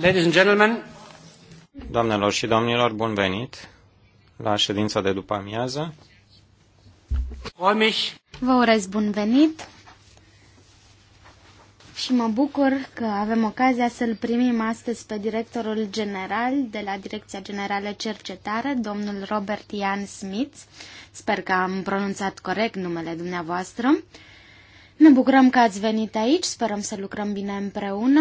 Ladies and gentlemen. Doamnelor și domnilor, bun venit la ședința de după amiază. Vă urez bun venit și mă bucur că avem ocazia să-l primim astăzi pe directorul general de la Direcția Generală Cercetare, domnul Robert Ian Smith. Sper că am pronunțat corect numele dumneavoastră. Ne bucurăm că ați venit aici, sperăm să lucrăm bine împreună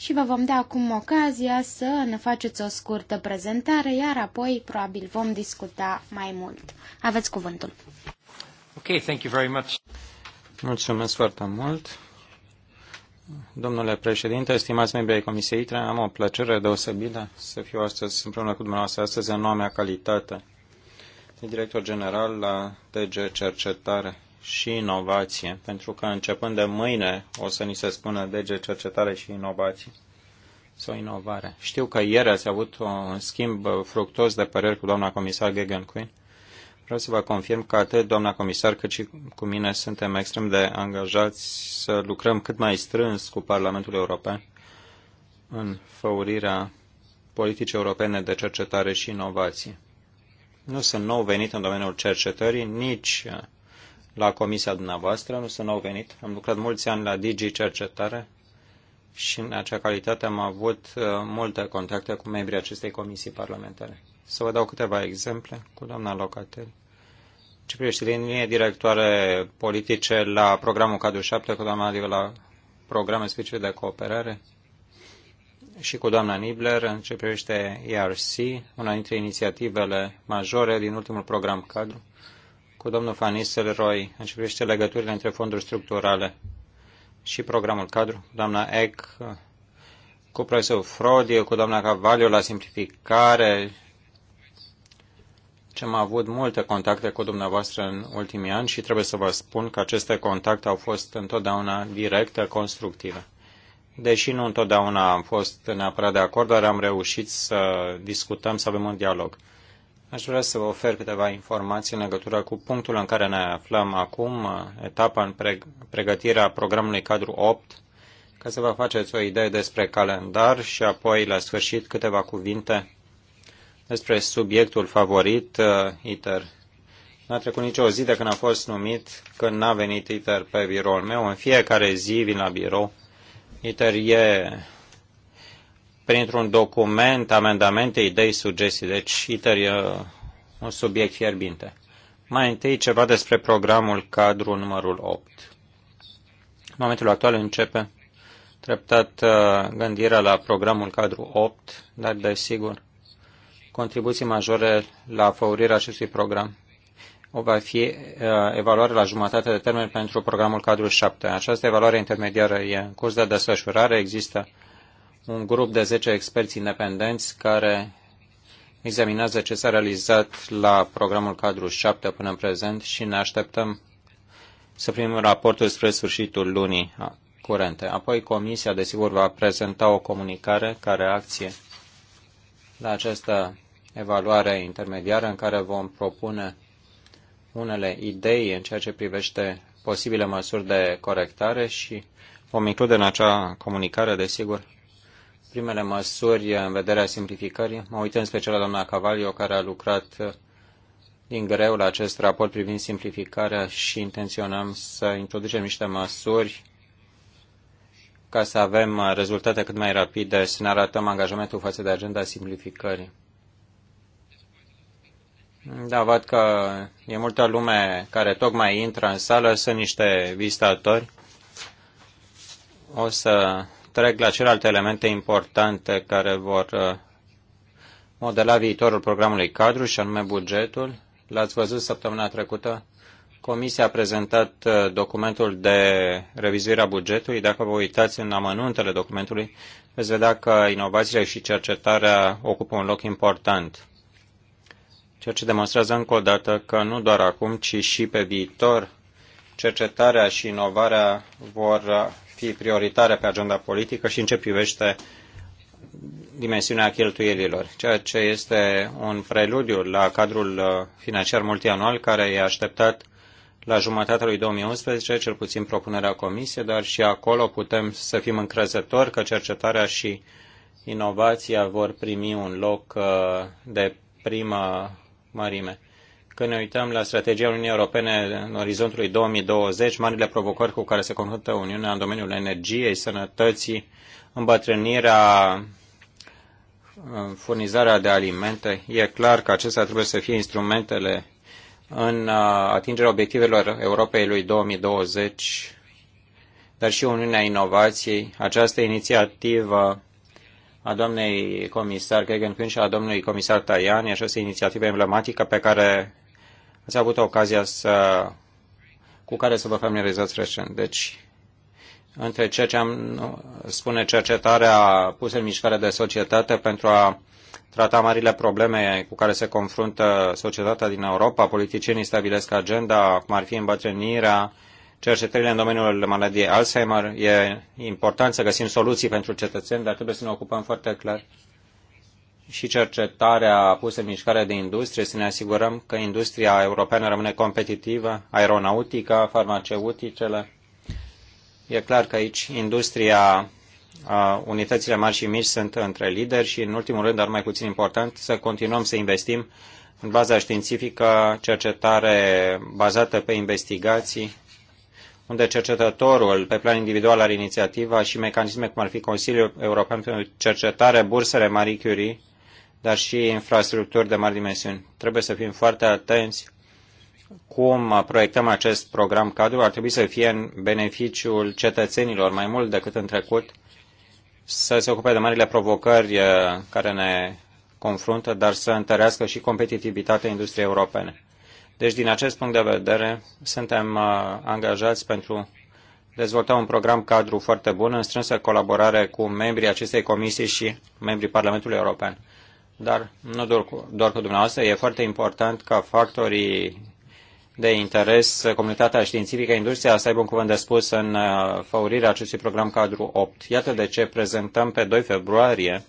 și vă vom da acum ocazia să ne faceți o scurtă prezentare, iar apoi probabil vom discuta mai mult. Aveți cuvântul. Ok, thank you very much. Mulțumesc foarte mult. Domnule președinte, stimați membri ai Comisiei ITRE, am o plăcere deosebită să fiu astăzi împreună cu dumneavoastră, astăzi în noua mea calitate de director general la DG Cercetare și inovație, pentru că începând de mâine o să ni se spună DG Cercetare și Inovație sau inovare. Știu că ieri ați avut un schimb uh, fructos de păreri cu doamna comisar Gegenquin. Vreau să vă confirm că atât doamna comisar cât și cu mine suntem extrem de angajați să lucrăm cât mai strâns cu Parlamentul European în făurirea politicii europene de cercetare și inovație. Nu sunt nou venit în domeniul cercetării, nici uh, la comisia dumneavoastră, nu sunt nou venit. Am lucrat mulți ani la Digi Cercetare și în acea calitate am avut uh, multe contacte cu membrii acestei comisii parlamentare. Să vă dau câteva exemple cu doamna Locatel. Ce privește linie directoare politice la programul cadru 7 cu doamna Adică la programe specifice de cooperare și cu doamna Nibler în ce privește ERC, una dintre inițiativele majore din ultimul program cadru cu domnul Van Nistelrooy în ce privește legăturile între fonduri structurale și programul cadru, doamna Eck, cu profesorul Frodi, cu doamna Cavaliu la simplificare, ce am avut multe contacte cu dumneavoastră în ultimii ani și trebuie să vă spun că aceste contacte au fost întotdeauna directe, constructive. Deși nu întotdeauna am fost neapărat de acord, dar am reușit să discutăm, să avem un dialog. Aș vrea să vă ofer câteva informații în legătură cu punctul în care ne aflăm acum, etapa în pregătirea programului cadru 8, ca să vă faceți o idee despre calendar și apoi, la sfârșit, câteva cuvinte despre subiectul favorit, uh, ITER. N-a trecut nicio zi de când a fost numit, când n-a venit ITER pe biroul meu. În fiecare zi vin la birou. ITER e printr-un document, amendamente, idei, sugestii. Deci, ITER e uh, un subiect fierbinte. Mai întâi ceva despre programul cadru numărul 8. În momentul actual începe treptat uh, gândirea la programul cadru 8, dar desigur contribuții majore la făurirea acestui program o va fi uh, evaluare la jumătate de termen pentru programul cadru 7. Această evaluare intermediară e în curs de desfășurare, există uh, un grup de 10 experți independenți care examinează ce s-a realizat la programul cadru 7 până în prezent și ne așteptăm să primim raportul spre sfârșitul lunii curente. Apoi Comisia, desigur, va prezenta o comunicare ca reacție la această evaluare intermediară în care vom propune unele idei în ceea ce privește posibile măsuri de corectare și vom include în acea comunicare, desigur, primele măsuri în vederea simplificării. Mă uit în special la doamna Cavalio, care a lucrat uh, din greu la acest raport privind simplificarea și intenționăm să introducem niște măsuri ca să avem uh, rezultate cât mai rapide, să ne arătăm angajamentul față de agenda simplificării. Da, văd că e multă lume care tocmai intră în sală, sunt niște vizitatori. O să trec la celelalte elemente importante care vor uh, modela viitorul programului cadru și anume bugetul. L-ați văzut săptămâna trecută. Comisia a prezentat uh, documentul de revizuire a bugetului. Dacă vă uitați în amănuntele documentului, veți vedea că inovațiile și cercetarea ocupă un loc important. Ceea ce demonstrează încă o dată că nu doar acum, ci și pe viitor, cercetarea și inovarea vor uh, fi prioritare pe agenda politică și în ce privește dimensiunea cheltuielilor, ceea ce este un preludiu la cadrul uh, financiar multianual care e așteptat la jumătatea lui 2011, cel puțin propunerea Comisiei, dar și acolo putem să fim încrezători că cercetarea și inovația vor primi un loc uh, de primă mărime. Când ne uităm la strategia Uniunii Europene în orizontului 2020, marile provocări cu care se confruntă Uniunea în domeniul energiei, sănătății, îmbătrânirea, furnizarea de alimente, e clar că acestea trebuie să fie instrumentele în uh, atingerea obiectivelor Europei lui 2020, dar și Uniunea Inovației. Această inițiativă a doamnei comisar Gregen Quinn și a domnului comisar Tajani, această inițiativă emblematică pe care ați avut ocazia să, cu care să vă familiarizați recent. Deci, între ceea ce am, spune cercetarea pusă în mișcare de societate pentru a trata marile probleme cu care se confruntă societatea din Europa, politicienii stabilesc agenda, cum ar fi îmbătrânirea, cercetările în domeniul maladiei Alzheimer. E important să găsim soluții pentru cetățeni, dar trebuie să ne ocupăm foarte clar și cercetarea pusă în mișcare de industrie, să ne asigurăm că industria europeană rămâne competitivă, aeronautica, farmaceuticele. E clar că aici industria, unitățile mari și mici sunt între lideri și, în ultimul rând, dar mai puțin important, să continuăm să investim în baza științifică, cercetare bazată pe investigații, unde cercetătorul pe plan individual are inițiativa și mecanisme cum ar fi Consiliul European pentru Cercetare, bursele Marie Curie, dar și infrastructuri de mari dimensiuni. Trebuie să fim foarte atenți cum proiectăm acest program cadru. Ar trebui să fie în beneficiul cetățenilor mai mult decât în trecut, să se ocupe de marile provocări eh, care ne confruntă, dar să întărească și competitivitatea industriei europene. Deci, din acest punct de vedere, suntem eh, angajați pentru dezvolta un program cadru foarte bun în strânsă colaborare cu membrii acestei comisii și membrii Parlamentului European dar nu doar cu, doar cu dumneavoastră, e foarte important ca factorii de interes, comunitatea științifică, industria, să aibă un cuvânt de spus în uh, favorirea acestui program cadru 8. Iată de ce prezentăm pe 2 februarie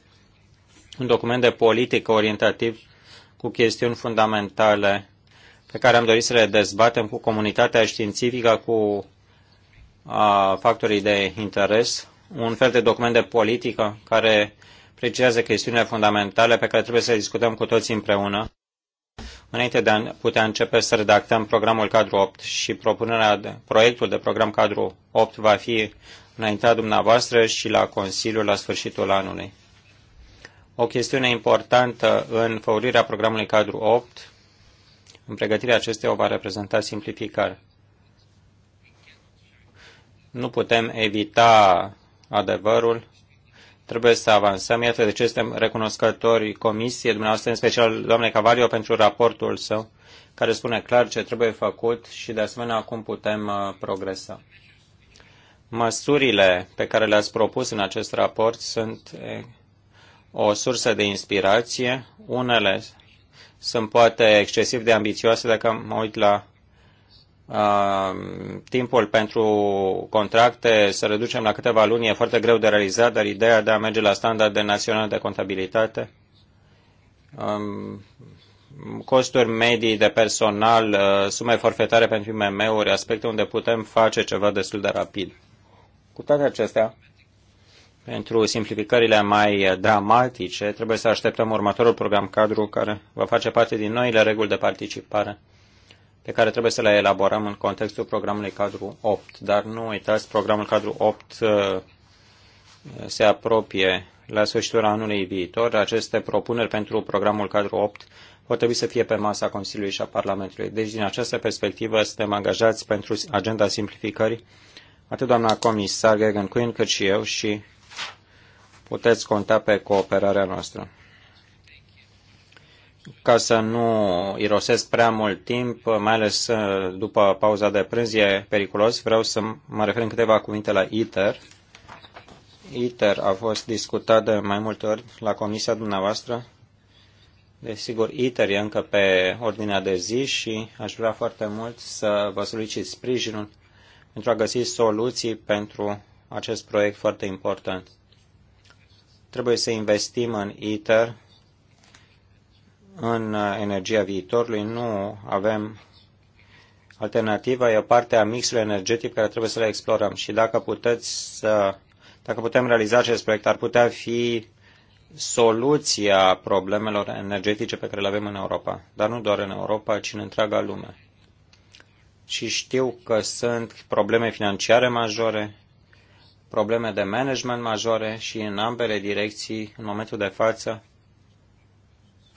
un document de politică orientativ cu chestiuni fundamentale pe care am dorit să le dezbatem cu comunitatea științifică, cu a, uh, factorii de interes, un fel de document de politică care precizează chestiunile fundamentale pe care trebuie să le discutăm cu toți împreună, înainte de a putea începe să redactăm programul cadru 8 și propunerea de, proiectul de program cadru 8 va fi înaintea dumneavoastră și la Consiliu la sfârșitul anului. O chestiune importantă în făurirea programului cadru 8, în pregătirea acestei o va reprezenta simplificare. Nu putem evita adevărul Trebuie să avansăm. Iată de ce suntem recunoscători comisiei, dumneavoastră, în special doamne Cavario, pentru raportul său, care spune clar ce trebuie făcut și, de asemenea, cum putem uh, progresa. Măsurile pe care le-ați propus în acest raport sunt o sursă de inspirație. Unele sunt poate excesiv de ambițioase dacă mă uit la Um, timpul pentru contracte să reducem la câteva luni e foarte greu de realizat, dar ideea de a merge la standarde naționale de contabilitate, um, costuri medii de personal, uh, sume forfetare pentru MM-uri, aspecte unde putem face ceva destul de rapid. Cu toate acestea, pentru simplificările mai dramatice, trebuie să așteptăm următorul program cadru care va face parte din noile reguli de participare pe care trebuie să le elaborăm în contextul programului cadru 8. Dar nu uitați, programul cadru 8 uh, se apropie la sfârșitul anului viitor. Aceste propuneri pentru programul cadru 8 vor trebui să fie pe masa Consiliului și a Parlamentului. Deci, din această perspectivă, suntem angajați pentru agenda simplificării, atât doamna comisar Gagan Quinn, cât și eu, și puteți conta pe cooperarea noastră ca să nu irosesc prea mult timp, mai ales uh, după pauza de prânz, e periculos. Vreau să mă refer în câteva cuvinte la ITER. ITER a fost discutat de mai multe ori la comisia dumneavoastră. Desigur, ITER e încă pe ordinea de zi și aș vrea foarte mult să vă solicit sprijinul pentru a găsi soluții pentru acest proiect foarte important. Trebuie să investim în ITER în uh, energia viitorului nu avem alternativa, e o parte a mixului energetic care trebuie să le explorăm. Și dacă puteți să, dacă putem realiza acest proiect, ar putea fi soluția problemelor energetice pe care le avem în Europa. Dar nu doar în Europa, ci în întreaga lume. Și știu că sunt probleme financiare majore, probleme de management majore și în ambele direcții, în momentul de față,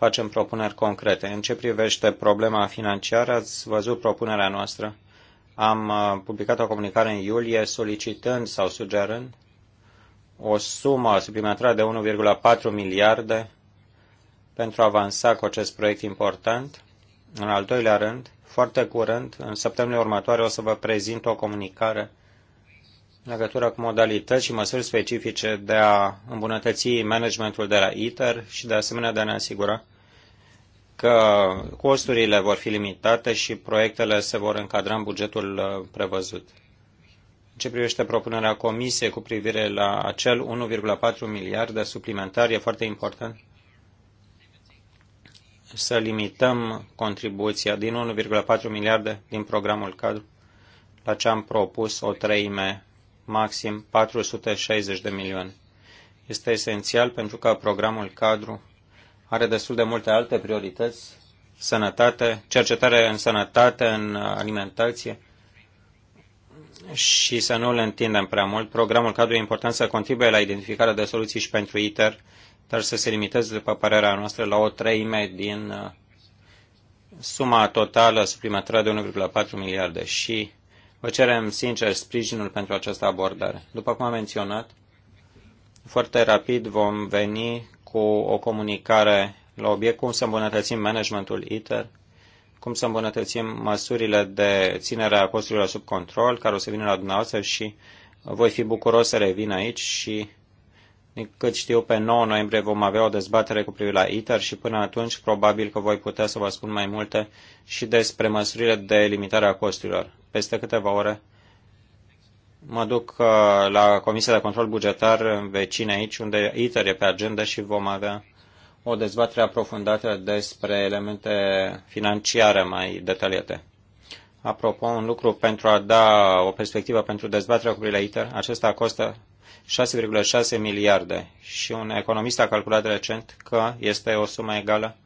facem propuneri concrete. În ce privește problema financiară, ați văzut propunerea noastră. Am uh, publicat o comunicare în iulie solicitând sau sugerând o sumă suplimentară de 1,4 miliarde pentru a avansa cu acest proiect important. În al doilea rând, foarte curând, în săptămâna următoare, o să vă prezint o comunicare în legătură cu modalități și măsuri specifice de a îmbunătăți managementul de la ITER și de asemenea de a ne asigura că costurile vor fi limitate și proiectele se vor încadra în bugetul uh, prevăzut. În ce privește propunerea Comisiei cu privire la acel 1,4 miliarde suplimentar, e foarte important să limităm contribuția din 1,4 miliarde din programul cadru la ce am propus o treime, maxim 460 de milioane. Este esențial pentru ca programul cadru are destul de multe alte priorități, sănătate, cercetare în sănătate, în alimentație și să nu le întindem prea mult. Programul cadru e important să contribuie la identificarea de soluții și pentru ITER, dar să se limiteze, după părerea noastră, la o treime din uh, suma totală suplimentară de 1,4 miliarde și vă cerem sincer sprijinul pentru această abordare. După cum am menționat, foarte rapid vom veni cu o comunicare la obiect, cum să îmbunătățim managementul ITER, cum să îmbunătățim măsurile de ținere a costurilor sub control, care o să vină la dumneavoastră și voi fi bucuros să revin aici și din cât știu, pe 9 noiembrie vom avea o dezbatere cu privire la ITER și până atunci probabil că voi putea să vă spun mai multe și despre măsurile de limitare a costurilor. Peste câteva ore mă duc uh, la Comisia de Control Bugetar vecină aici, unde ITER e pe agenda și vom avea o dezbatere aprofundată despre elemente financiare mai detaliate. Apropo, un lucru pentru a da o perspectivă pentru dezbaterea cu privire la ITER, acesta costă 6,6 miliarde și un economist a calculat recent că este o sumă egală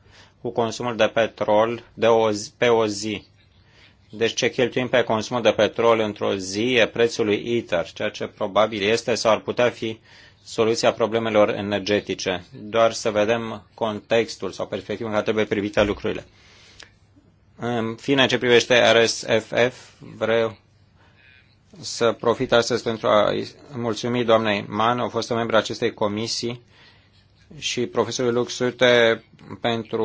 cu consumul de petrol de o zi, pe o zi deci ce cheltuim pe consumul de petrol într-o zi e prețul lui ITER, ceea ce probabil este sau ar putea fi soluția problemelor energetice. Doar să vedem contextul sau perspectiva în care trebuie privite lucrurile. În fine, ce privește RSFF, vreau să profit astăzi pentru a mulțumi doamnei Mann, au fost membru acestei comisii și profesorul Sute pentru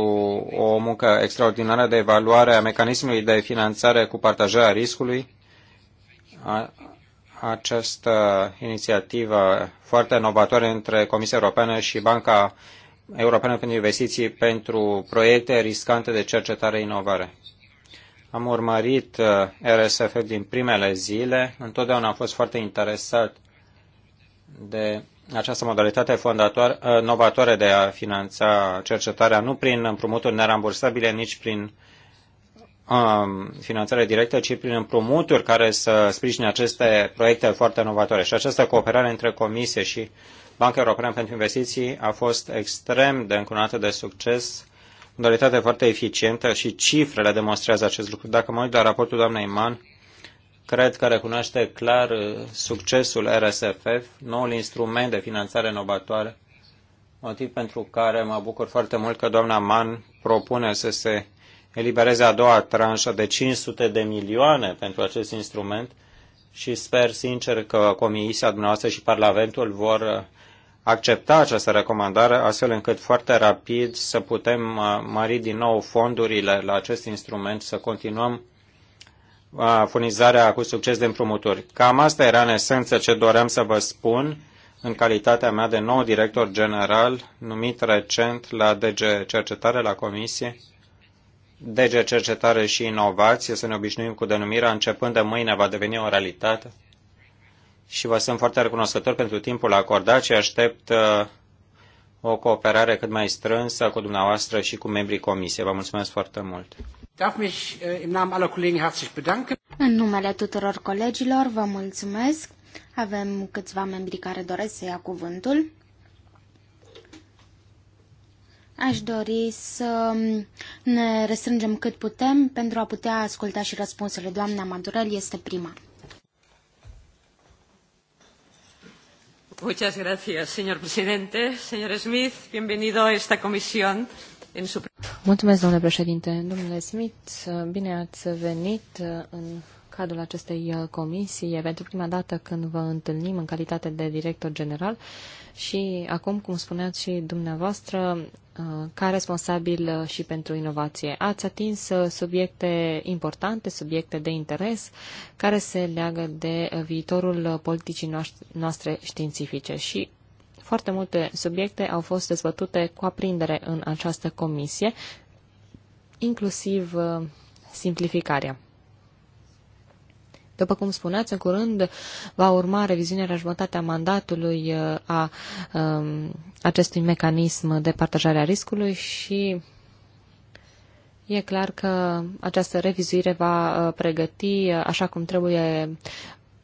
o muncă extraordinară de evaluare a mecanismului de finanțare cu partajarea riscului. Această inițiativă foarte inovatoare între Comisia Europeană și Banca Europeană pentru Investiții pentru proiecte riscante de cercetare inovare. Am urmărit uh, RSF din primele zile, întotdeauna am fost foarte interesat de această modalitate uh, novatoare de a finanța cercetarea, nu prin împrumuturi nerambursabile, nici prin um, finanțare directă, ci prin împrumuturi care să sprijine aceste proiecte foarte novatoare. Și această cooperare între Comisie și Banca Europeană pentru Investiții a fost extrem de încunată de succes, modalitate foarte eficientă și cifrele demonstrează acest lucru. Dacă mă uit la raportul doamnei Iman, cred că recunoaște clar uh, succesul RSFF, noul instrument de finanțare inovatoare, motiv pentru care mă bucur foarte mult că doamna Mann propune să se elibereze a doua tranșă de 500 de milioane pentru acest instrument și sper sincer că Comisia dumneavoastră și Parlamentul vor uh, accepta această recomandare astfel încât foarte rapid să putem uh, mări din nou fondurile la acest instrument, să continuăm furnizarea cu succes de împrumuturi. Cam asta era în esență ce doream să vă spun în calitatea mea de nou director general, numit recent la DG Cercetare, la Comisie, DG Cercetare și Inovație, să ne obișnuim cu denumirea, începând de mâine va deveni o realitate. Și vă sunt foarte recunoscător pentru timpul acordat și aștept uh, o cooperare cât mai strânsă cu dumneavoastră și cu membrii Comisiei. Vă mulțumesc foarte mult! Darf mich äh, im Namen aller Kollegen herzlich bedanken. În numele tuturor colegilor vă mulțumesc. Avem câțiva membri care doresc să ia cuvântul. Aș dori să ne restrângem cât putem pentru a putea asculta și răspunsurile. Doamna Madurel este prima. Muchas gracias, señor presidente. Señor Smith, bienvenido a esta comisión. Mulțumesc, domnule președinte. Domnule Smith, bine ați venit în cadrul acestei uh, comisii. E pentru prima dată când vă întâlnim în calitate de director general și acum, cum spuneați și dumneavoastră, uh, ca responsabil uh, și pentru inovație. Ați atins subiecte importante, subiecte de interes, care se leagă de viitorul politicii noastre științifice și foarte multe subiecte au fost dezbătute cu aprindere în această comisie, inclusiv uh, simplificarea. După cum spuneați, în curând va urma reviziunea la jumătatea mandatului uh, a, a um, acestui mecanism de partajare a riscului și e clar că această revizuire va uh, pregăti așa cum trebuie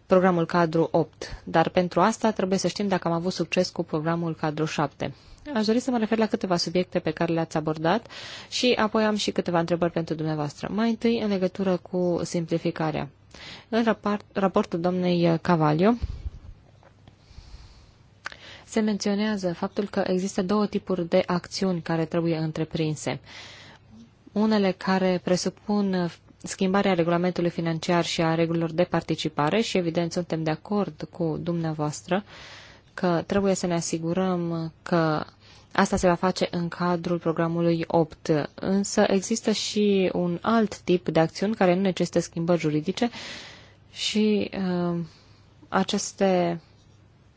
programul cadru 8, dar pentru asta trebuie să știm dacă am avut succes cu programul cadru 7. Aș dori să mă refer la câteva subiecte pe care le-ați abordat și apoi am și câteva întrebări pentru dumneavoastră. Mai întâi, în legătură cu simplificarea. În raport, raportul domnei Cavalio se menționează faptul că există două tipuri de acțiuni care trebuie întreprinse. Unele care presupun schimbarea regulamentului financiar și a regulilor de participare și, evident, suntem de acord cu dumneavoastră că trebuie să ne asigurăm că Asta se va face în cadrul programului 8, însă există și un alt tip de acțiuni care nu necesită schimbări juridice și uh, aceste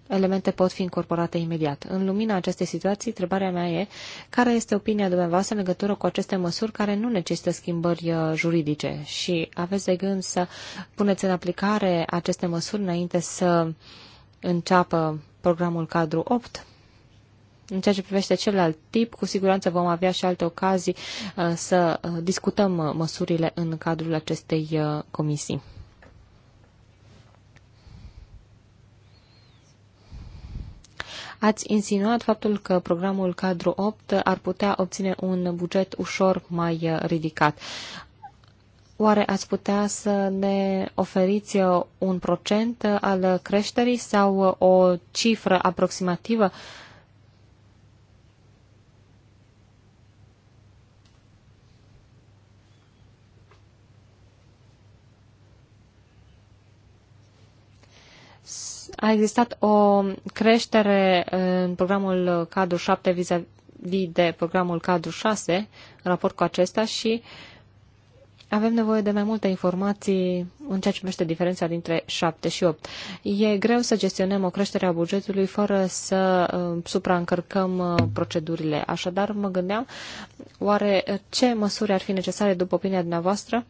elemente pot fi incorporate imediat. În lumina acestei situații, întrebarea mea e care este opinia dumneavoastră în legătură cu aceste măsuri care nu necesită schimbări uh, juridice și aveți de gând să puneți în aplicare aceste măsuri înainte să înceapă programul cadru 8? În ceea ce privește celălalt tip, cu siguranță vom avea și alte ocazii uh, să uh, discutăm măsurile în cadrul acestei comisii. Ați insinuat faptul că programul cadru 8 ar putea obține un buget ușor mai uh, ridicat. Oare ați putea să ne oferiți uh, un procent uh, al creșterii sau o cifră aproximativă? Uh, a existat o creștere în programul cadru 7 vis-a-vis de programul cadru 6, în raport cu acesta și avem nevoie de mai multe informații în ceea ce privește diferența dintre 7 și 8. E greu să gestionăm o creștere a bugetului fără să um, supraîncărcăm uh, procedurile. Așadar, mă gândeam, oare ce măsuri ar fi necesare, după opinia dumneavoastră,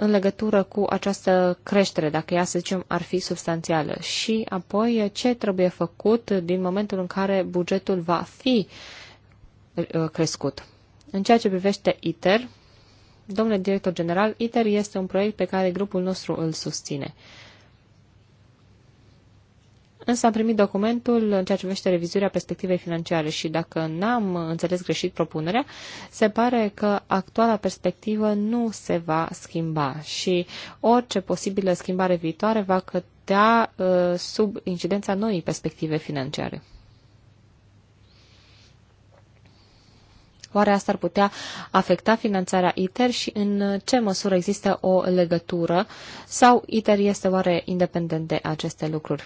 în legătură cu această creștere, dacă ea, să zicem, ar fi substanțială. Și apoi ce trebuie făcut din momentul în care bugetul va fi uh, crescut. În ceea ce privește ITER, domnule director general, ITER este un proiect pe care grupul nostru îl susține. Însă am primit documentul în ceea ce vește revizuirea perspectivei financiare și dacă n-am înțeles greșit propunerea, se pare că actuala perspectivă nu se va schimba și orice posibilă schimbare viitoare va cădea uh, sub incidența noii perspective financiare. Oare asta ar putea afecta finanțarea ITER și în ce măsură există o legătură sau ITER este oare independent de aceste lucruri?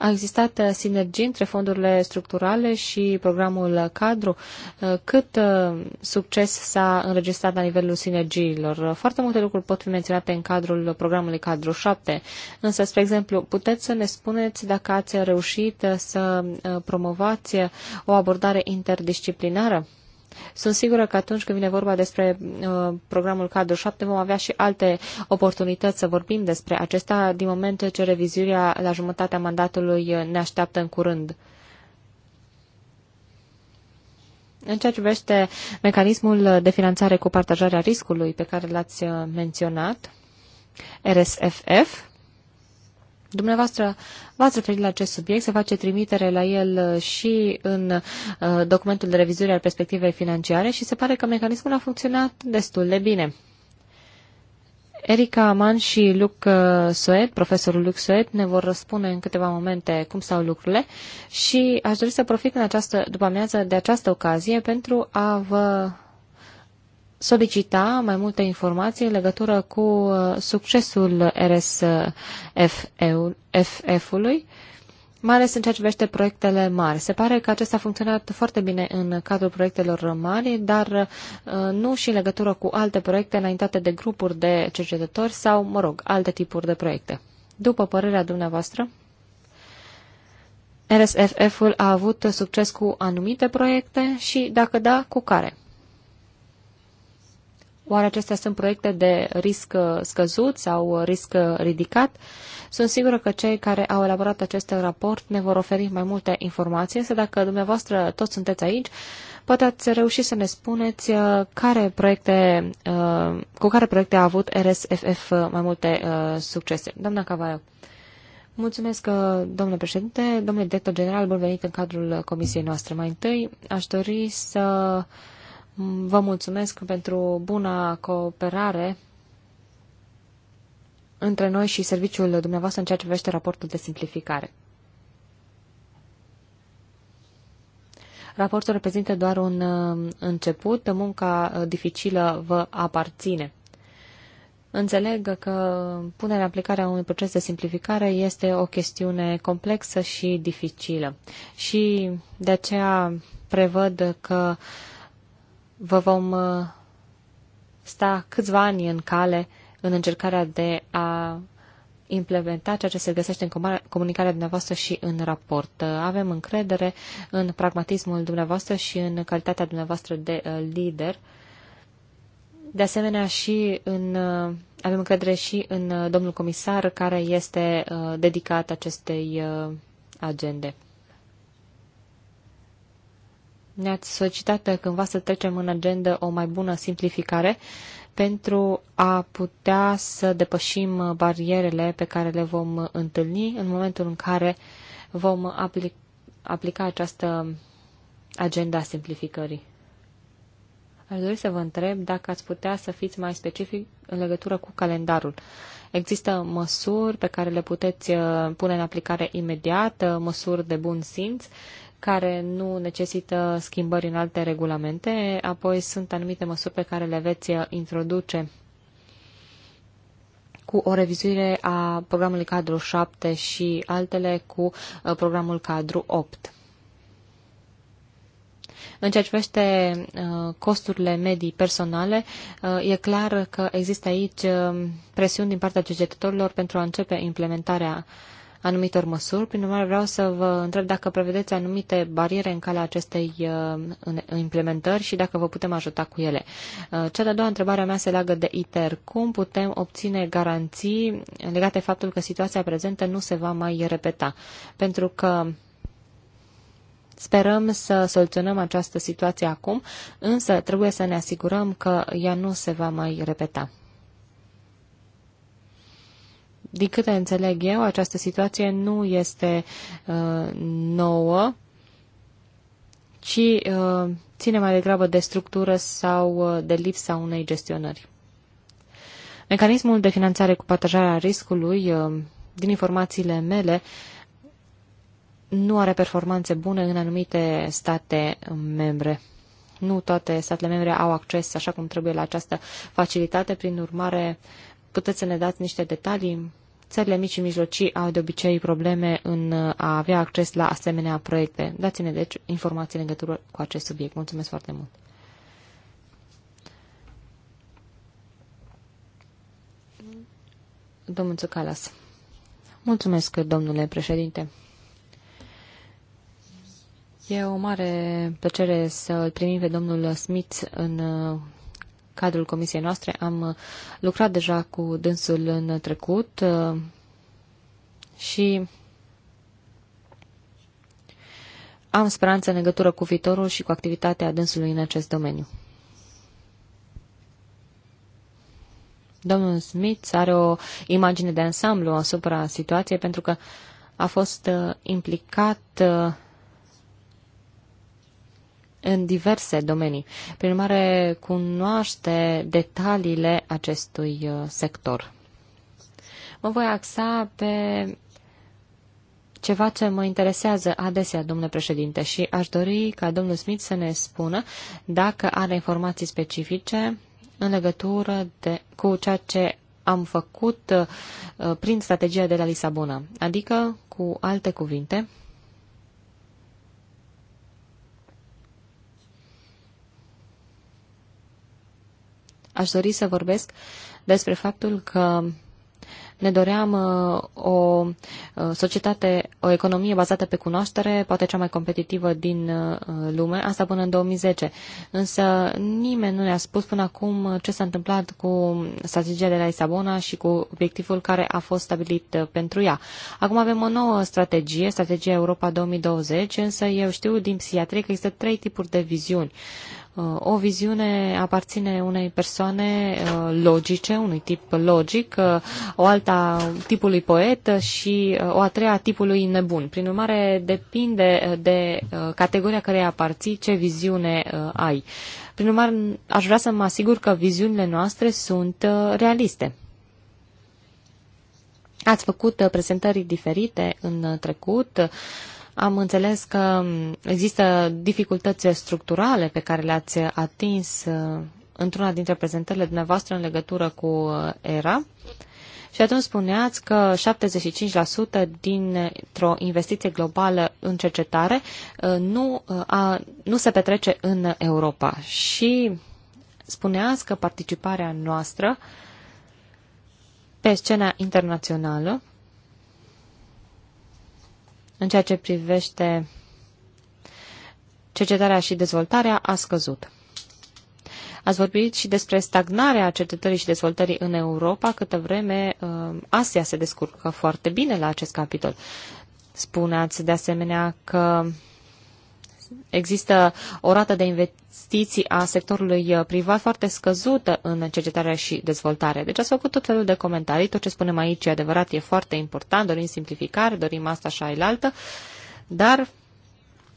A existat uh, sinergii între fondurile structurale și programul cadru. Uh, cât uh, succes s-a înregistrat la nivelul sinergiilor? Foarte multe lucruri pot fi menționate în cadrul programului cadru 7, însă, spre exemplu, puteți să ne spuneți dacă ați reușit să promovați o abordare interdisciplinară? Sunt sigură că atunci când vine vorba despre uh, programul cadru 7 vom avea și alte oportunități să vorbim despre acesta din moment ce revizuirea la jumătatea mandatului uh, ne așteaptă în curând. În ceea ce privește mecanismul de finanțare cu partajarea riscului pe care l-ați uh, menționat, RSFF, Dumneavoastră v-ați referit la acest subiect, se face trimitere la el uh, și în uh, documentul de revizuire al perspectivei financiare și se pare că mecanismul a funcționat destul de bine. Erika Aman și Luc uh, Soet, profesorul Luc Soet, ne vor răspune în câteva momente cum stau lucrurile și aș dori să profit în această, după amiază de această ocazie pentru a vă solicita mai multe informații în legătură cu uh, succesul RSFF-ului, mai ales în ceea ce privește proiectele mari. Se pare că acesta a funcționat foarte bine în cadrul proiectelor mari, dar uh, nu și în legătură cu alte proiecte înaintate de grupuri de cercetători sau, mă rog, alte tipuri de proiecte. După părerea dumneavoastră, RSFF-ul a avut succes cu anumite proiecte și, dacă da, cu care? Oare acestea sunt proiecte de risc uh, scăzut sau uh, risc uh, ridicat? Sunt sigură că cei care au elaborat acest raport ne vor oferi mai multe informații, însă dacă dumneavoastră toți sunteți aici, poate ați reușit să ne spuneți care proiecte, cu care proiecte a avut RSFF mai multe succese. Doamna Cavaio. Mulțumesc, domnule președinte, domnule director general, bun venit în cadrul comisiei noastre. Mai întâi, aș dori să Vă mulțumesc pentru buna cooperare între noi și serviciul dumneavoastră în ceea ce privește raportul de simplificare. Raportul reprezintă doar un uh, început, munca uh, dificilă vă aparține. Înțeleg că punerea în aplicare a unui proces de simplificare este o chestiune complexă și dificilă și de aceea prevăd că uh, vă vom uh, sta câțiva ani în cale în încercarea de a implementa ceea ce se găsește în comunicarea dumneavoastră și în raport. Uh, avem încredere în pragmatismul dumneavoastră și în calitatea dumneavoastră de uh, lider. De asemenea, și în, avem încredere și în domnul comisar care este dedicat acestei agende. Ne-ați solicitat cândva să trecem în agenda o mai bună simplificare pentru a putea să depășim barierele pe care le vom întâlni în momentul în care vom aplica, aplica această agenda simplificării. Aș dori să vă întreb dacă ați putea să fiți mai specific în legătură cu calendarul. Există măsuri pe care le puteți uh, pune în aplicare imediat, uh, măsuri de bun simț care nu necesită schimbări în alte regulamente, apoi sunt anumite măsuri pe care le veți introduce cu o revizuire a programului cadru 7 și altele cu uh, programul cadru 8. În ceea ce privește uh, costurile medii personale, uh, e clar că există aici presiuni din partea cercetătorilor pentru a începe implementarea uh, anumitor măsuri. Prin urmare, vreau să vă întreb dacă prevedeți anumite bariere în calea acestei uh, implementări și dacă vă putem ajuta cu ele. Uh, cea de-a doua întrebare a mea se leagă de ITER. Cum putem obține garanții legate faptul că situația prezentă nu se va mai repeta? Pentru că Sperăm să soluționăm această situație acum, însă trebuie să ne asigurăm că ea nu se va mai repeta. Din câte înțeleg eu, această situație nu este uh, nouă, ci uh, ține mai degrabă de structură sau uh, de lipsa unei gestionări. Mecanismul de finanțare cu partajarea riscului, uh, din informațiile mele, nu are performanțe bune în anumite state membre. Nu toate statele membre au acces așa cum trebuie la această facilitate, prin urmare uh, puteți să ne dați niște detalii? Țările mici și mijlocii au de obicei probleme în a avea acces la asemenea proiecte. Dați-ne, deci, informații legătură cu acest subiect. Mulțumesc foarte mult! Domnul Țucalas. Mulțumesc, domnule președinte. E o mare plăcere să îl primim pe domnul Smith în cadrul comisiei noastre am uh, lucrat deja cu dânsul în trecut uh, și am speranță în legătură cu viitorul și cu activitatea dânsului în acest domeniu. Domnul Smith are o imagine de ansamblu asupra situației pentru că a fost uh, implicat în diverse domenii. Prin urmare, cunoaște detaliile acestui uh, sector. Mă voi axa pe ceva ce mă interesează adesea, domnule președinte, și aș dori ca domnul Smith să ne spună dacă are informații specifice în legătură de, cu ceea ce am făcut uh, prin strategia de la Lisabona. Adică, cu alte cuvinte, Aș dori să vorbesc despre faptul că ne doream uh, o uh, societate, o economie bazată pe cunoaștere, poate cea mai competitivă din uh, lume, asta până în 2010. Însă nimeni nu ne-a spus până acum ce s-a întâmplat cu strategia de la Isabona și cu obiectivul care a fost stabilit pentru ea. Acum avem o nouă strategie, strategia Europa 2020, însă eu știu din psihiatrie că există trei tipuri de viziuni. O viziune aparține unei persoane uh, logice, unui tip logic, uh, o alta tipului poet și uh, o a treia tipului nebun. Prin urmare, depinde de categoria care aparții ce viziune ai. Prin urmare, aș vrea să mă asigur că viziunile noastre sunt realiste. Ați făcut prezentări diferite în trecut am înțeles că există dificultăți structurale pe care le-ați atins uh, într-una dintre prezentările dumneavoastră în legătură cu uh, ERA. Și atunci spuneați că 75% dintr-o investiție globală în cercetare uh, nu, a, nu se petrece în Europa. Și spuneați că participarea noastră pe scena internațională în ceea ce privește cercetarea și dezvoltarea a scăzut. Ați vorbit și despre stagnarea cercetării și dezvoltării în Europa, câtă vreme uh, Asia se descurcă foarte bine la acest capitol. Spuneați de asemenea că există o rată de investiții a sectorului uh, privat foarte scăzută în cercetare și dezvoltare. Deci ați făcut tot felul de comentarii, tot ce spunem aici e adevărat, e foarte important, dorim simplificare, dorim asta și ailaltă, dar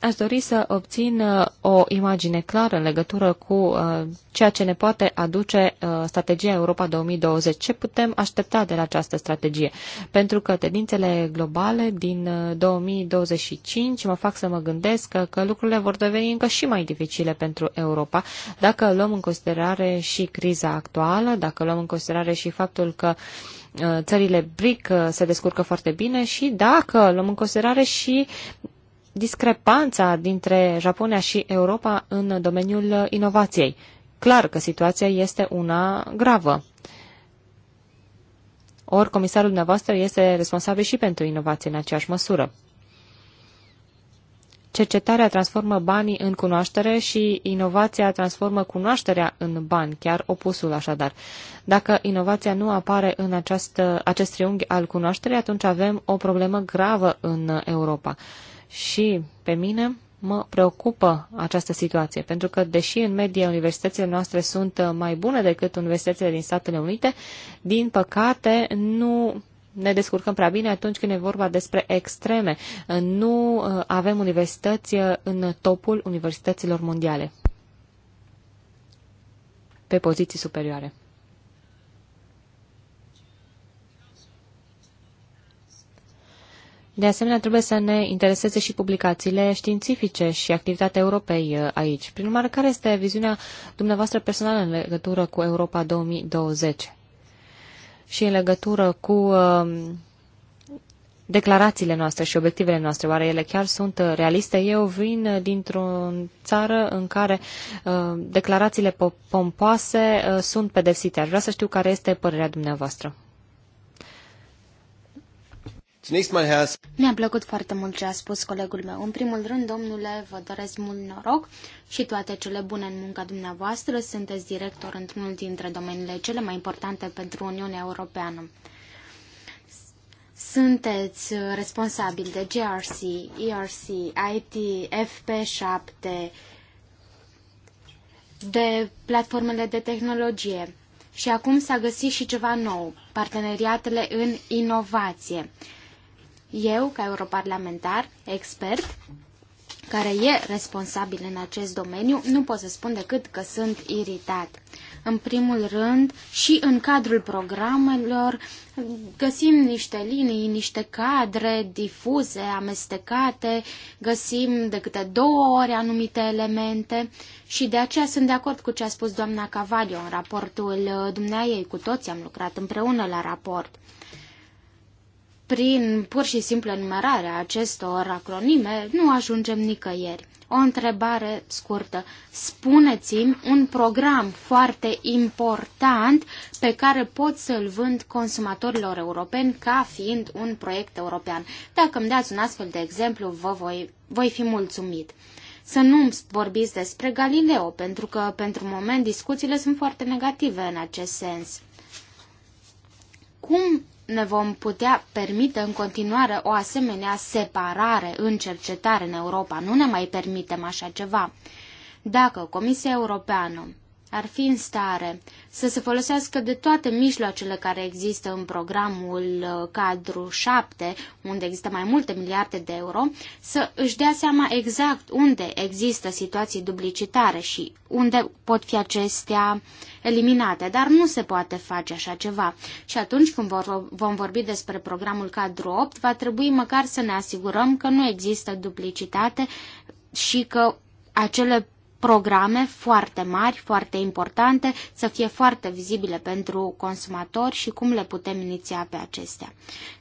Aș dori să obțin uh, o imagine clară în legătură cu uh, ceea ce ne poate aduce uh, strategia Europa 2020. Ce putem aștepta de la această strategie? Pentru că tendințele globale din 2025 mă fac să mă gândesc că, că lucrurile vor deveni încă și mai dificile pentru Europa. Dacă luăm în considerare și criza actuală, dacă luăm în considerare și faptul că țările BRIC se descurcă foarte bine și dacă luăm în considerare și discrepanța dintre Japonia și Europa în domeniul inovației. Clar că situația este una gravă. Ori comisarul dumneavoastră este responsabil și pentru inovație în aceeași măsură. Cercetarea transformă banii în cunoaștere și inovația transformă cunoașterea în bani, chiar opusul așadar. Dacă inovația nu apare în această, acest triunghi al cunoașterii, atunci avem o problemă gravă în Europa. Și pe mine mă preocupă această situație, pentru că, deși în medie universitățile noastre sunt uh, mai bune decât universitățile din Statele Unite, din păcate nu ne descurcăm prea bine atunci când e vorba despre extreme. Uh, nu uh, avem universități în topul universităților mondiale pe poziții superioare. De asemenea, trebuie să ne intereseze și publicațiile științifice și activitatea Europei uh, aici. Prin urmare, care este viziunea dumneavoastră personală în legătură cu Europa 2020 și în legătură cu uh, declarațiile noastre și obiectivele noastre, oare ele chiar sunt uh, realiste? Eu vin uh, dintr-o țară în care uh, declarațiile pompoase uh, sunt pedepsite. Aș vrea să știu care este părerea dumneavoastră. Mi-a plăcut foarte mult ce a spus colegul meu. În primul rând, domnule, vă doresc mult noroc și toate cele bune în munca dumneavoastră. Sunteți director într-unul dintre domeniile cele mai importante pentru Uniunea Europeană. Sunteți responsabil de GRC, ERC, IT, FP7, de platformele de tehnologie. Și acum s-a găsit și ceva nou, parteneriatele în inovație. Eu, ca europarlamentar, expert, care e responsabil în acest domeniu, nu pot să spun decât că sunt iritat. În primul rând, și în cadrul programelor găsim niște linii, niște cadre difuze, amestecate, găsim de câte două ori anumite elemente și de aceea sunt de acord cu ce a spus doamna Cavalio în raportul uh, ei. Cu toți am lucrat împreună la raport prin pur și simplu enumerarea acestor acronime, nu ajungem nicăieri. O întrebare scurtă. Spuneți-mi un program foarte important pe care pot să-l vând consumatorilor europeni ca fiind un proiect european. Dacă îmi dați un astfel de exemplu, vă voi, voi fi mulțumit. Să nu vorbiți despre Galileo, pentru că pentru moment discuțiile sunt foarte negative în acest sens. Cum ne vom putea permite în continuare o asemenea separare în cercetare în Europa. Nu ne mai permitem așa ceva. Dacă Comisia Europeană ar fi în stare să se folosească de toate mijloacele care există în programul uh, cadru 7, unde există mai multe miliarde de euro, să își dea seama exact unde există situații duplicitare și unde pot fi acestea eliminate. Dar nu se poate face așa ceva. Și atunci când vom vorbi despre programul cadru 8, va trebui măcar să ne asigurăm că nu există duplicitate și că acele programe foarte mari, foarte importante, să fie foarte vizibile pentru consumatori și cum le putem iniția pe acestea.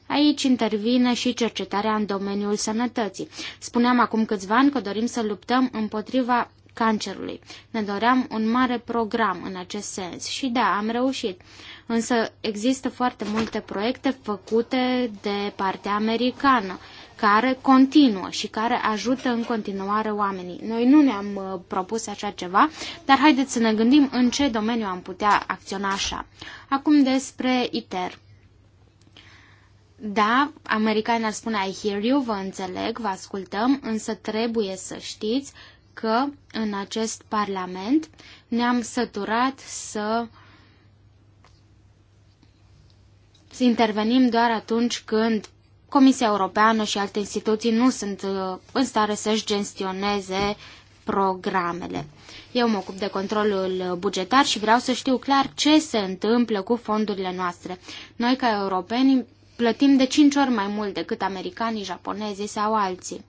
Aici intervine și cercetarea în domeniul sănătății. Spuneam acum câțiva ani că dorim să luptăm împotriva cancerului. Ne doream un mare program în acest sens și da, am reușit. Însă există foarte multe proiecte făcute de partea americană care continuă și care ajută în continuare oamenii. Noi nu ne-am uh, propus așa ceva, dar haideți să ne gândim în ce domeniu am putea acționa așa. Acum despre ITER. Da, americanii ar spune I hear you, vă înțeleg, vă ascultăm, însă trebuie să știți că în acest parlament ne-am săturat să intervenim doar atunci când Comisia Europeană și alte instituții nu sunt uh, în stare să-și gestioneze programele. Eu mă ocup de controlul bugetar și vreau să știu clar ce se întâmplă cu fondurile noastre. Noi, ca europeni, plătim de 5 ori mai mult decât americanii, japonezii sau alții.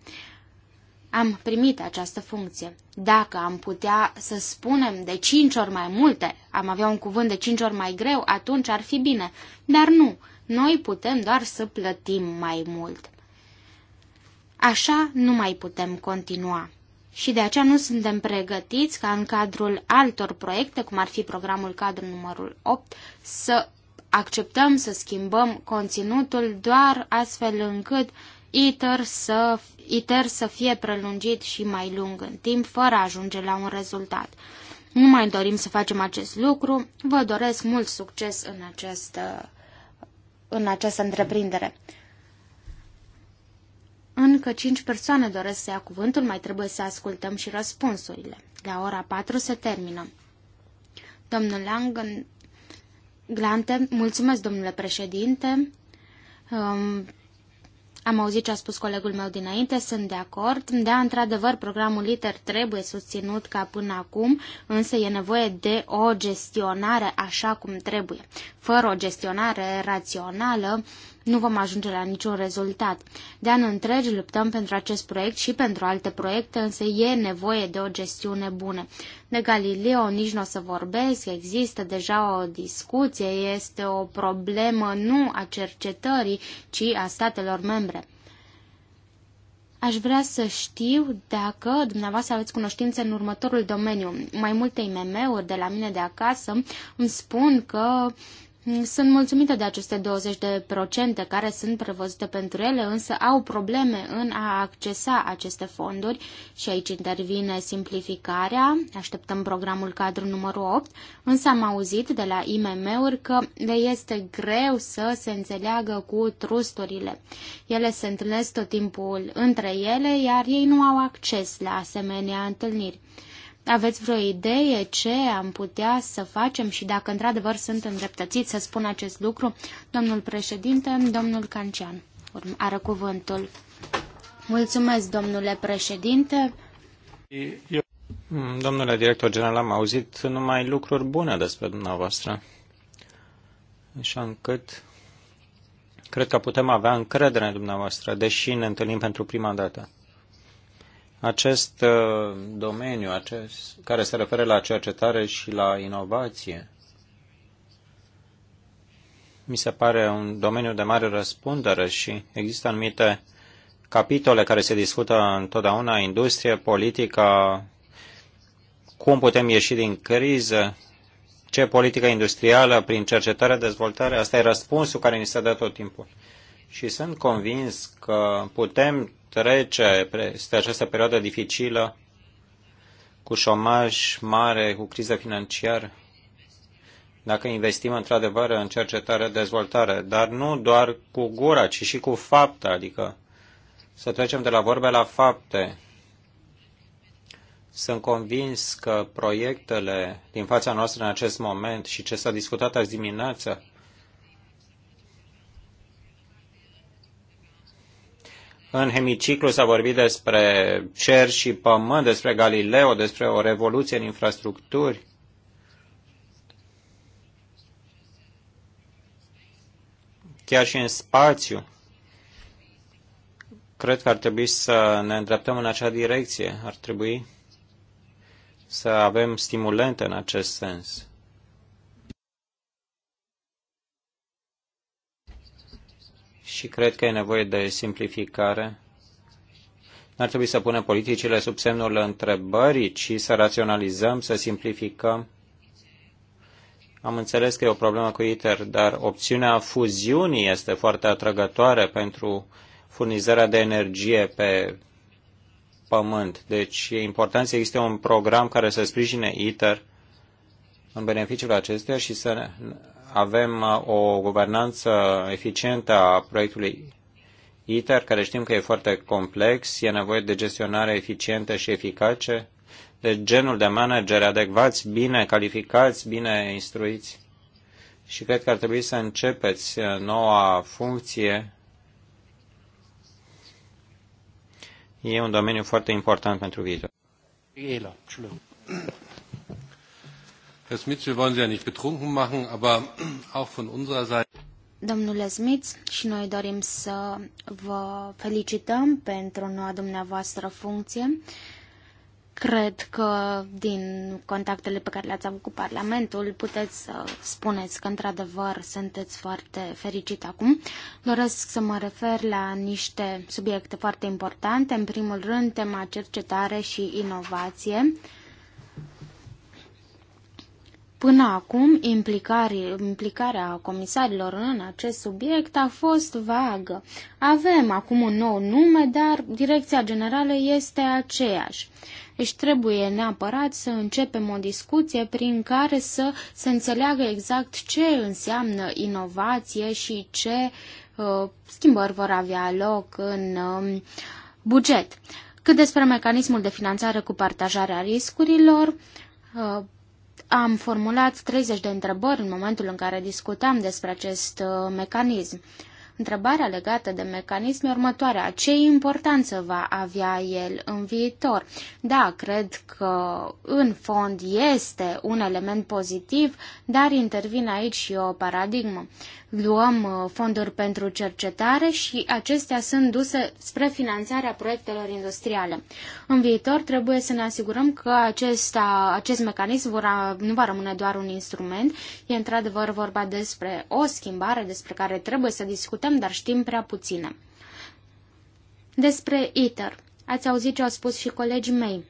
Am primit această funcție. Dacă am putea să spunem de 5 ori mai multe, am avea un cuvânt de 5 ori mai greu, atunci ar fi bine. Dar nu. Noi putem doar să plătim mai mult. Așa nu mai putem continua. Și de aceea nu suntem pregătiți ca în cadrul altor proiecte, cum ar fi programul cadru numărul 8, să acceptăm să schimbăm conținutul doar astfel încât ITER să, ITER să fie prelungit și mai lung în timp, fără a ajunge la un rezultat. Nu mai dorim să facem acest lucru, vă doresc mult succes în această în această întreprindere. Încă cinci persoane doresc să ia cuvântul, mai trebuie să ascultăm și răspunsurile. La ora patru se termină. Domnul Lang, Glante, mulțumesc, domnule președinte. Am auzit ce a spus colegul meu dinainte, sunt de acord. Da, într-adevăr, programul liter trebuie susținut ca până acum, însă e nevoie de o gestionare așa cum trebuie. Fără o gestionare rațională, uh, nu vom ajunge la niciun rezultat. De an întregi luptăm pentru acest proiect și pentru alte proiecte, însă e nevoie de o gestiune bună. De Galileo nici nu o să vorbesc, există deja o discuție, este o problemă nu a cercetării, ci a statelor membre. Aș vrea să știu dacă dumneavoastră aveți cunoștințe în următorul domeniu. Mai multe IMM-uri de la mine de acasă îmi spun că sunt mulțumită de aceste 20% care sunt prevăzute pentru ele, însă au probleme în a accesa aceste fonduri și aici intervine simplificarea. Așteptăm programul cadru numărul 8, însă am auzit de la IMM-uri că le este greu să se înțeleagă cu trusturile. Ele se întâlnesc tot timpul între ele, iar ei nu au acces la asemenea întâlniri. Aveți vreo idee ce am putea să facem și dacă într-adevăr sunt îndreptățit să spun acest lucru? Domnul președinte, domnul Cancian are cuvântul. Mulțumesc, domnule președinte. Eu... Domnule director general, am auzit numai lucruri bune despre dumneavoastră. Așa încât cred că putem avea încredere în dumneavoastră, deși ne întâlnim pentru prima dată. Acest uh, domeniu acest, care se referă la cercetare și la inovație mi se pare un domeniu de mare răspundere și există anumite capitole care se discută întotdeauna, industrie, politică, cum putem ieși din criză, ce politică industrială, prin cercetare, dezvoltare, asta e răspunsul care ni se dă tot timpul. Și sunt convins că putem trece peste această perioadă dificilă cu șomaj mare, cu criză financiară, dacă investim într-adevăr în cercetare, dezvoltare, dar nu doar cu gura, ci și cu fapte, adică să trecem de la vorbe la fapte. Sunt convins că proiectele din fața noastră în acest moment și ce s-a discutat azi dimineață În hemiciclu s-a vorbit despre cer și pământ, despre Galileo, despre o revoluție în infrastructuri. Chiar și în spațiu. Cred că ar trebui să ne îndreptăm în acea direcție. Ar trebui să avem stimulente în acest sens. și cred că e nevoie de simplificare. N-ar trebui să punem politicile sub semnul întrebării, ci să raționalizăm, să simplificăm. Am înțeles că e o problemă cu ITER, dar opțiunea fuziunii este foarte atrăgătoare pentru furnizarea de energie pe pământ. Deci e important să existe un program care să sprijine ITER în beneficiul acestuia și să avem uh, o guvernanță eficientă a proiectului ITER, care știm că e foarte complex, e nevoie de gestionare eficientă și eficace, de genul de manageri adecvați, bine calificați, bine instruiți. Și cred că ar trebui să începeți uh, noua funcție. E un domeniu foarte important pentru viitor. Herr Smith, wir wollen Sie ja nicht betrunken machen, aber auch von unserer Seite. Domnule Smith, și noi dorim să vă felicităm pentru noua dumneavoastră funcție. Cred că din contactele pe care le-ați avut cu Parlamentul puteți să spuneți că într-adevăr sunteți foarte fericit acum. Doresc să mă refer la niște subiecte foarte importante. În primul rând, tema cercetare și inovație. Până acum, implicarea comisarilor în acest subiect a fost vagă. Avem acum un nou nume, dar direcția generală este aceeași. Deci trebuie neapărat să începem o discuție prin care să se înțeleagă exact ce înseamnă inovație și ce uh, schimbări vor avea loc în uh, buget. Cât despre mecanismul de finanțare cu partajarea riscurilor, uh, am formulat 30 de întrebări în momentul în care discutam despre acest uh, mecanism. Întrebarea legată de mecanisme următoarea. Ce importanță va avea el în viitor? Da, cred că în fond este un element pozitiv, dar intervine aici și o paradigmă. Luăm uh, fonduri pentru cercetare și acestea sunt duse spre finanțarea proiectelor industriale. În viitor trebuie să ne asigurăm că acesta, acest mecanism vor, nu va rămâne doar un instrument, e într-adevăr vorba despre o schimbare despre care trebuie să discutăm discutăm, dar știm prea puține. Despre ITER. Ați auzit ce au spus și colegii mei.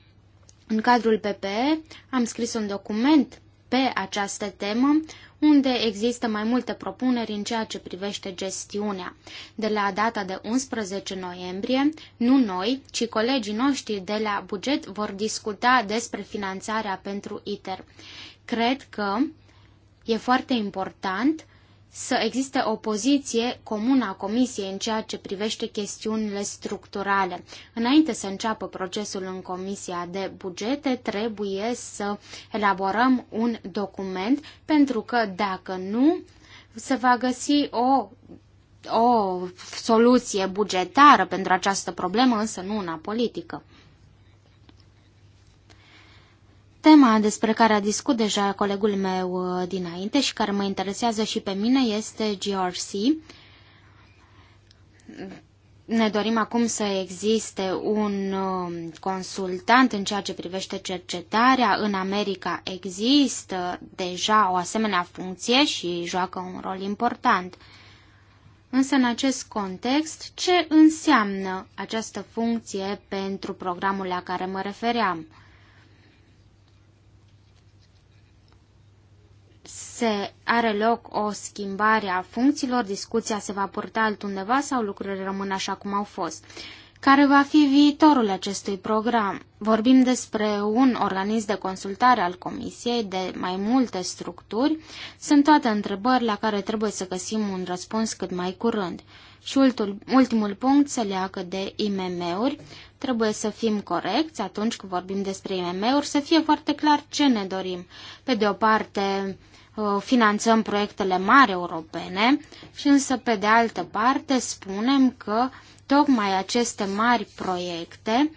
În cadrul PPE am scris un document pe această temă, unde există mai multe propuneri în ceea ce privește gestiunea. De la data de 11 noiembrie, nu noi, ci colegii noștri de la buget vor discuta despre finanțarea pentru ITER. Cred că e foarte important să existe o poziție comună a Comisiei în ceea ce privește chestiunile structurale. Înainte să înceapă procesul în Comisia de Bugete, trebuie să elaborăm un document, pentru că dacă nu, se va găsi o o soluție bugetară pentru această problemă, însă nu una politică. Tema despre care a discut deja colegul meu uh, dinainte și care mă interesează și pe mine este GRC. Ne dorim acum să existe un um, consultant în ceea ce privește cercetarea. În America există deja o asemenea funcție și joacă un rol important. Însă în acest context, ce înseamnă această funcție pentru programul la care mă refeream? se are loc o schimbare a funcțiilor, discuția se va purta altundeva sau lucrurile rămân așa cum au fost. Care va fi viitorul acestui program? Vorbim despre un organism de consultare al Comisiei, de mai multe structuri. Sunt toate întrebări la care trebuie să găsim un răspuns cât mai curând. Și ultul, ultimul punct se leagă de IMM-uri. Trebuie să fim corecți atunci când vorbim despre IMM-uri, să fie foarte clar ce ne dorim. Pe de o parte, Uh, finanțăm proiectele mari europene și însă pe de altă parte spunem că tocmai aceste mari proiecte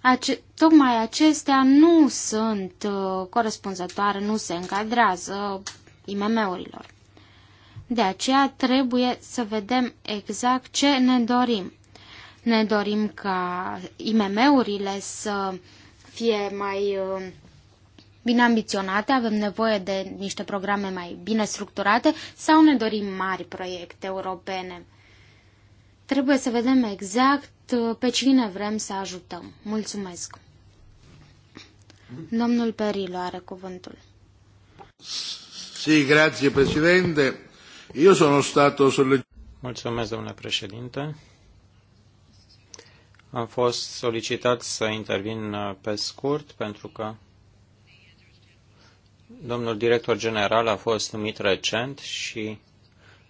ace- tocmai acestea nu sunt uh, corespunzătoare, nu se încadrează IMM-urilor. De aceea trebuie să vedem exact ce ne dorim. Ne dorim ca IMM-urile să fie mai uh, bine ambiționate, avem nevoie de niște programe mai bine structurate sau ne dorim mari proiecte europene. Trebuie să vedem exact uh, pe cine vrem să ajutăm. Mulțumesc! Domnul Perilo are cuvântul. Sì, grazie Presidente. Io sono stato Mulțumesc, domnule președinte. Am fost solicitat să intervin uh, pe scurt pentru că Domnul director general a fost numit recent și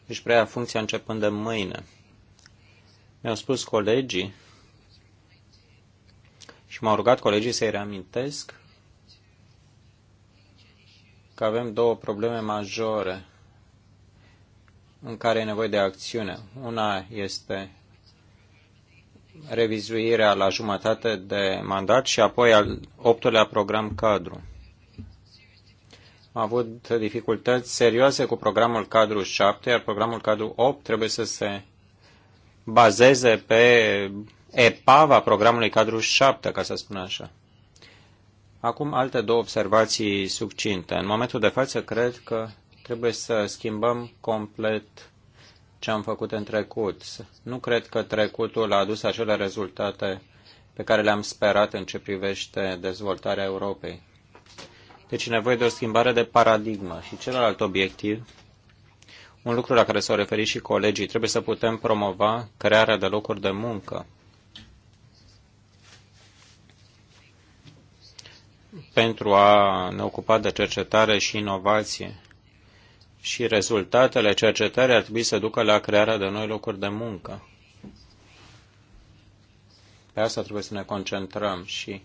își preia funcția începând de mâine. Mi-au spus colegii și m-au rugat colegii să-i reamintesc că avem două probleme majore în care e nevoie de acțiune. Una este revizuirea la jumătate de mandat și apoi al optulea program cadru a avut dificultăți serioase cu programul cadru 7, iar programul cadru 8 trebuie să se bazeze pe epava programului cadru 7, ca să spun așa. Acum alte două observații succinte. În momentul de față, cred că trebuie să schimbăm complet ce am făcut în trecut. Nu cred că trecutul a adus acele rezultate pe care le-am sperat în ce privește dezvoltarea Europei. Deci e nevoie de o schimbare de paradigmă. Și celălalt obiectiv, un lucru la care s-au referit și colegii, trebuie să putem promova crearea de locuri de muncă. pentru a ne ocupa de cercetare și inovație. Și rezultatele cercetării ar trebui să ducă la crearea de noi locuri de muncă. Pe asta trebuie să ne concentrăm și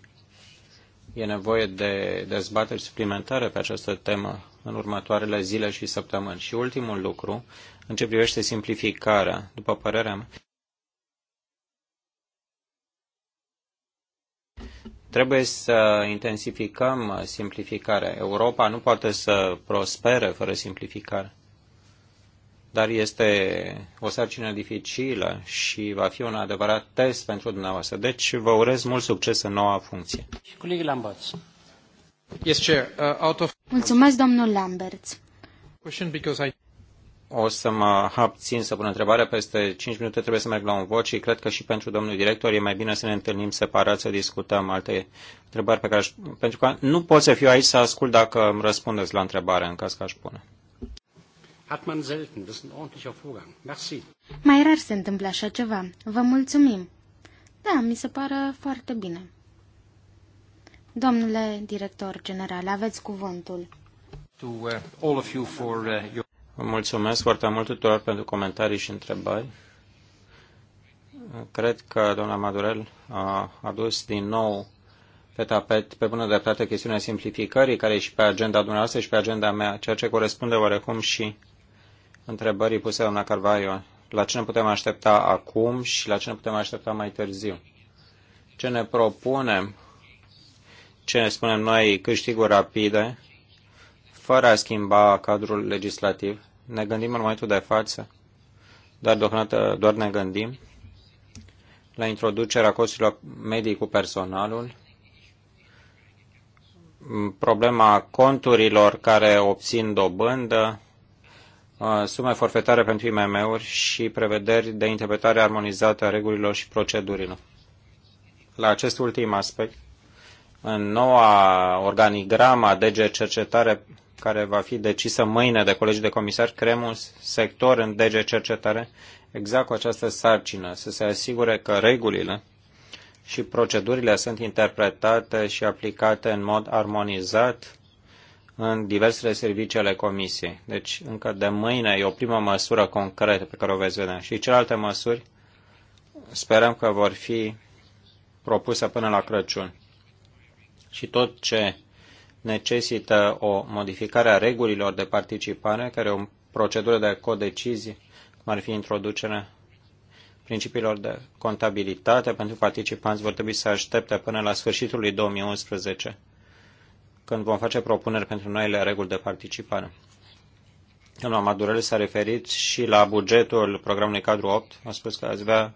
e nevoie de dezbateri suplimentare pe această temă în următoarele zile și săptămâni. Și ultimul lucru, în ce privește simplificarea, după părerea mea, Trebuie să intensificăm simplificarea. Europa nu poate să prospere fără simplificare dar este o sarcină dificilă și va fi un adevărat test pentru dumneavoastră. Deci vă urez mult succes în noua funcție. Colegii Lamberts. Yes, Chair. Uh, out of... Mulțumesc, domnul Lamberts. Question because I... O să mă abțin să pun întrebare. Peste 5 minute trebuie să merg la un vot și cred că și pentru domnul director e mai bine să ne întâlnim separat, să discutăm alte întrebări pe care aș... Pentru că nu pot să fiu aici să ascult dacă îmi răspundeți la întrebare în caz că aș pune. Hat man selten. Das ist ein ordentlicher Vorgang. Merci. Mai rar se întâmplă așa ceva. Vă mulțumim. Da, mi se pare foarte bine. Domnule director general, aveți cuvântul. To, uh, all of you for, uh, your... Mulțumesc foarte mult tuturor pentru comentarii și întrebări. Cred că doamna Madurel a adus din nou pe tapet, pe bună dreptate, chestiunea simplificării, care e și pe agenda dumneavoastră și pe agenda mea, ceea ce corespunde oarecum și întrebării puse doamna Carvaio, la ce ne putem aștepta acum și la ce ne putem aștepta mai târziu. Ce ne propunem, ce ne spunem noi câștiguri rapide, fără a schimba cadrul legislativ, ne gândim în momentul de față, dar deocamdată doar ne gândim la introducerea costurilor medii cu personalul, problema conturilor care obțin dobândă, Uh, sume forfetare pentru IMM-uri și prevederi de interpretare armonizată a regulilor și procedurilor. La acest ultim aspect, în noua organigramă DG Cercetare care va fi decisă mâine de colegii de comisari, creăm un sector în DG Cercetare exact cu această sarcină, să se asigure că regulile și procedurile sunt interpretate și aplicate în mod armonizat în diversele servicii ale Comisiei. Deci, încă de mâine e o primă măsură concretă pe care o veți vedea. Și celelalte măsuri sperăm că vor fi propuse până la Crăciun. Și tot ce necesită o modificare a regulilor de participare, care e o procedură de codecizie, cum ar fi introducerea principiilor de contabilitate pentru participanți, vor trebui să aștepte până la sfârșitul lui 2011 când vom face propuneri pentru noile reguli de participare. Doamna Madurel s-a referit și la bugetul programului cadru 8. A spus că ați vrea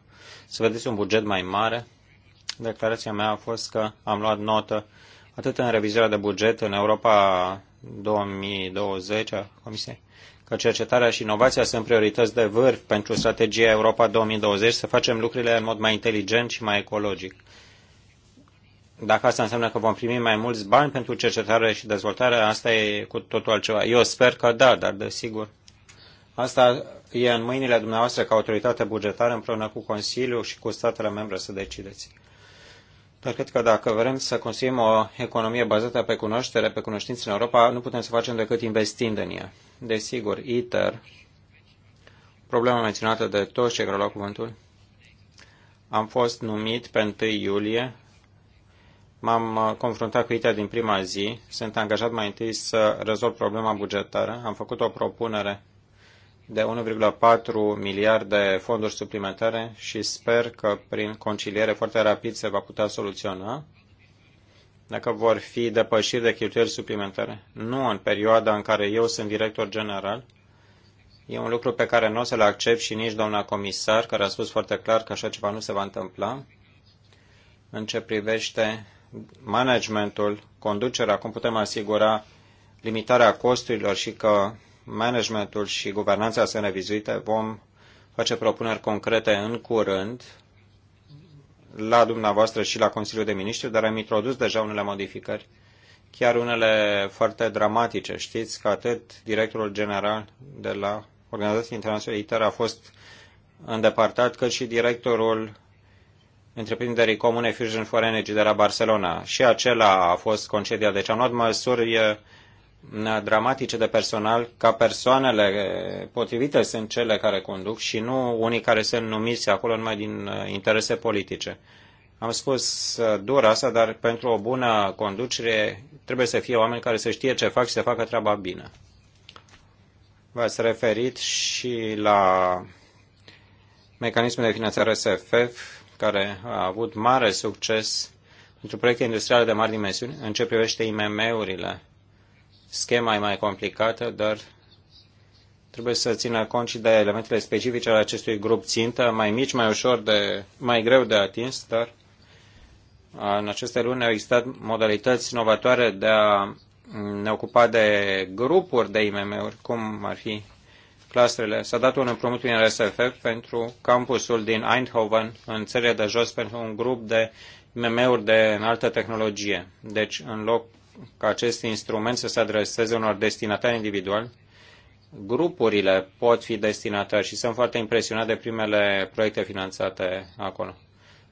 să vedeți un buget mai mare. Declarația mea a fost că am luat notă atât în revizuirea de buget în Europa 2020 a Comisiei, că cercetarea și inovația sunt priorități de vârf pentru strategia Europa 2020, să facem lucrurile în mod mai inteligent și mai ecologic. Dacă asta înseamnă că vom primi mai mulți bani pentru cercetare și dezvoltare, asta e cu totul altceva. Eu sper că da, dar desigur. Asta e în mâinile dumneavoastră ca autoritate bugetară împreună cu Consiliul și cu statele membre să decideți. Dar cred că dacă vrem să construim o economie bazată pe cunoaștere, pe cunoștință în Europa, nu putem să facem decât investind în ea. Desigur, ITER, problema menționată de toți cei care au luat cuvântul, am fost numit pe 1 iulie M-am uh, confruntat cu ITA din prima zi, sunt angajat mai întâi să rezolv problema bugetară, am făcut o propunere de 1,4 miliarde fonduri suplimentare și sper că prin conciliere foarte rapid se va putea soluționa. Dacă vor fi depășiri de cheltuieli suplimentare, nu în perioada în care eu sunt director general, e un lucru pe care nu o să-l accept și nici doamna comisar, care a spus foarte clar că așa ceva nu se va întâmpla. În ce privește managementul, conducerea, cum putem asigura limitarea costurilor și că managementul și guvernanța sunt revizuite, vom face propuneri concrete în curând la dumneavoastră și la Consiliul de Ministri, dar am introdus deja unele modificări, chiar unele foarte dramatice. Știți că atât directorul general de la Organizația Internațională ITER a fost îndepărtat, cât și directorul întreprinderii comune Fusion for Energy de la Barcelona. Și acela a fost concediat. Deci am luat măsuri dramatice de personal ca persoanele potrivite sunt cele care conduc și nu unii care sunt numiți acolo numai din interese politice. Am spus dur asta, dar pentru o bună conducere trebuie să fie oameni care să știe ce fac și să facă treaba bine. V-ați referit și la mecanismul de finanțare SFF care a avut mare succes pentru proiecte industriale de mari dimensiuni. În ce privește IMM-urile, schema e mai complicată, dar trebuie să țină cont și de elementele specifice ale acestui grup țintă, mai mici, mai ușor de, mai greu de atins, dar în aceste luni au existat modalități inovatoare de a ne ocupa de grupuri de IMM-uri, cum ar fi clastrele. S-a dat un împrumut prin RSF pentru campusul din Eindhoven, în țările de jos, pentru un grup de MM-uri de înaltă tehnologie. Deci, în loc ca acest instrument să se adreseze unor destinatari individuali, grupurile pot fi destinatari și sunt foarte impresionat de primele proiecte finanțate acolo.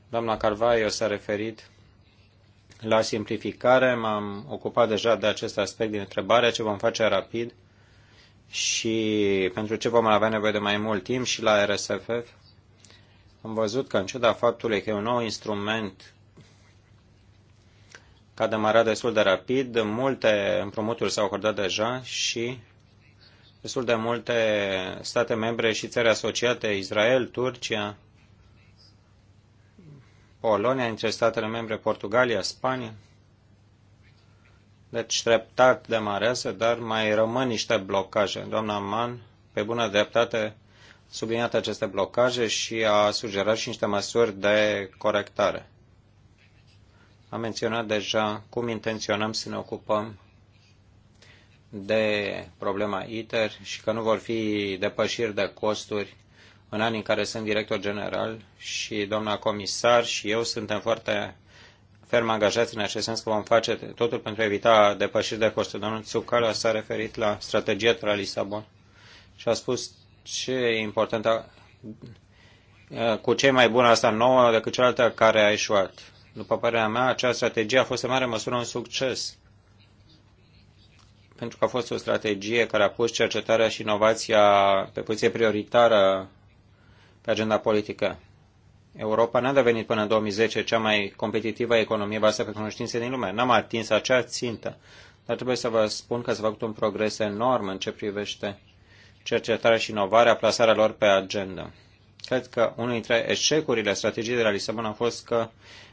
Doamna Carvaio s-a referit la simplificare, m-am ocupat deja de acest aspect din întrebare, ce vom face rapid și pentru ce vom avea nevoie de mai mult timp și la RSFF. Am văzut că, în ciuda faptului că e un nou instrument ca a demarat destul de rapid, multe împrumuturi s-au acordat deja și destul de multe state membre și țări asociate, Israel, Turcia, Polonia, între statele membre, Portugalia, Spania, deci treptat demarează, dar mai rămân niște blocaje. Doamna Man, pe bună dreptate, subliniat aceste blocaje și a sugerat și niște măsuri de corectare. Am menționat deja cum intenționăm să ne ocupăm de problema ITER și că nu vor fi depășiri de costuri în anii în care sunt director general și doamna comisar și eu suntem foarte ferm angajați în acest sens că vom face totul pentru a evita depășiri de coste. Domnul Tsukala s-a referit la strategia de la Lisabon și a spus ce e important a, cu ce mai bună asta nouă decât cealaltă care a ieșuat. După părerea mea, acea strategie a fost în mare măsură un succes pentru că a fost o strategie care a pus cercetarea și inovația pe poziție prioritară pe agenda politică. Europa n-a devenit până în 2010 cea mai competitivă economie bazată pe cunoștințe din lume. N-am atins acea țintă, dar trebuie să vă spun că s-a făcut un progres enorm în ce privește cercetarea și inovarea, plasarea lor pe agenda. Cred că unul dintre eșecurile strategiei de la Lisabona a fost că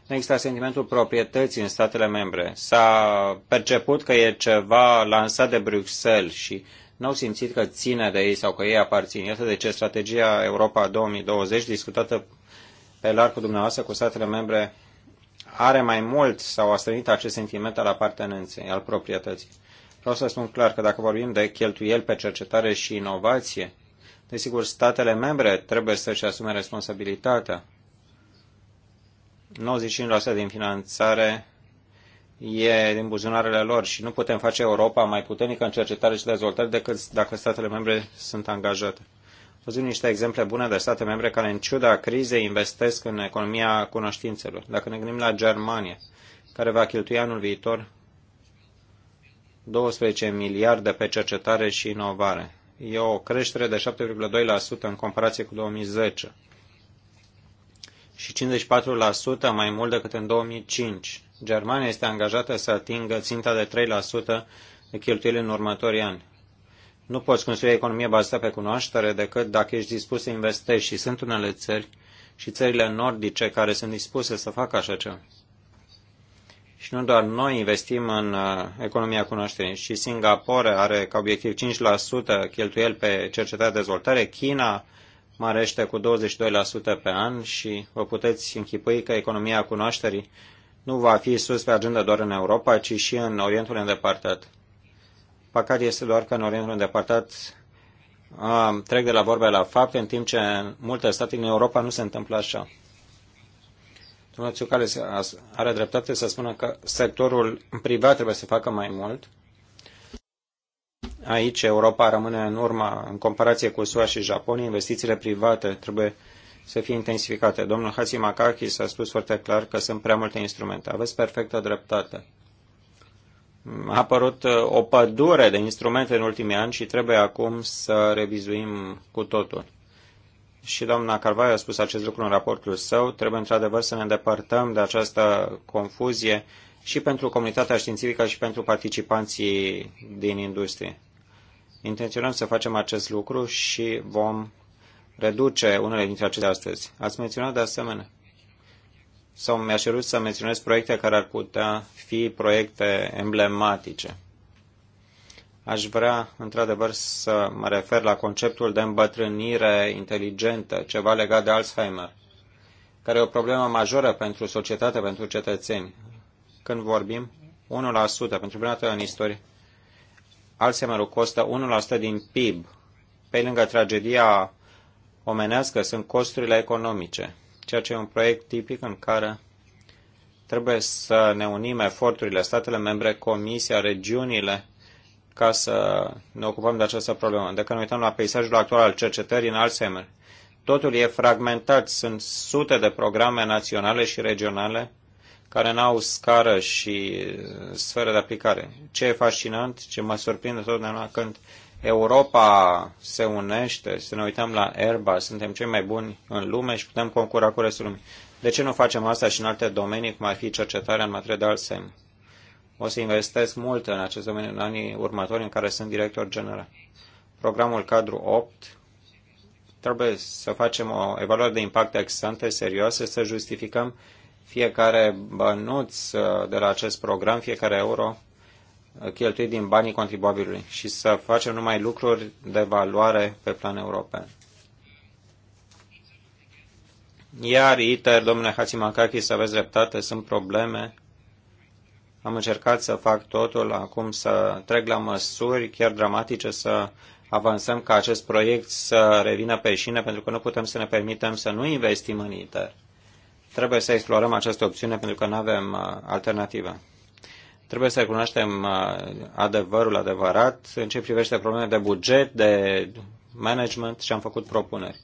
nu exista sentimentul proprietății în statele membre. S-a perceput că e ceva lansat de Bruxelles și nu au simțit că ține de ei sau că ei aparțin. Iată de ce strategia Europa 2020, discutată pe larg cu dumneavoastră, cu statele membre, are mai mult sau a strânit acest sentiment al apartenenței, al proprietății. Vreau să spun clar că dacă vorbim de cheltuieli pe cercetare și inovație, desigur, statele membre trebuie să-și asume responsabilitatea. 95% din finanțare e din buzunarele lor și nu putem face Europa mai puternică în cercetare și dezvoltare decât dacă statele membre sunt angajate văzut niște exemple bune de state membre care, în ciuda crizei, investesc în economia cunoștințelor. Dacă ne gândim la Germania, care va cheltui anul viitor 12 miliarde pe cercetare și inovare. E o creștere de 7,2% în comparație cu 2010 și 54% mai mult decât în 2005. Germania este angajată să atingă ținta de 3% de cheltuieli în următorii ani. Nu poți construi o economie bazată pe cunoaștere decât dacă ești dispus să investești și sunt unele țări și țările nordice care sunt dispuse să facă așa ceva. Și nu doar noi investim în uh, economia cunoașterii, și Singapore are ca obiectiv 5% cheltuieli pe cercetare dezvoltare, China mărește cu 22% pe an și vă puteți închipui că economia cunoașterii nu va fi sus pe agenda doar în Europa, ci și în Orientul îndepărtat. Păcat este doar că în Orientul îndepărtat trec de la vorbe la fapte, în timp ce în multe state din Europa nu se întâmplă așa. Domnul Țiucale are dreptate să spună că sectorul privat trebuie să facă mai mult. Aici Europa rămâne în urma în comparație cu SUA și Japonia. Investițiile private trebuie să fie intensificate. Domnul Hatzimakakis a spus foarte clar că sunt prea multe instrumente. Aveți perfectă dreptate a apărut uh, o pădure de instrumente în ultimii ani și trebuie acum să revizuim cu totul. Și doamna Carvai a spus acest lucru în raportul său. Trebuie într-adevăr să ne îndepărtăm de această confuzie și pentru comunitatea științifică și pentru participanții din industrie. Intenționăm să facem acest lucru și vom reduce unele dintre acestea astăzi. Ați menționat de asemenea sau mi aș cerut să menționez proiecte care ar putea fi proiecte emblematice. Aș vrea, într-adevăr, să mă refer la conceptul de îmbătrânire inteligentă, ceva legat de Alzheimer, care e o problemă majoră pentru societate, pentru cetățeni. Când vorbim, 1%, pentru prima dată în istorie, Alzheimerul costă 1% din PIB. Pe lângă tragedia omenească sunt costurile economice ceea ce e un proiect tipic în care trebuie să ne unim eforturile, statele membre, comisia, regiunile, ca să ne ocupăm de această problemă. Dacă ne uităm la peisajul actual al cercetării în Alzheimer, totul e fragmentat, sunt sute de programe naționale și regionale care n-au scară și sferă de aplicare. Ce e fascinant, ce mă surprinde totdeauna când Europa se unește, să ne uităm la Airbus, suntem cei mai buni în lume și putem concura cu restul lumii. De ce nu facem asta și în alte domenii, cum ar fi cercetarea în materie de Alzheimer? O să investesc mult în acest domeniu în anii următori în care sunt director general. Programul cadru 8 trebuie să facem o evaluare de impact exante serioasă, să justificăm fiecare bănuț uh, de la acest program, fiecare euro cheltuit din banii contribuabilului și să facem numai lucruri de valoare pe plan european. Iar ITER, domnule Hatzimakaki, să aveți dreptate, sunt probleme. Am încercat să fac totul, acum să trec la măsuri chiar dramatice, să avansăm ca acest proiect să revină pe șine, pentru că nu putem să ne permitem să nu investim în ITER. Trebuie să explorăm această opțiune pentru că nu avem uh, alternativă. Trebuie să recunoaștem uh, adevărul adevărat în ce privește probleme de buget, de management și am făcut propuneri.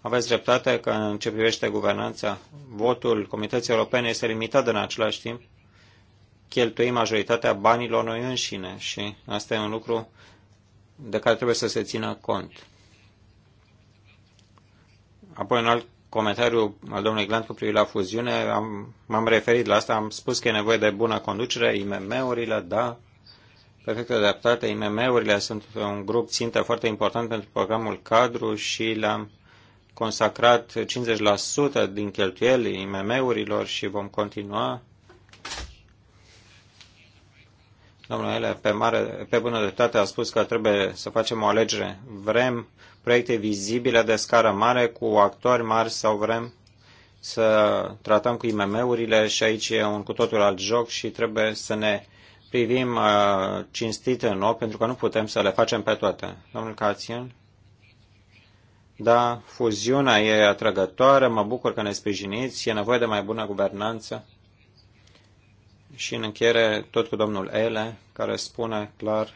Aveți dreptate că în ce privește guvernanța, votul Comității Europene este limitat în același timp. Cheltuim majoritatea banilor noi înșine și asta e un lucru de care trebuie să se țină cont. Apoi, un alt comentariul al domnului Glant cu privire la fuziune, am, m-am referit la asta, am spus că e nevoie de bună conducere, IMM-urile, da, perfect adaptate, IMM-urile sunt un grup țintă foarte important pentru programul cadru și le-am consacrat 50% din cheltuieli IMM-urilor și vom continua. domnule pe, mare, pe bună dreptate, a spus că trebuie să facem o alegere. Vrem proiecte vizibile de scară mare cu actori mari sau vrem să tratăm cu IMM-urile și aici e un cu totul alt joc și trebuie să ne privim uh, cinstit în nou pentru că nu putem să le facem pe toate. Domnul Cațian? Da, fuziunea e atrăgătoare, mă bucur că ne sprijiniți, e nevoie de mai bună guvernanță. Și în încheiere, tot cu domnul Ele, care spune clar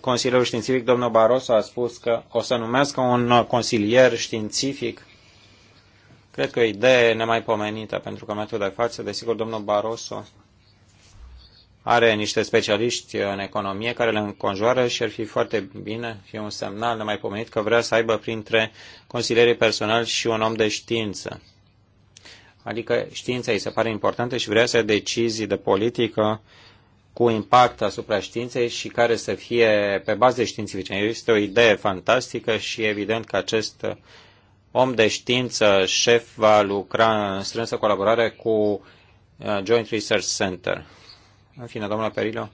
Consiliul Științific, domnul Barroso, a spus că o să numească un consilier științific. Cred că o idee nemaipomenită, pentru că metoda de față, desigur, domnul Barroso are niște specialiști în economie care le înconjoară și ar fi foarte bine, fi un semnal nemaipomenit că vrea să aibă printre consilierii personali și un om de știință. Adică știința îi se pare importantă și vrea să ia decizii de politică uh, cu impact asupra științei și care să fie pe baze științifice. Este o idee fantastică și evident că acest om de știință, șef, va lucra în strânsă colaborare cu uh, Joint Research Center. În fine, domnule Perilo,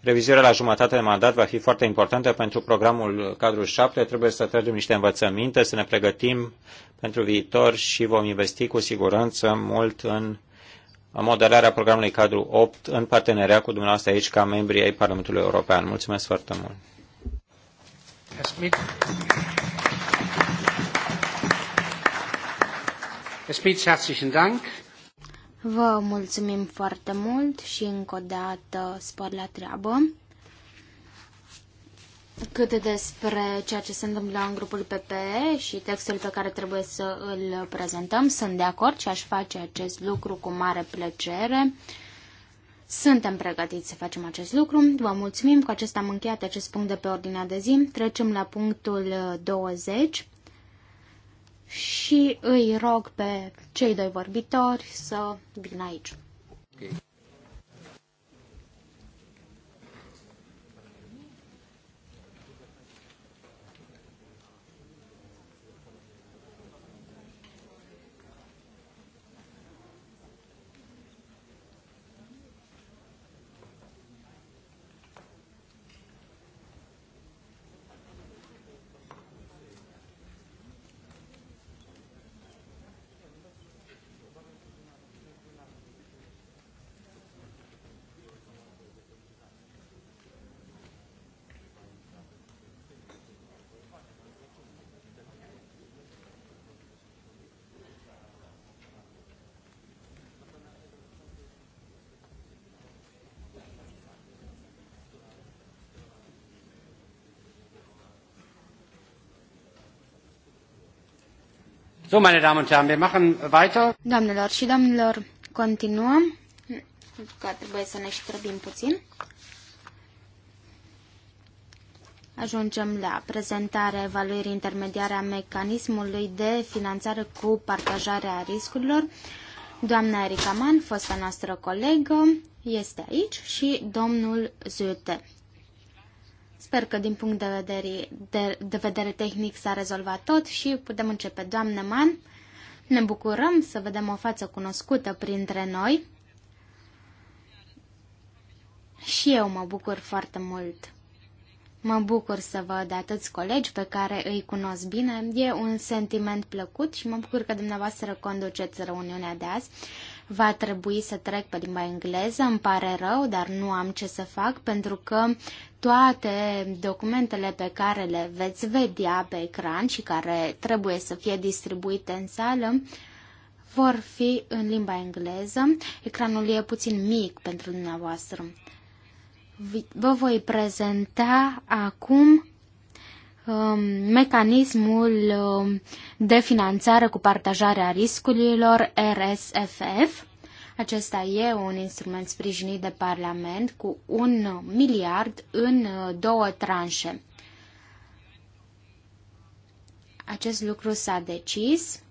revizuirea la jumătate de mandat va fi foarte importantă pentru programul cadru 7. Trebuie să tragem niște învățăminte, să ne pregătim pentru viitor și vom investi cu siguranță mult în modelarea programului cadru 8 în parteneria cu dumneavoastră aici ca membri ai Parlamentului European. Mulțumesc foarte mult! Vă mulțumim foarte mult și încă o dată spor la treabă. Cât despre ceea ce se întâmplă în grupul PPE și textul pe care trebuie să îl prezentăm, sunt de acord și aș face acest lucru cu mare plăcere. Suntem pregătiți să facem acest lucru. Vă mulțumim. Cu acesta am încheiat acest punct de pe ordinea de zi. Trecem la punctul 20 uh, și îi rog pe cei doi vorbitori să vină aici. Okay. So, meine Damen und Herren, wir machen weiter. Doamnelor și domnilor, continuăm. Că trebuie să ne ștrăbim puțin. Ajungem la prezentarea evaluării intermediare a mecanismului de finanțare cu partajarea riscurilor. Doamna Erika Mann, fosta noastră colegă, este aici și domnul Zute. Sper că din punct de vedere, de, de vedere tehnic s-a rezolvat tot și putem începe. Doamne Man, ne bucurăm să vedem o față cunoscută printre noi. Și eu mă bucur foarte mult. Mă bucur să văd atâți colegi pe care îi cunosc bine. E un sentiment plăcut și mă bucur că dumneavoastră conduceți reuniunea de azi. Va trebui să trec pe limba engleză, îmi pare rău, dar nu am ce să fac pentru că toate documentele pe care le veți vedea pe ecran și care trebuie să fie distribuite în sală vor fi în limba engleză. Ecranul e puțin mic pentru dumneavoastră. Vă voi prezenta acum Um, mecanismul um, de finanțare cu partajarea riscurilor RSFF. Acesta e un instrument sprijinit de Parlament cu un miliard în uh, două tranșe. Acest lucru s-a decis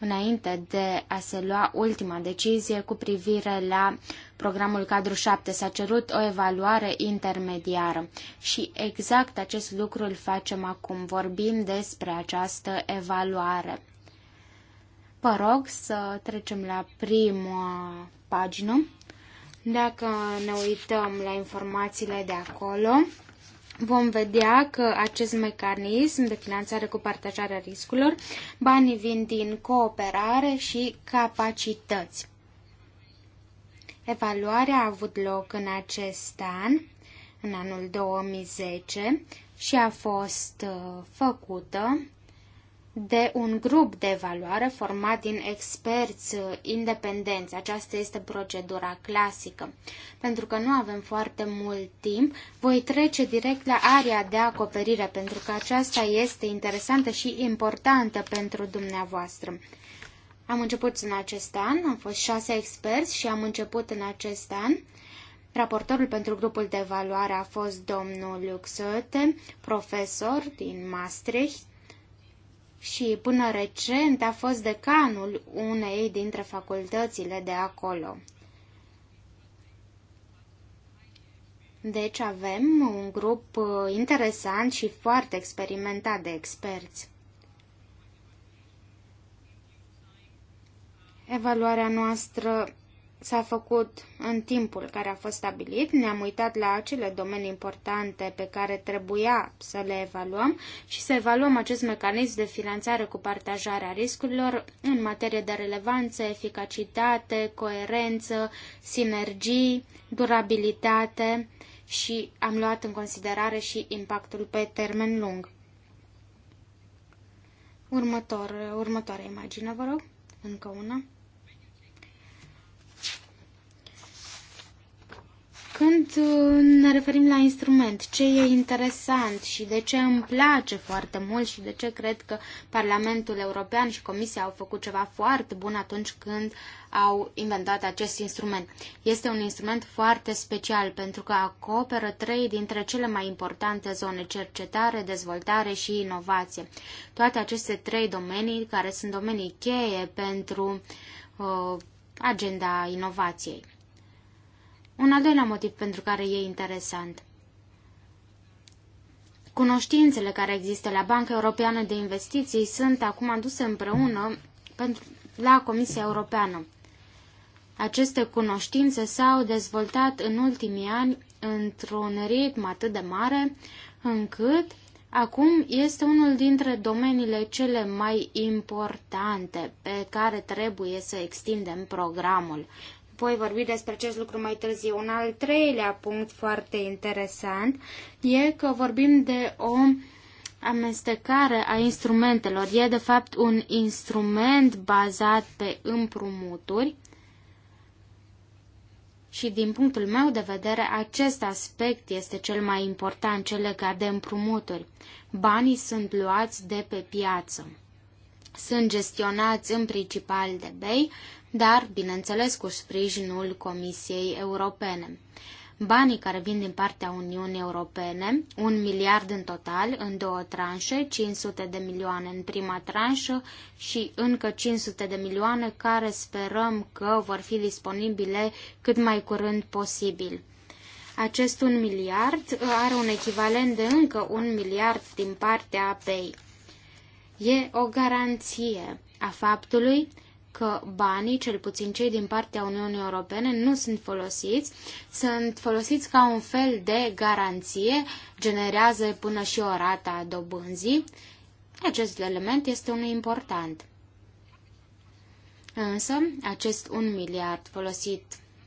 înainte de a se lua ultima decizie cu privire la programul cadru 7. S-a cerut o evaluare intermediară și exact acest lucru îl facem acum. Vorbim despre această evaluare. Vă rog să trecem la prima pagină. Dacă ne uităm la informațiile de acolo, vom vedea că acest mecanism de finanțare cu partajarea riscurilor, banii vin din cooperare și capacități. Evaluarea a avut loc în acest an, în anul 2010, și a fost uh, făcută de un grup de evaluare format din experți uh, independenți. Aceasta este procedura clasică. Pentru că nu avem foarte mult timp, voi trece direct la area de acoperire, pentru că aceasta este interesantă și importantă pentru dumneavoastră. Am început în acest an, am fost șase experți și am început în acest an. Raportorul pentru grupul de evaluare a fost domnul Luxote, profesor din Maastricht, și până recent a fost decanul unei dintre facultățile de acolo. Deci avem un grup uh, interesant și foarte experimentat de experți. Evaluarea noastră s-a făcut în timpul care a fost stabilit, ne-am uitat la acele domenii importante pe care trebuia să le evaluăm și să evaluăm acest mecanism de finanțare cu partajarea riscurilor în materie de relevanță, eficacitate, coerență, sinergii, durabilitate și am luat în considerare și impactul pe termen lung. Următor, următoarea imagine, vă rog, încă una. Când uh, ne referim la instrument, ce e interesant și de ce îmi place foarte mult și de ce cred că Parlamentul European și Comisia au făcut ceva foarte bun atunci când au inventat acest instrument. Este un instrument foarte special pentru că acoperă trei dintre cele mai importante zone, cercetare, dezvoltare și inovație. Toate aceste trei domenii care sunt domenii cheie pentru uh, agenda inovației. Un al doilea motiv pentru care e interesant. Cunoștințele care există la Banca Europeană de Investiții sunt acum aduse împreună pentru, la Comisia Europeană. Aceste cunoștințe s-au dezvoltat în ultimii ani într-un ritm atât de mare, încât acum este unul dintre domeniile cele mai importante pe care trebuie să extindem programul voi vorbi despre acest lucru mai târziu. Un al treilea punct foarte interesant e că vorbim de o amestecare a instrumentelor. E de fapt un instrument bazat pe împrumuturi și din punctul meu de vedere acest aspect este cel mai important, cel legat de împrumuturi. Banii sunt luați de pe piață sunt gestionați în principal de BEI, dar, bineînțeles, cu sprijinul Comisiei Europene. Banii care vin din partea Uniunii Europene, un miliard în total, în două tranșe, 500 de milioane în prima tranșă și încă 500 de milioane care sperăm că vor fi disponibile cât mai curând posibil. Acest un miliard are un echivalent de încă un miliard din partea BEI. E o garanție a faptului că banii, cel puțin cei din partea Uniunii Europene, nu sunt folosiți, sunt folosiți ca un fel de garanție, generează până și o rată a dobânzii. Acest element este unul important. Însă, acest un miliard folosit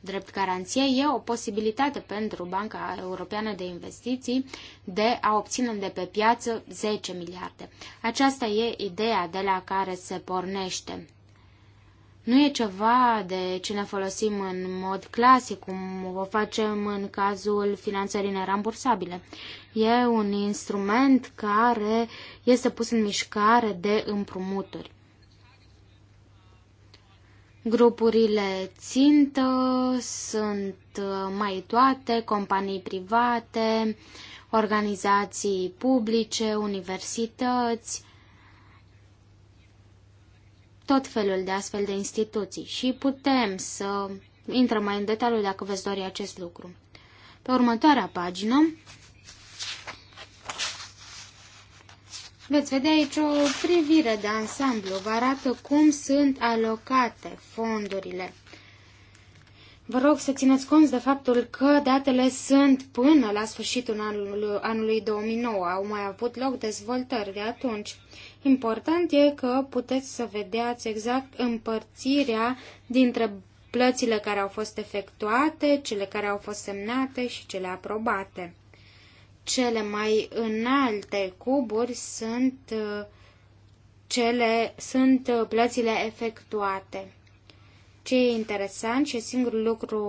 drept garanție e o posibilitate pentru Banca Europeană de Investiții de a obține de pe piață 10 miliarde. Aceasta e ideea de la care se pornește. Nu e ceva de ce ne folosim în mod clasic, cum o facem în cazul finanțării nerambursabile. E un instrument care este pus în mișcare de împrumuturi. Grupurile țintă sunt uh, mai toate, companii private, organizații publice, universități, tot felul de astfel de instituții și putem să intrăm mai în detaliu dacă veți dori acest lucru. Pe următoarea pagină veți vedea aici o privire de ansamblu. Vă arată cum sunt alocate fondurile. Vă rog să țineți cont de faptul că datele sunt până la sfârșitul anului, anului 2009. Au mai avut loc dezvoltări de atunci. Important e că puteți să vedeați exact împărțirea dintre plățile care au fost efectuate, cele care au fost semnate și cele aprobate. Cele mai înalte cuburi sunt, uh, cele, sunt uh, plățile efectuate. Ce e interesant și singurul lucru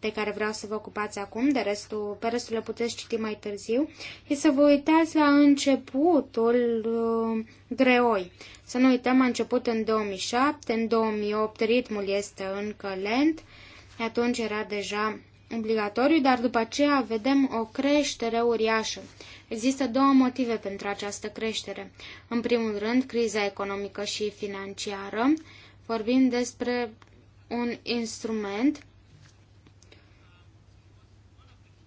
de care vreau să vă ocupați acum, de restul, pe restul le puteți citi mai târziu, e să vă uitați la începutul uh, greoi. Să nu uităm, a început în 2007, în 2008 ritmul este încă lent, atunci era deja obligatoriu, dar după aceea vedem o creștere uriașă. Există două motive pentru această creștere. În primul rând, criza economică și financiară. Vorbim despre un instrument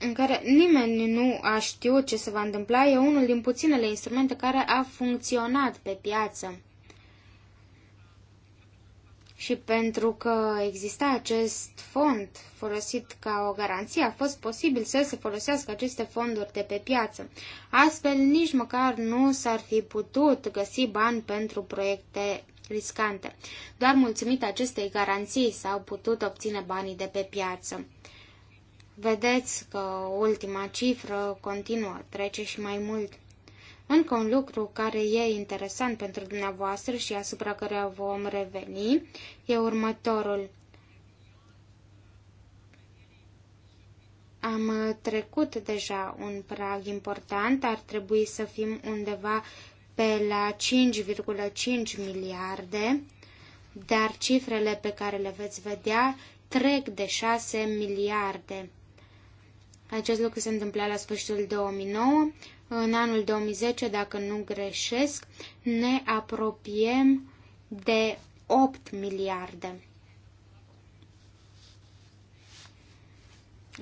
în care nimeni nu a știut ce se va întâmpla, e unul din puținele instrumente care a funcționat pe piață și pentru că exista acest fond folosit ca o garanție, a fost posibil să se folosească aceste fonduri de pe piață. Astfel, nici măcar nu s-ar fi putut găsi bani pentru proiecte riscante. Doar mulțumită acestei garanții s-au putut obține banii de pe piață. Vedeți că ultima cifră continuă, trece și mai mult. Încă un lucru care e interesant pentru dumneavoastră și asupra care vom reveni e următorul. Am trecut deja un prag important, ar trebui să fim undeva pe la 5,5 miliarde, dar cifrele pe care le veți vedea trec de 6 miliarde. Acest lucru se întâmpla la sfârșitul 2009 în anul 2010, dacă nu greșesc, ne apropiem de 8 miliarde.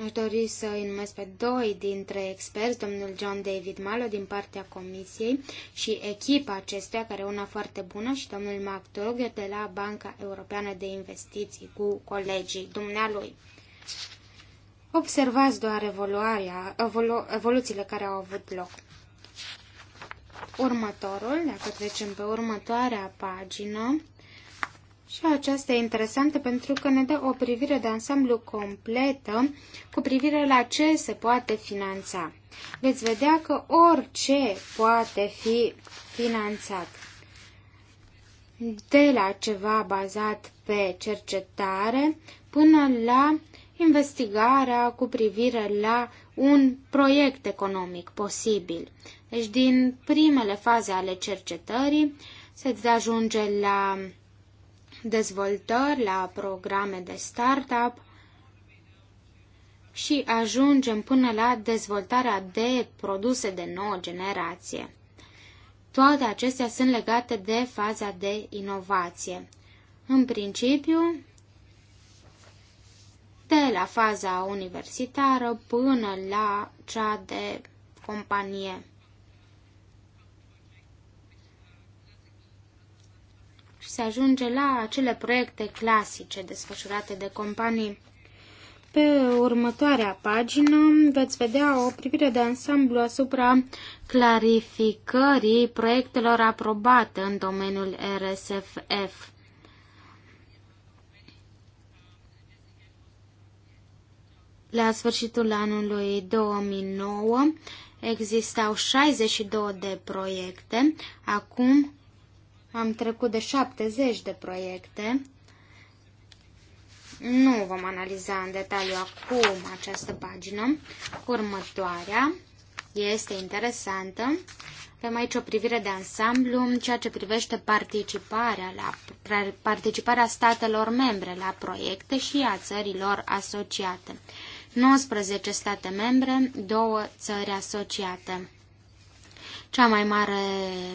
Aș dori să îi numesc pe doi dintre experți, domnul John David Malo din partea comisiei și echipa acesteia, care e una foarte bună, și domnul Mark Dogger de la Banca Europeană de Investiții cu colegii dumnealui. Observați doar evoluarea, evolu, evoluțiile care au avut loc. Următorul, dacă trecem pe următoarea pagină, și aceasta e interesantă pentru că ne dă o privire de ansamblu completă cu privire la ce se poate finanța. Veți vedea că orice poate fi finanțat. De la ceva bazat pe cercetare până la investigarea cu privire la un proiect economic posibil. Deci din primele faze ale cercetării se ajunge la dezvoltări, la programe de startup și ajungem până la dezvoltarea de produse de nouă generație. Toate acestea sunt legate de faza de inovație. În principiu, de la faza universitară până la cea de companie. Și se ajunge la acele proiecte clasice desfășurate de companii. Pe următoarea pagină veți vedea o privire de ansamblu asupra clarificării proiectelor aprobate în domeniul RSFF. La sfârșitul anului 2009 existau 62 de proiecte, acum am trecut de 70 de proiecte. Nu vom analiza în detaliu acum această pagină. Următoarea este interesantă. Avem aici o privire de ansamblu în ceea ce privește participarea, la, participarea statelor membre la proiecte și a țărilor asociate. 19 state membre, două țări asociate. Cea mai mare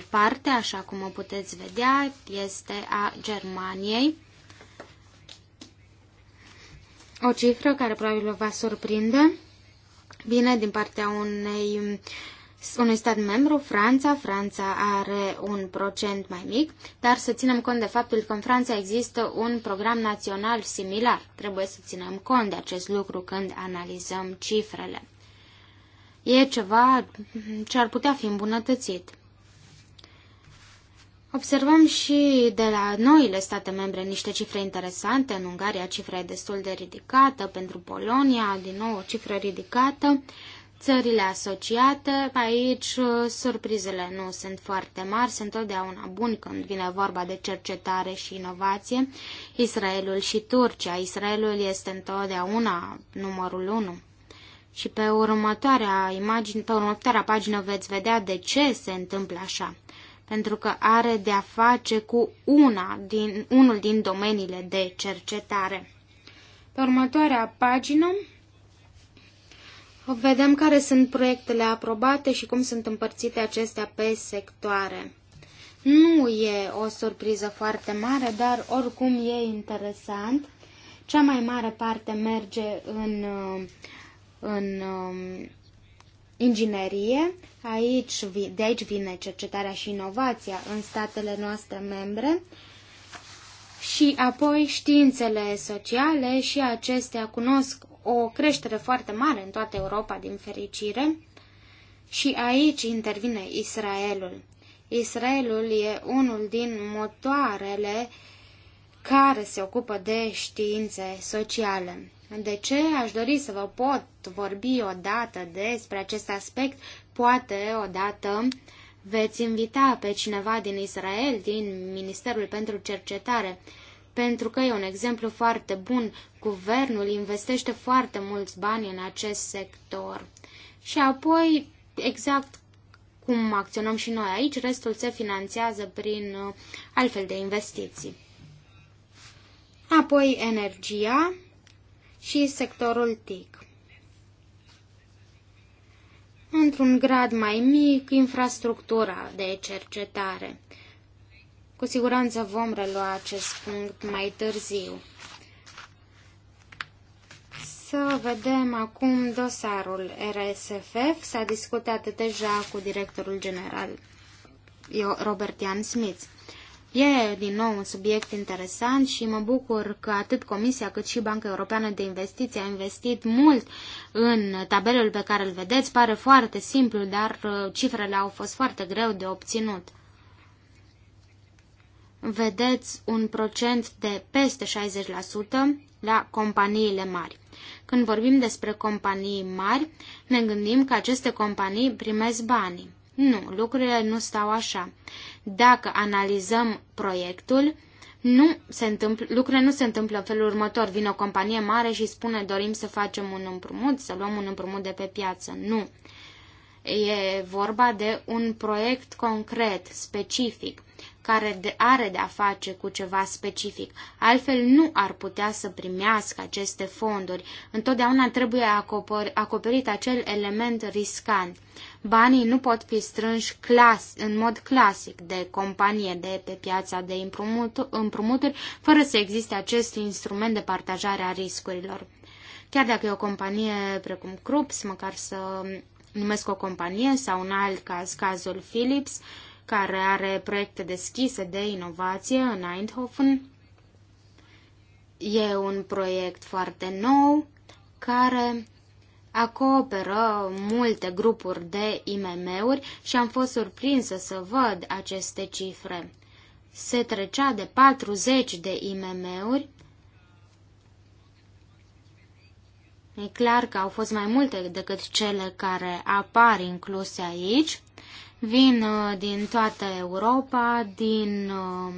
parte, așa cum o puteți vedea, este a Germaniei. O cifră care probabil vă va surprinde vine din partea unei uh, unui stat membru, Franța. Franța are un procent mai mic, dar să ținem cont de faptul că în Franța există un program național similar. Trebuie să ținem cont de acest lucru când analizăm cifrele. E ceva ce ar putea fi îmbunătățit. Observăm și de la noile state membre niște cifre interesante. În Ungaria cifra e destul de ridicată, pentru Polonia din nou o cifră ridicată. Țările asociate, aici uh, surprizele nu sunt foarte mari, sunt totdeauna buni când vine vorba de cercetare și inovație. Israelul și Turcia. Israelul este întotdeauna numărul 1. Și pe următoarea, imagine, pe următoarea pagină veți vedea de ce se întâmplă așa. Pentru că are de-a face cu una din, unul din domeniile de cercetare. Pe următoarea pagină Vedem care sunt proiectele aprobate și cum sunt împărțite acestea pe sectoare. Nu e o surpriză foarte mare, dar oricum e interesant. Cea mai mare parte merge în, în um, inginerie. Aici, de aici vine cercetarea și inovația în statele noastre membre. Și apoi științele sociale și acestea cunosc o creștere foarte mare în toată Europa, din fericire, și aici intervine Israelul. Israelul e unul din motoarele care se ocupă de științe sociale. De ce aș dori să vă pot vorbi odată despre acest aspect? Poate odată veți invita pe cineva din Israel, din Ministerul pentru Cercetare, pentru că e un exemplu foarte bun. Guvernul investește foarte mulți bani în acest sector. Și apoi, exact cum acționăm și noi aici, restul se finanțează prin uh, altfel de investiții. Apoi energia și sectorul TIC. Într-un grad mai mic, infrastructura de cercetare. Cu siguranță vom relua acest punct mai târziu. Să vedem acum dosarul RSFF. S-a discutat deja cu directorul general Robert Ian Smith. E din nou un subiect interesant și mă bucur că atât Comisia cât și Banca Europeană de Investiții a investit mult în tabelul pe care îl vedeți. Pare foarte simplu, dar uh, cifrele au fost foarte greu de obținut vedeți un procent de peste 60% la companiile mari. Când vorbim despre companii mari, ne gândim că aceste companii primesc banii. Nu, lucrurile nu stau așa. Dacă analizăm proiectul, nu se întâmplă, lucrurile nu se întâmplă în felul următor. Vine o companie mare și spune dorim să facem un împrumut, să luăm un împrumut de pe piață. Nu. E vorba de un proiect concret, specific care de are de-a face cu ceva specific. Altfel nu ar putea să primească aceste fonduri. Întotdeauna trebuie acoperit acel element riscant. Banii nu pot fi strânși clas, în mod clasic de companie de pe piața de împrumuturi, fără să existe acest instrument de partajare a riscurilor. Chiar dacă e o companie precum Krups, măcar să numesc o companie sau în alt caz cazul Philips, uh, care are proiecte deschise de inovație în Eindhoven. E un proiect foarte nou care acoperă multe grupuri de IMM-uri și am fost surprinsă să văd aceste cifre. Se trecea de 40 de IMM-uri. E clar că au fost mai multe decât cele care apar incluse aici. Vin uh, din toată Europa, din uh,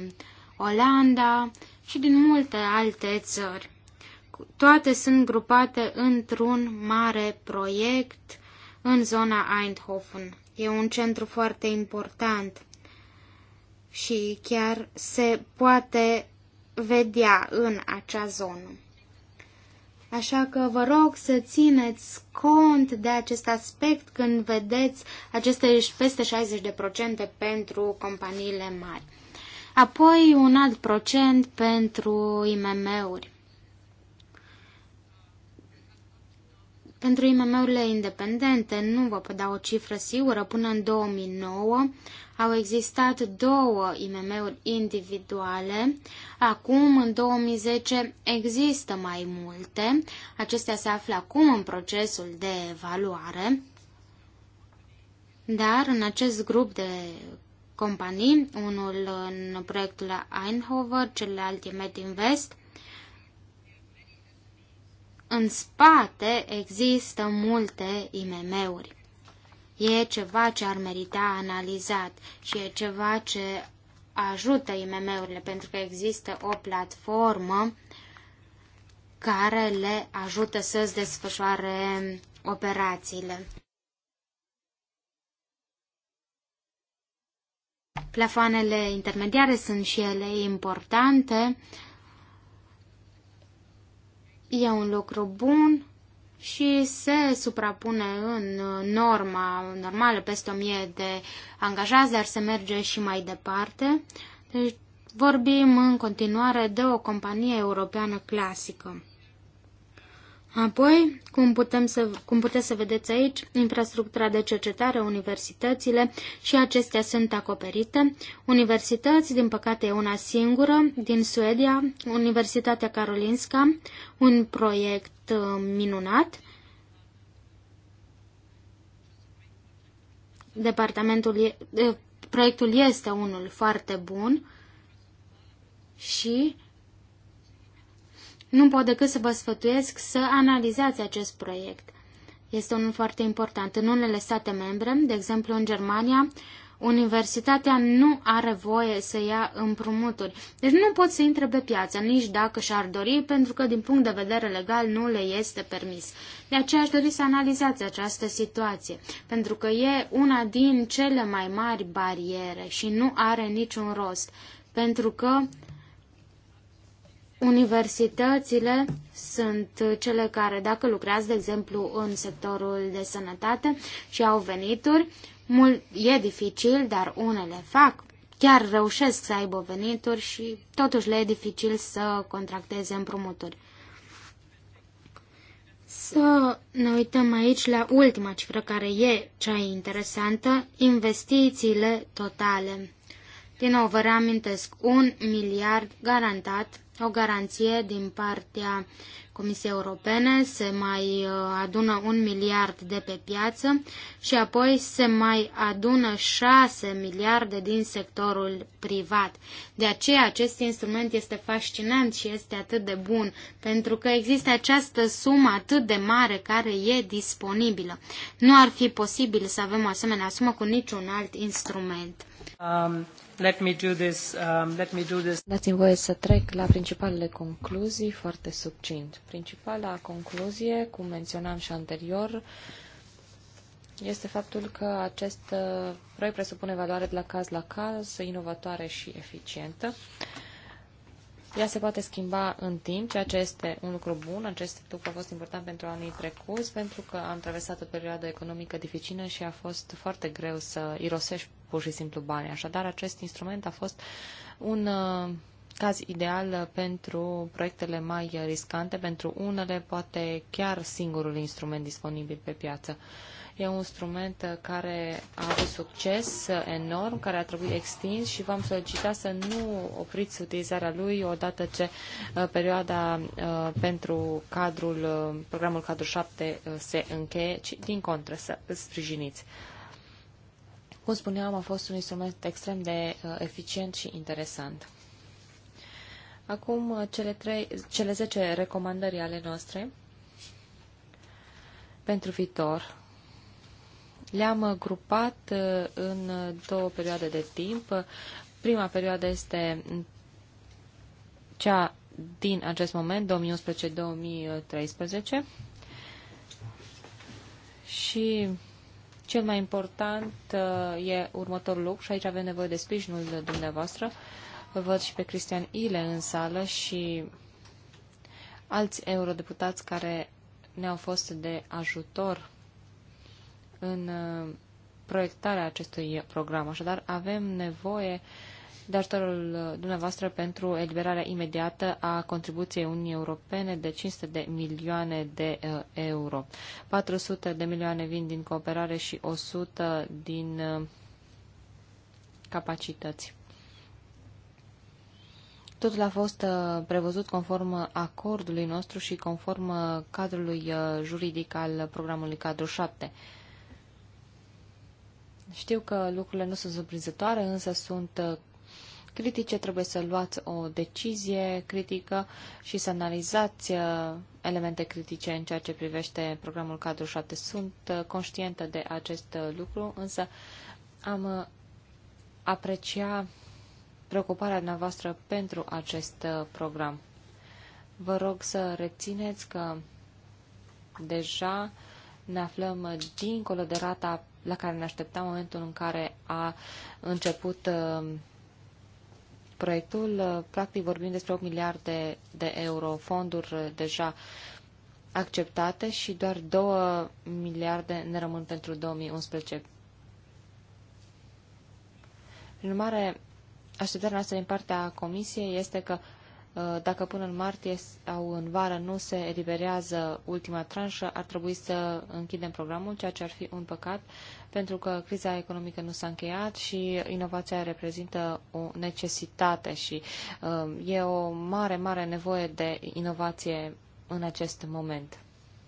Olanda și din multe alte țări. Toate sunt grupate într-un mare proiect în zona Eindhoven. E un centru foarte important și chiar se poate vedea în acea zonă. Așa că vă rog să țineți cont de acest aspect când vedeți aceste peste 60% pentru companiile mari. Apoi un alt procent pentru IMM-uri. Pentru IMM-urile independente nu vă pot da o cifră sigură până în 2009, au existat două IMM-uri individuale. Acum, în 2010, există mai multe. Acestea se află acum în procesul de evaluare. Dar în acest grup de companii, unul în proiectul la Eindhoven, celălalt e Medinvest, în spate există multe IMM-uri. E ceva ce ar merita analizat și e ceva ce ajută IMM-urile pentru că există o platformă care le ajută să-ți desfășoare operațiile. Plafoanele intermediare sunt și ele importante. E un lucru bun și se suprapune în uh, norma normală peste 1000 de angajați, dar se merge și mai departe. Deci vorbim în continuare de o companie europeană clasică. Apoi, cum, putem să, cum puteți să vedeți aici, infrastructura de cercetare, universitățile și acestea sunt acoperite. Universități, din păcate, e una singură, din Suedia, Universitatea Karolinska, un proiect uh, minunat. Departamentul, uh, proiectul este unul foarte bun și nu pot decât să vă sfătuiesc să analizați acest proiect. Este unul foarte important. În unele state membre, de exemplu în Germania, Universitatea nu are voie să ia împrumuturi, deci nu pot să intre pe piață, nici dacă și-ar dori, pentru că din punct de vedere legal nu le este permis. De aceea aș dori să analizați această situație, pentru că e una din cele mai mari bariere și nu are niciun rost, pentru că Universitățile sunt cele care, dacă lucrează, de exemplu, în sectorul de sănătate și au venituri, mult, e dificil, dar unele fac, chiar reușesc să aibă venituri și totuși le e dificil să contracteze împrumuturi. Să ne uităm aici la ultima cifră care e cea interesantă, investițiile totale. Din nou vă reamintesc, un miliard garantat o garanție din partea Comisiei Europene, se mai uh, adună un miliard de pe piață și apoi se mai adună 6 miliarde din sectorul privat. De aceea acest instrument este fascinant și este atât de bun, pentru că există această sumă atât de mare care e disponibilă. Nu ar fi posibil să avem o asemenea sumă cu niciun alt instrument. Um. Let um, Dați-mi voie să trec la principalele concluzii foarte succint. Principala concluzie, cum menționam și anterior, este faptul că acest uh, proiect presupune valoare de la caz la caz, inovatoare și eficientă. Ea se poate schimba în timp, ceea ce este un lucru bun. Acest lucru a fost important pentru anii trecuți, pentru că am traversat o perioadă economică dificilă și a fost foarte greu să irosești pur și simplu bani. Așadar, acest instrument a fost un uh, caz ideal pentru proiectele mai riscante, pentru unele poate chiar singurul instrument disponibil pe piață. E un instrument uh, care a avut succes uh, enorm, care a trebuit extins și v-am solicitat să nu opriți utilizarea lui odată ce perioada pentru cadrul, programul cadru 7 se încheie, ci din contră să îl sprijiniți cum spuneam, a fost un instrument extrem de uh, eficient și interesant. Acum, uh, cele, trei, cele 10 recomandări ale noastre pentru viitor. Le-am uh, grupat în două perioade de timp. Prima perioadă este cea din acest moment, 2011-2013. Și cel mai important uh, e următorul lucru și aici avem nevoie de sprijinul de dumneavoastră. Văd și pe Cristian Ile în sală și alți eurodeputați care ne-au fost de ajutor în uh, proiectarea acestui program. Așadar, avem nevoie uh, de ajutorul uh, dumneavoastră pentru eliberarea imediată a contribuției Uniunii Europene de 500 de milioane de uh, euro. 400 de milioane vin din cooperare și 100 din uh, capacități. Totul a fost prevăzut conform acordului nostru și conform cadrului juridic al programului cadru 7. Știu că lucrurile nu sunt surprinzătoare, însă sunt critice, trebuie să luați o decizie critică și să analizați uh, elemente critice în ceea ce privește programul cadru 7. Sunt uh, conștientă de acest uh, lucru, însă am aprecia preocuparea noastră pentru acest program. Vă rog să rețineți că deja ne aflăm dincolo de rata la care ne așteptam momentul în care a început proiectul. Uh, practic vorbim despre 8 miliarde de euro fonduri uh, deja acceptate și doar 2 miliarde ne rămân pentru 2011. Prin urmare, așteptarea noastră din partea Comisiei este că Uh, dacă până în martie sau în vară nu se eliberează ultima tranșă, ar trebui să închidem programul, ceea ce ar fi un păcat, pentru că criza economică nu s-a încheiat și inovația reprezintă o necesitate și uh, e o mare, mare nevoie de inovație în acest moment.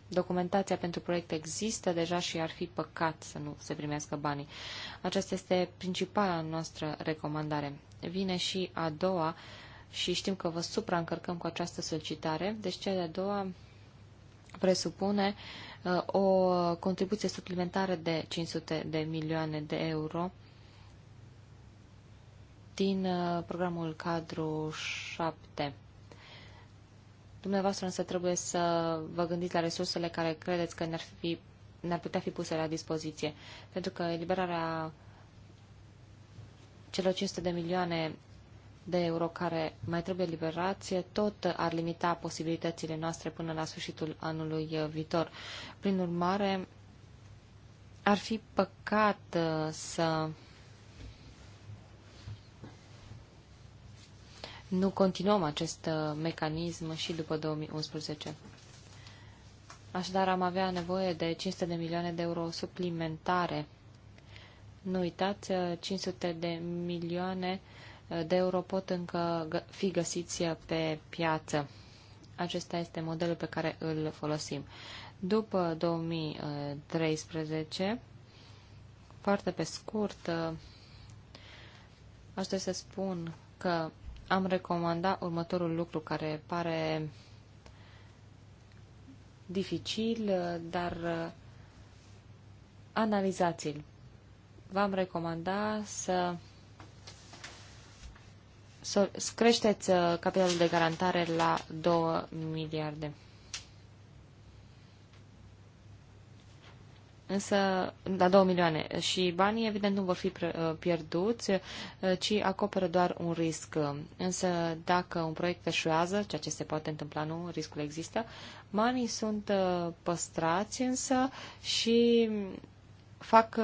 Documentația pentru proiect există deja și ar fi păcat să nu se primească banii. Aceasta este principala noastră recomandare. Vine și a doua uh, și știm că vă supraîncărcăm cu această solicitare. Deci cea de-a doua presupune uh, o contribuție suplimentară de 500 de milioane de euro din uh, programul cadru 7. Dumneavoastră însă trebuie să vă gândiți la resursele care credeți că ne-ar, fi, ne-ar putea fi puse la dispoziție. Pentru că eliberarea celor 500 de milioane de euro care mai trebuie liberație tot ar limita posibilitățile noastre până la sfârșitul anului viitor. Prin urmare, ar fi păcat uh, să nu continuăm acest uh, mecanism și după 2011. Așadar, am avea nevoie de 500 de milioane de euro suplimentare. Nu uitați, 500 uh, de milioane de euro pot încă fi găsiți pe piață. Acesta este modelul pe care îl folosim. După 2013, foarte pe scurt, aș să spun că am recomandat următorul lucru care pare dificil, dar analizați-l. V-am recomandat să să creșteți uh, capitalul de garantare la 2 miliarde. însă la da, 2 milioane și banii evident nu vor fi uh, pierduți, uh, ci acoperă doar un risc. Însă dacă un proiect eșuează, ceea ce se poate întâmpla nu, riscul există, banii sunt păstrați însă și fac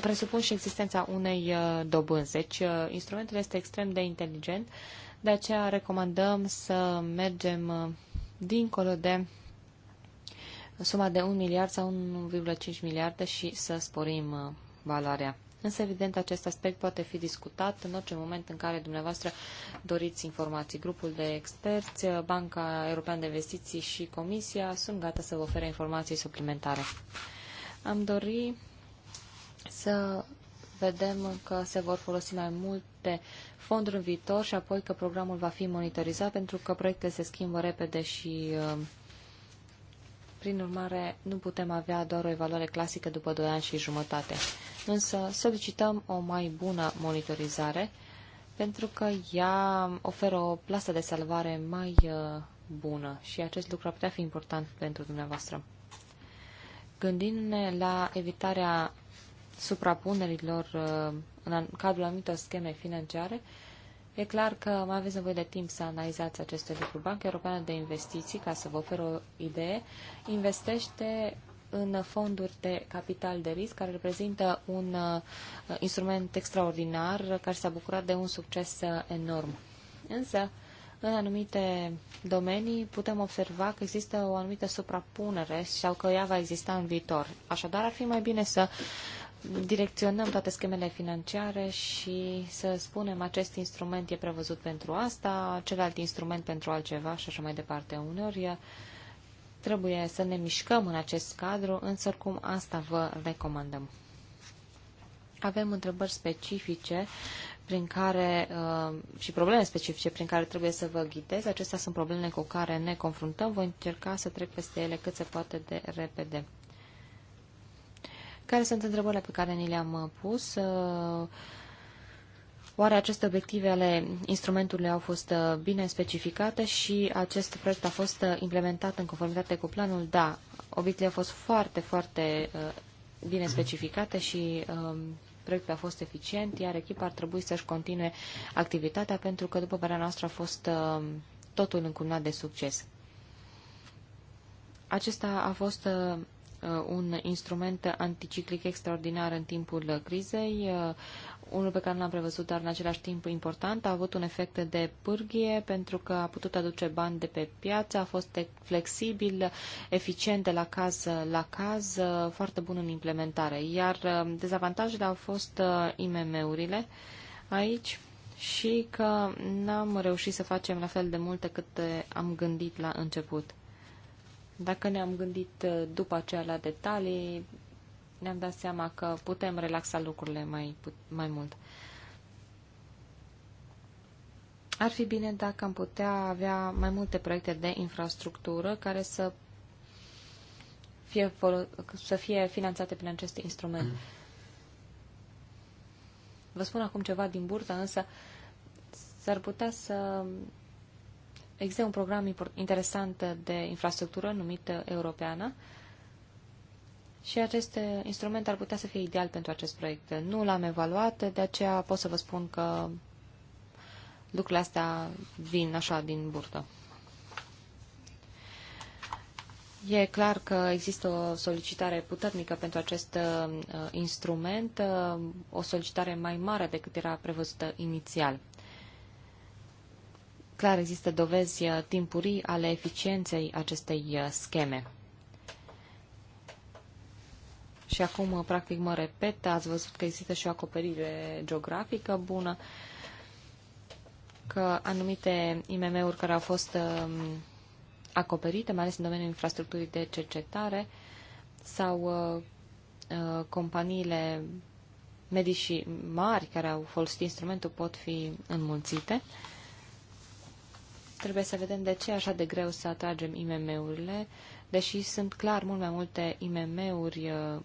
presupun și existența unei uh, dobânzi. Deci, uh, instrumentul este extrem de inteligent, de aceea recomandăm să mergem uh, dincolo de suma de 1 miliard sau 1,5 miliarde și să sporim valoarea. Însă, evident, acest aspect poate fi discutat în orice moment în care dumneavoastră doriți informații. Grupul de experți, Banca Europeană de Investiții și Comisia sunt gata să vă ofere informații suplimentare. Am dori să vedem că se vor folosi mai multe fonduri în viitor și apoi că programul va fi monitorizat pentru că proiectele se schimbă repede și uh, prin urmare nu putem avea doar o evaluare clasică după 2 ani și jumătate. Însă solicităm o mai bună monitorizare pentru că ea oferă o plasă de salvare mai uh, bună și acest lucru ar putea fi important pentru dumneavoastră. Gândindu-ne la evitarea suprapunerilor uh, în cadrul anumitor scheme financiare, e clar că mai aveți nevoie de timp să analizați aceste lucruri. Banca Europeană de Investiții, ca să vă ofer o idee, investește în fonduri de capital de risc, care reprezintă un uh, instrument extraordinar care s-a bucurat de un succes uh, enorm. Însă, în anumite domenii putem observa că există o anumită suprapunere sau că ea va exista în viitor. Așadar, ar fi mai bine să uh, direcționăm toate schemele financiare și să spunem acest instrument e prevăzut pentru asta, celălalt instrument pentru altceva și așa mai departe. Uneori trebuie să ne mișcăm în acest cadru, însă oricum asta vă recomandăm. Avem întrebări specifice prin care, și probleme specifice prin care trebuie să vă ghidez. Acestea sunt problemele cu care ne confruntăm. Voi încerca să trec peste ele cât se poate de repede. Care sunt întrebările pe care ni le-am uh, pus? Uh, oare aceste obiective ale instrumentului au fost uh, bine specificate și acest proiect a fost implementat în conformitate cu planul? Da, obiectivele au fost foarte, foarte bine specificate și um, proiectul a fost eficient, iar echipa ar trebui să-și continue activitatea pentru că, după părerea noastră, a fost um, totul încumnat de succes. Acesta a fost Uh, un instrument anticiclic extraordinar în timpul crizei, uh, unul pe care l-am prevăzut, dar în același timp important, a avut un efect de pârghie pentru că a putut aduce bani de pe piață, a fost flexibil, eficient de la caz la caz, foarte bun în implementare. Iar uh, dezavantajele au fost IMM-urile aici și că n-am reușit să facem la fel de multe cât am gândit la început. Dacă ne-am gândit uh, după aceea la detalii, ne-am dat seama că putem relaxa lucrurile mai, mai mult. Ar fi bine dacă am putea avea mai multe proiecte de infrastructură care să fie, să fie finanțate prin acest instrument. Vă spun acum ceva din burtă, însă s-ar putea să Există un program interesant de infrastructură numit Europeană și acest instrument ar putea să fie ideal pentru acest proiect. Nu l-am evaluat, de aceea pot să vă spun că lucrurile astea vin așa din burtă. E clar că există o solicitare puternică pentru acest uh, instrument, uh, o solicitare mai mare decât era prevăzută inițial clar există dovezi uh, timpurii ale eficienței acestei uh, scheme. Și acum, uh, practic, mă repet, ați văzut că există și o acoperire geografică bună, că anumite IMM-uri care au fost um, acoperite, mai ales în domeniul infrastructurii de cercetare, sau companiile medici mari care au folosit instrumentul pot fi înmulțite trebuie să vedem de ce e așa de greu să atragem IMM-urile, deși sunt clar mult mai multe IMM-uri uh,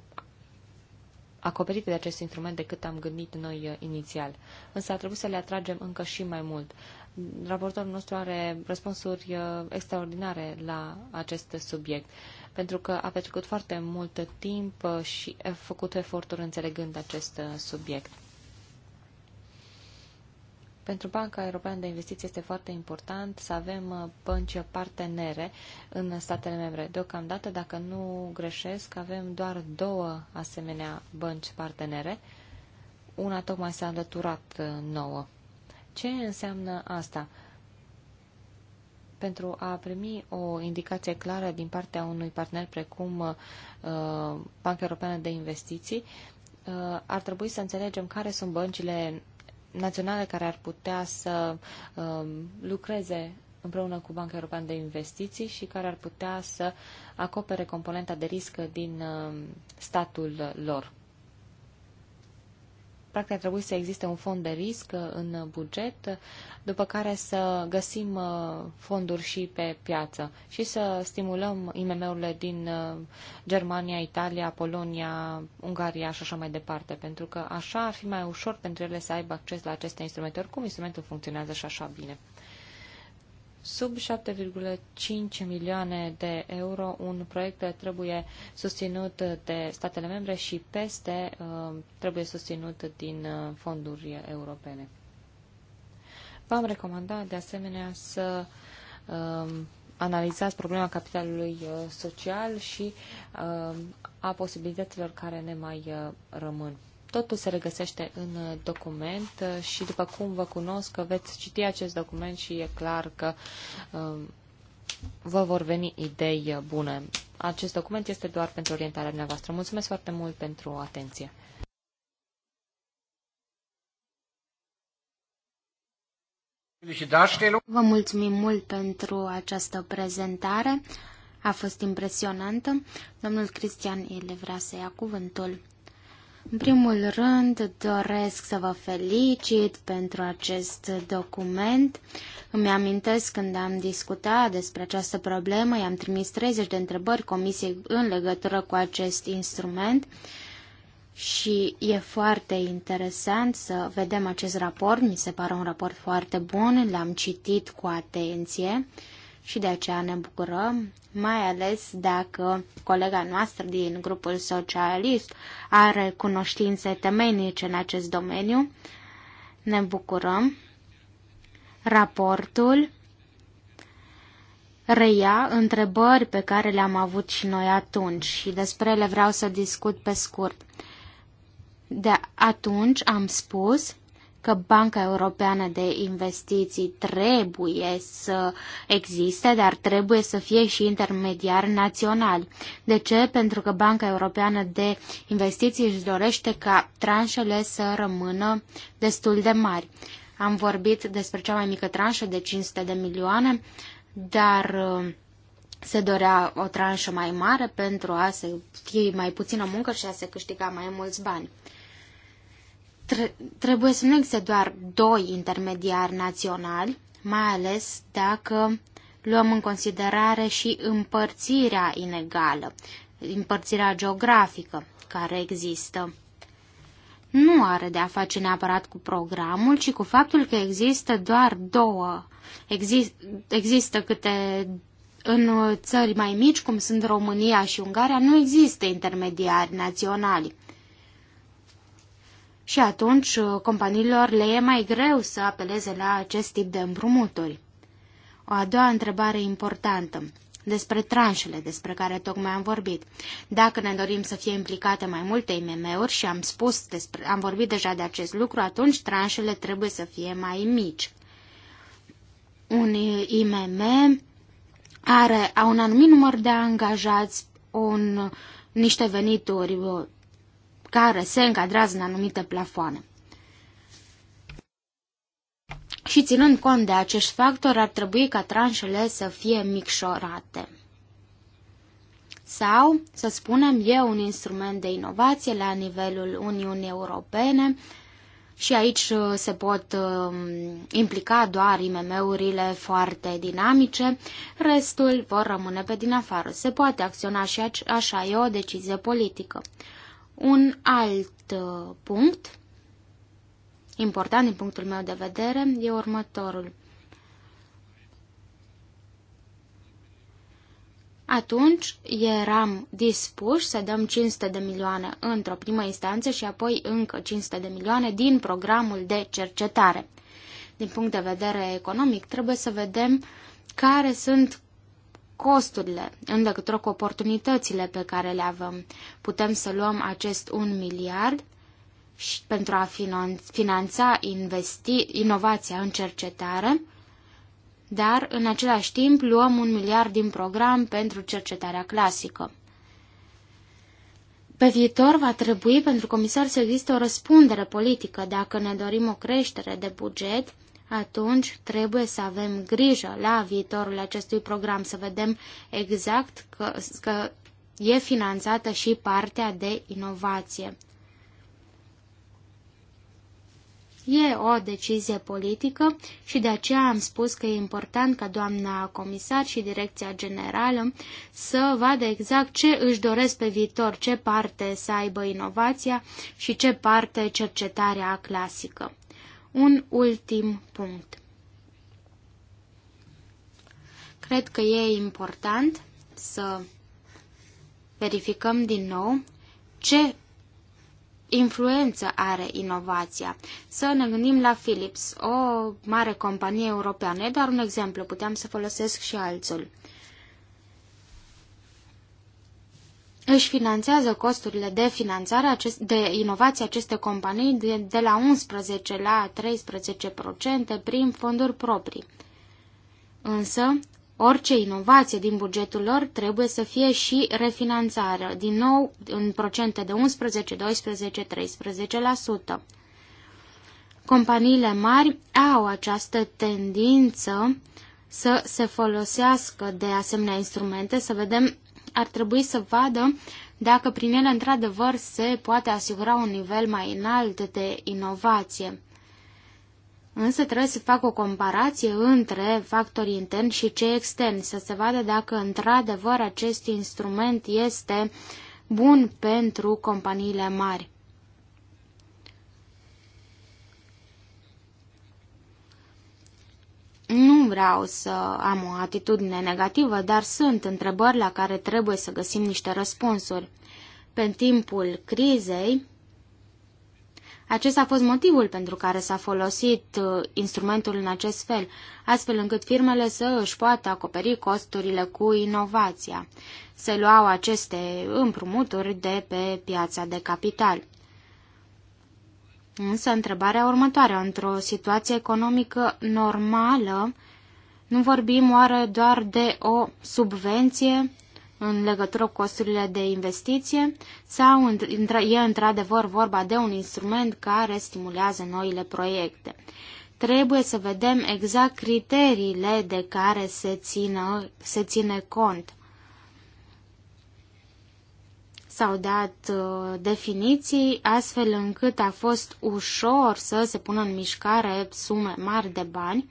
acoperite de acest instrument decât am gândit noi uh, inițial. Însă a trebuit să le atragem încă și mai mult. Raportorul nostru are răspunsuri uh, extraordinare la acest subiect, pentru că a petrecut foarte mult timp și a făcut eforturi înțelegând acest subiect. Pentru Banca Europeană de Investiții este foarte important să avem uh, bănci partenere în statele membre. Deocamdată, dacă nu greșesc, avem doar două asemenea bănci partenere. Una tocmai s-a alăturat uh, nouă. Ce înseamnă asta? Pentru a primi o indicație clară din partea unui partener precum uh, Banca Europeană de Investiții, ar trebui să înțelegem care sunt băncile naționale care ar putea să um, lucreze împreună cu Banca Europeană de Investiții și care ar putea să acopere componenta de risc din um, statul lor. Practic ar trebui să existe un fond de risc uh, în buget, uh, după care să găsim uh, fonduri și pe piață și să stimulăm IMM-urile din Germania, Italia, Polonia, Ungaria și așa mai departe, pentru că așa ar fi mai ușor pentru ele să aibă acces la aceste instrumente. Oricum, instrumentul funcționează și așa bine. Sub 7,5 milioane de euro, un proiect trebuie susținut de statele membre și peste uh, trebuie susținut din uh, fonduri europene. V-am recomandat de asemenea să uh, analizați problema capitalului social și a posibilităților care ne mai rămân. Totul se regăsește în uh, document uh, și după cum vă cunosc că veți citi acest document și e clar că um, vă vor veni idei uh, bune. Acest document este doar pentru orientarea dumneavoastră. Mulțumesc foarte mult pentru atenție. Vă mulțumim mult pentru această prezentare. A fost impresionantă. Domnul Cristian Ele vrea să ia cuvântul. În primul rând, doresc să vă felicit pentru acest document. Îmi amintesc când am discutat despre această problemă, i-am trimis 30 de întrebări comisiei în legătură cu acest instrument și e foarte interesant să vedem acest raport. Mi se pare un raport foarte bun, l-am citit cu atenție și de aceea ne bucurăm, mai ales dacă colega noastră din grupul socialist are cunoștințe temenice în acest domeniu. Ne bucurăm. Raportul reia întrebări pe care le-am avut și noi atunci și despre ele vreau să discut pe scurt. De atunci am spus că Banca Europeană de Investiții trebuie să existe, dar trebuie să fie și intermediar național. De ce? Pentru că Banca Europeană de Investiții își dorește ca tranșele să rămână destul de mari. Am vorbit despre cea mai mică tranșă de 500 de milioane, dar uh, se dorea o tranșă mai mare pentru a se fi mai puțină muncă și a se câștiga mai mulți bani tre- trebuie să nu există doar doi intermediari naționali, mai ales dacă luăm în considerare și împărțirea inegală, împărțirea geografică care există. Nu are de a face neapărat cu programul, ci cu faptul că există doar două. Exist, există câte în țări mai mici, cum sunt România și Ungaria, nu există intermediari naționali și atunci uh, companiilor le e mai greu să apeleze la acest tip de împrumuturi. O a doua întrebare importantă despre tranșele despre care tocmai am vorbit. Dacă ne dorim să fie implicate mai multe IMM-uri și am spus despre, am vorbit deja de acest lucru, atunci tranșele trebuie să fie mai mici. Un IMM are un anumit număr de angajați, un, niște venituri uh, care se încadrează în anumite plafoane. Și ținând cont de acești factori, ar trebui ca tranșele să fie micșorate. Sau, să spunem, e un instrument de inovație la nivelul Uniunii Europene, și aici uh, se pot um, implica doar IMM-urile foarte dinamice, restul vor rămâne pe din afară. Se poate acționa și așa, e o decizie politică. Un alt uh, punct important din punctul meu de vedere e următorul. Atunci eram dispuși să dăm 500 de milioane într-o primă instanță și apoi încă 500 de milioane din programul de cercetare. Din punct de vedere economic, trebuie să vedem care sunt costurile, în legătură cu oportunitățile pe care le avem. Putem să luăm acest un miliard și pentru a finanța investi, inovația în cercetare, dar în același timp luăm un miliard din program pentru cercetarea clasică. Pe viitor va trebui pentru comisar să existe o răspundere politică dacă ne dorim o creștere de buget atunci trebuie să avem grijă la viitorul acestui program, să vedem exact că, că e finanțată și partea de inovație. E o decizie politică și de aceea am spus că e important ca doamna comisar și direcția generală să vadă exact ce își doresc pe viitor, ce parte să aibă inovația și ce parte cercetarea clasică. Un ultim punct. Cred că e important să verificăm din nou ce influență are inovația. Să ne gândim la Philips, o mare companie europeană. E doar un exemplu, puteam să folosesc și altul. își finanțează costurile de finanțare, acest, de inovație aceste companii de, de la 11 la 13% prin fonduri proprii. Însă, orice inovație din bugetul lor trebuie să fie și refinanțare, din nou în procente de 11, 12, 13%. Companiile mari au această tendință să se folosească de asemenea instrumente, să vedem ar trebui să vadă dacă prin ele într-adevăr se poate asigura un nivel mai înalt de inovație. Însă trebuie să fac o comparație între factorii interni și cei externi, să se vadă dacă într-adevăr acest instrument este bun pentru companiile mari. Nu vreau să am o atitudine negativă, dar sunt întrebări la care trebuie să găsim niște răspunsuri. Pe timpul crizei, acesta a fost motivul pentru care s-a folosit uh, instrumentul în acest fel, astfel încât firmele să își poată acoperi costurile cu inovația. Se luau aceste împrumuturi de pe piața de capital. Însă întrebarea următoare, într-o situație economică normală, nu vorbim oare doar de o subvenție în legătură cu costurile de investiție sau e într-adevăr vorba de un instrument care stimulează noile proiecte? Trebuie să vedem exact criteriile de care se, țină, se ține cont s-au dat uh, definiții astfel încât a fost ușor să se pună în mișcare sume mari de bani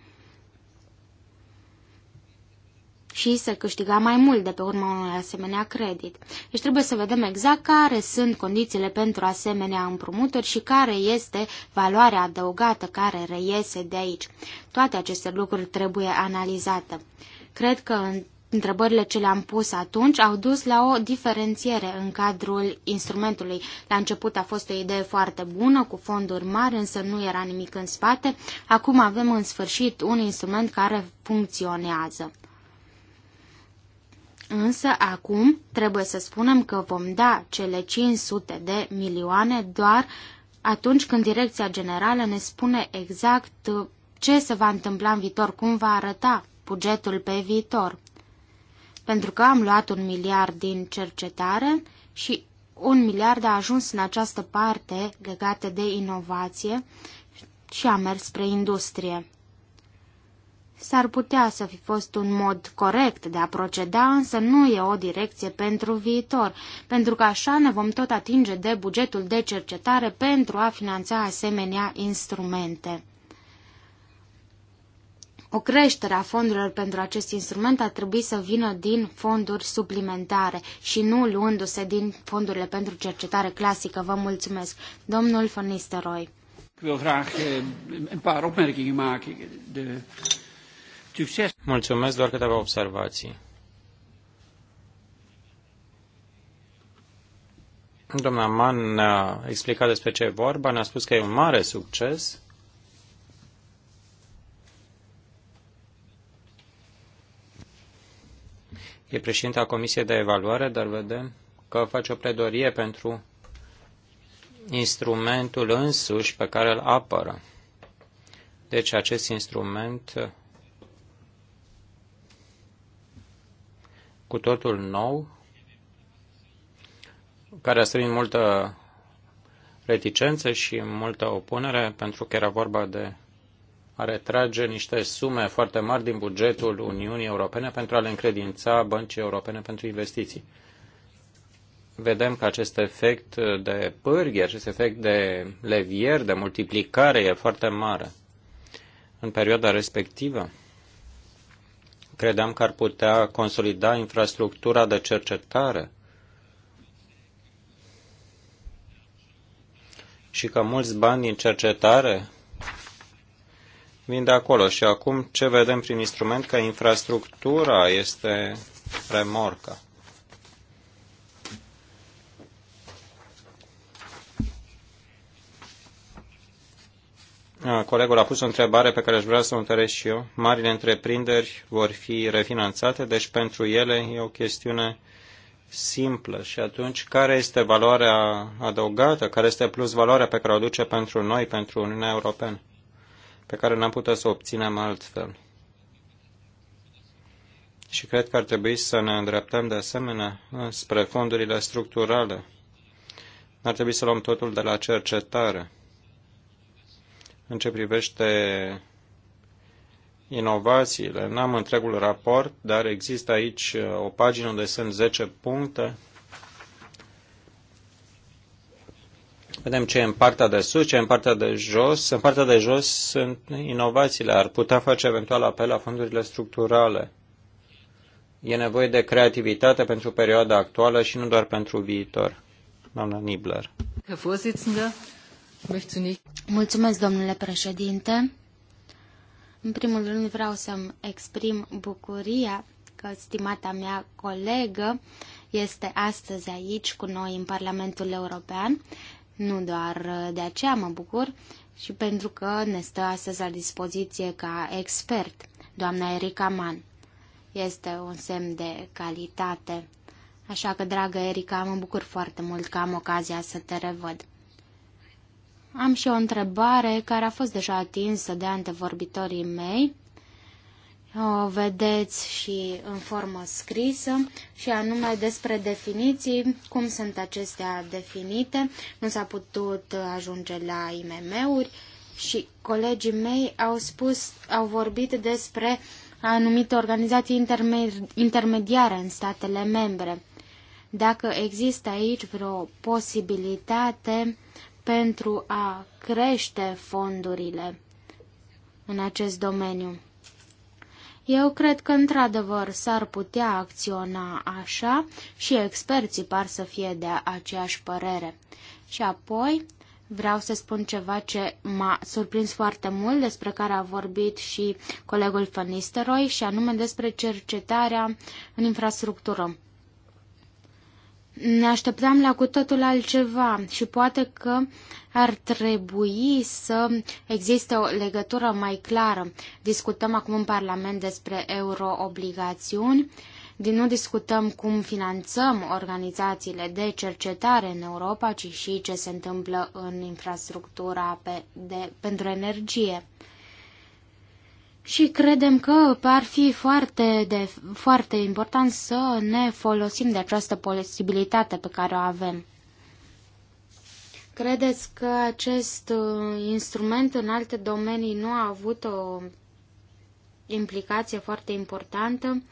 și să câștiga mai mult de pe urma unui asemenea credit. Deci trebuie să vedem exact care sunt condițiile pentru asemenea împrumuturi și care este valoarea adăugată care reiese de aici. Toate aceste lucruri trebuie analizate. Cred că întrebările ce le-am pus atunci au dus la o diferențiere în cadrul instrumentului. La început a fost o idee foarte bună, cu fonduri mari, însă nu era nimic în spate. Acum avem în sfârșit un instrument care funcționează. Însă acum trebuie să spunem că vom da cele 500 de milioane doar atunci când Direcția Generală ne spune exact ce se va întâmpla în viitor, cum va arăta bugetul pe viitor pentru că am luat un miliard din cercetare și un miliard a ajuns în această parte legată de inovație și a mers spre industrie. S-ar putea să fi fost un mod corect de a proceda, însă nu e o direcție pentru viitor, pentru că așa ne vom tot atinge de bugetul de cercetare pentru a finanța asemenea instrumente. O creștere a fondurilor pentru acest instrument ar trebui să vină din fonduri suplimentare și nu luându-se din fondurile pentru cercetare clasică. Vă mulțumesc. Domnul Van Nistelrooy. Eh, mulțumesc, doar câteva observații. Doamna Mann a explicat despre ce e vorba, ne-a spus că e un mare succes E președinte a Comisiei de Evaluare, dar vedem că face o pledorie pentru instrumentul însuși pe care îl apără. Deci acest instrument cu totul nou, care a strâns multă reticență și multă opunere, pentru că era vorba de a retrage niște sume foarte mari din bugetul Uniunii Europene pentru a le încredința băncii europene pentru investiții. Vedem că acest efect de pârghie, acest efect de levier, de multiplicare e foarte mare. În perioada respectivă, credeam că ar putea consolida infrastructura de cercetare și că mulți bani din cercetare vin de acolo. Și acum ce vedem prin instrument? Că infrastructura este remorca. Ah, colegul a pus o întrebare pe care aș vrea să o întăresc și eu. Marile întreprinderi vor fi refinanțate, deci pentru ele e o chestiune simplă. Și atunci, care este valoarea adăugată, care este plus valoarea pe care o aduce pentru noi, pentru Uniunea Europeană? pe care n-am putea să o obținem altfel. Și cred că ar trebui să ne îndreptăm de asemenea spre fondurile structurale. Ar trebui să luăm totul de la cercetare. În ce privește inovațiile, n-am întregul raport, dar există aici o pagină unde sunt 10 puncte Vedem ce e în partea de sus, ce e în partea de jos. În partea de jos sunt inovațiile. Ar putea face eventual apel la fondurile structurale. E nevoie de creativitate pentru perioada actuală și nu doar pentru viitor. Doamna Nibler. Mulțumesc, domnule președinte. În primul rând vreau să-mi exprim bucuria că stimata mea colegă este astăzi aici cu noi în Parlamentul European nu doar uh, de aceea mă bucur și pentru că ne stă astăzi la dispoziție ca expert doamna Erica Mann. Este un semn de calitate. Așa că, dragă Erica, mă bucur foarte mult că am ocazia să te revăd. Am și o întrebare care a fost deja atinsă de antevorbitorii mei o vedeți și în formă scrisă și anume despre definiții, cum sunt acestea definite, nu s-a putut ajunge la IMM-uri și colegii mei au spus, au vorbit despre anumite organizații interme- intermediare în statele membre. Dacă există aici vreo posibilitate pentru a crește fondurile în acest domeniu. Eu cred că, într-adevăr, s-ar putea acționa așa și experții par să fie de aceeași părere. Și apoi, vreau să spun ceva ce m-a surprins foarte mult, despre care a vorbit și colegul Fănisteroi, și anume despre cercetarea în infrastructură ne așteptam la cu totul altceva și poate că ar trebui să existe o legătură mai clară. Discutăm acum în Parlament despre euroobligațiuni, din nu discutăm cum finanțăm organizațiile de cercetare în Europa, ci și ce se întâmplă în infrastructura pe, de, pentru energie și credem că ar fi foarte, de, foarte important să ne folosim de această posibilitate pe care o avem. Credeți că acest uh, instrument în alte domenii nu a avut o implicație foarte importantă?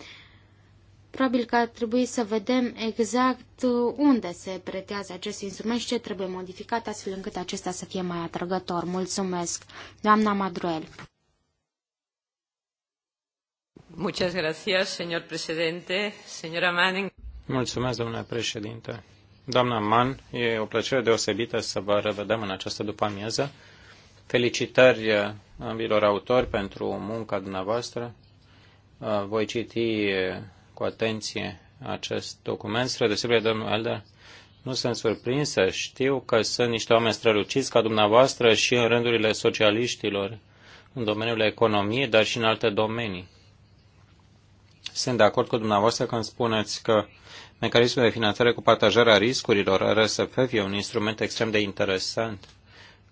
Probabil că ar trebui să vedem exact uh, unde se pretează acest instrument și ce trebuie modificat astfel încât acesta să fie mai atrăgător. Mulțumesc, doamna Madruel. Muchas gracias, señor presidente. Señora Manning. Mulțumesc, domnule președinte. Doamna Mann, e o plăcere deosebită să vă revedem în această după-amiază. Felicitări eh, ambilor autori pentru munca dumneavoastră. Eh, voi citi eh, cu atenție acest document. Spre deosebire de domnul Elder, nu sunt surprinsă. Știu că sunt niște oameni străluciți ca dumneavoastră și în rândurile socialiștilor, în domeniul economiei, dar și în alte domenii. Sunt de acord cu dumneavoastră când spuneți că mecanismul de finanțare cu partajarea riscurilor, RSF, e un instrument extrem de interesant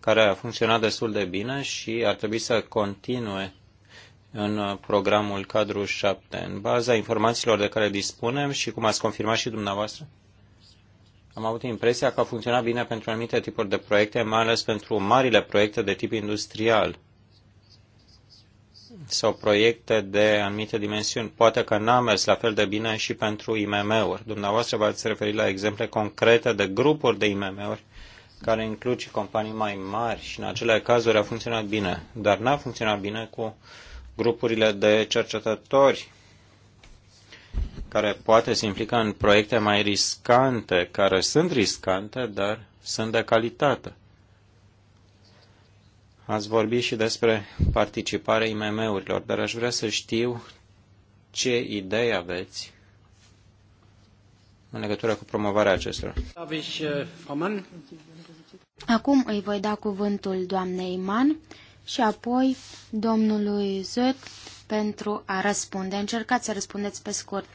care a funcționat destul de bine și ar trebui să continue în programul cadru 7. În baza informațiilor de care dispunem și cum ați confirmat și dumneavoastră, am avut impresia că a funcționat bine pentru anumite tipuri de proiecte, mai ales pentru marile proiecte de tip industrial sau proiecte de anumite dimensiuni. Poate că n-a mers la fel de bine și pentru IMM-uri. Dumneavoastră v-ați referit la exemple concrete de grupuri de IMM-uri care includ și companii mai mari și în acele cazuri a funcționat bine, dar n-a funcționat bine cu grupurile de cercetători care poate se implică în proiecte mai riscante, care sunt riscante, dar sunt de calitate. Ați vorbit și despre participarea IMM-urilor, dar aș vrea să știu ce idei aveți în legătură cu promovarea acestora. Acum îi voi da cuvântul doamnei Iman și apoi domnului Zöt pentru a răspunde. Încercați să răspundeți pe scurt.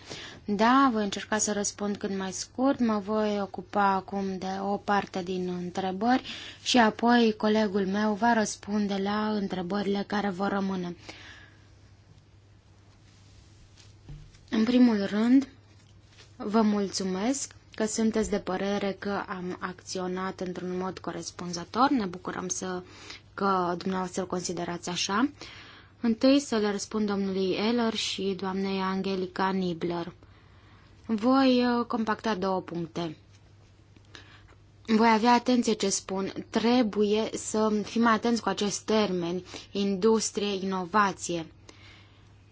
Da, voi încerca să răspund cât mai scurt, mă voi ocupa acum de o parte din întrebări și apoi colegul meu va răspunde la întrebările care vor rămâne. În primul rând, vă mulțumesc că sunteți de părere că am acționat într-un mod corespunzător. Ne bucurăm să, că dumneavoastră considerați așa. Întâi să le răspund domnului Eller și doamnei Angelica Nibler. Voi uh, compacta două puncte. Voi avea atenție ce spun. Trebuie să fim atenți cu acest termen, industrie, inovație.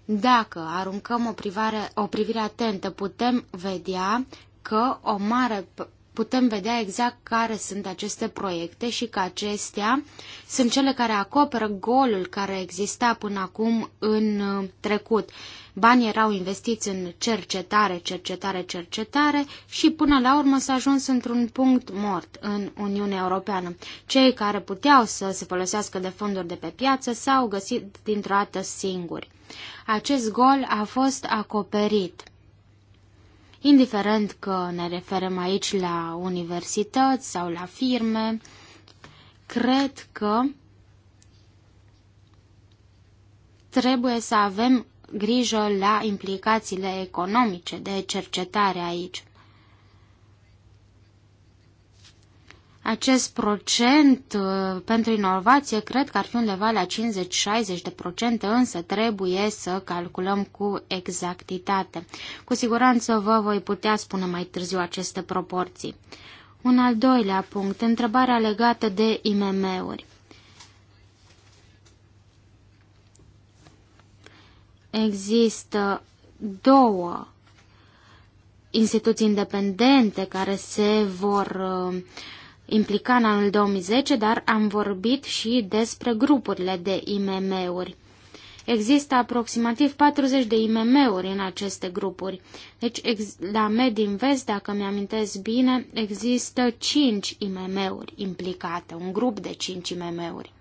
Dacă aruncăm o privire, o privire atentă, putem vedea că o mare putem vedea exact care sunt aceste proiecte și că acestea sunt cele care acoperă golul care exista până acum în uh, trecut. Banii erau investiți în cercetare, cercetare, cercetare și până la urmă s-a ajuns într-un punct mort în Uniunea Europeană. Cei care puteau să se folosească de fonduri de pe piață s-au găsit dintr-o dată singuri. Acest gol a fost acoperit indiferent că ne referăm aici la universități sau la firme, cred că trebuie să avem grijă la implicațiile economice de cercetare aici. Acest procent uh, pentru inovație cred că ar fi undeva la 50-60%, însă trebuie să calculăm cu exactitate. Cu siguranță vă voi putea spune mai târziu aceste proporții. Un al doilea punct, întrebarea legată de IMM-uri. Există două instituții independente care se vor uh, implica în anul 2010, dar am vorbit și despre grupurile de IMM-uri. Există aproximativ 40 de IMM-uri în aceste grupuri. Deci, la Medinvest, dacă mi-amintesc bine, există 5 IMM-uri implicate, un grup de 5 IMM-uri.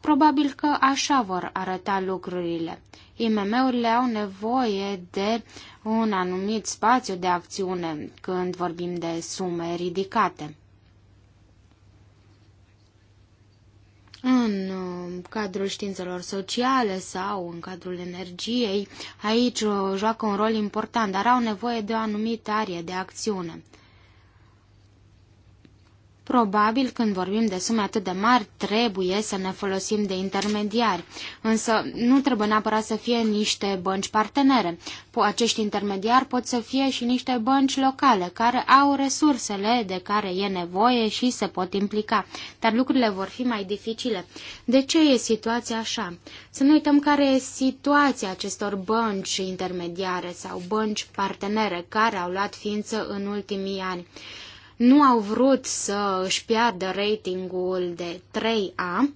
Probabil că așa vor arăta lucrurile. IMM-urile au nevoie de un anumit spațiu de acțiune când vorbim de sume ridicate. În um, cadrul științelor sociale sau în cadrul energiei, aici uh, joacă un rol important, dar au nevoie de o anumită arie de acțiune. Probabil când vorbim de sume atât de mari, trebuie să ne folosim de intermediari, însă nu trebuie neapărat să fie niște bănci partenere. Acești intermediari pot să fie și niște bănci locale, care au resursele de care e nevoie și se pot implica, dar lucrurile vor fi mai dificile. De ce e situația așa? Să nu uităm care e situația acestor bănci intermediare sau bănci partenere care au luat ființă în ultimii ani nu au vrut să își piardă ratingul de 3A,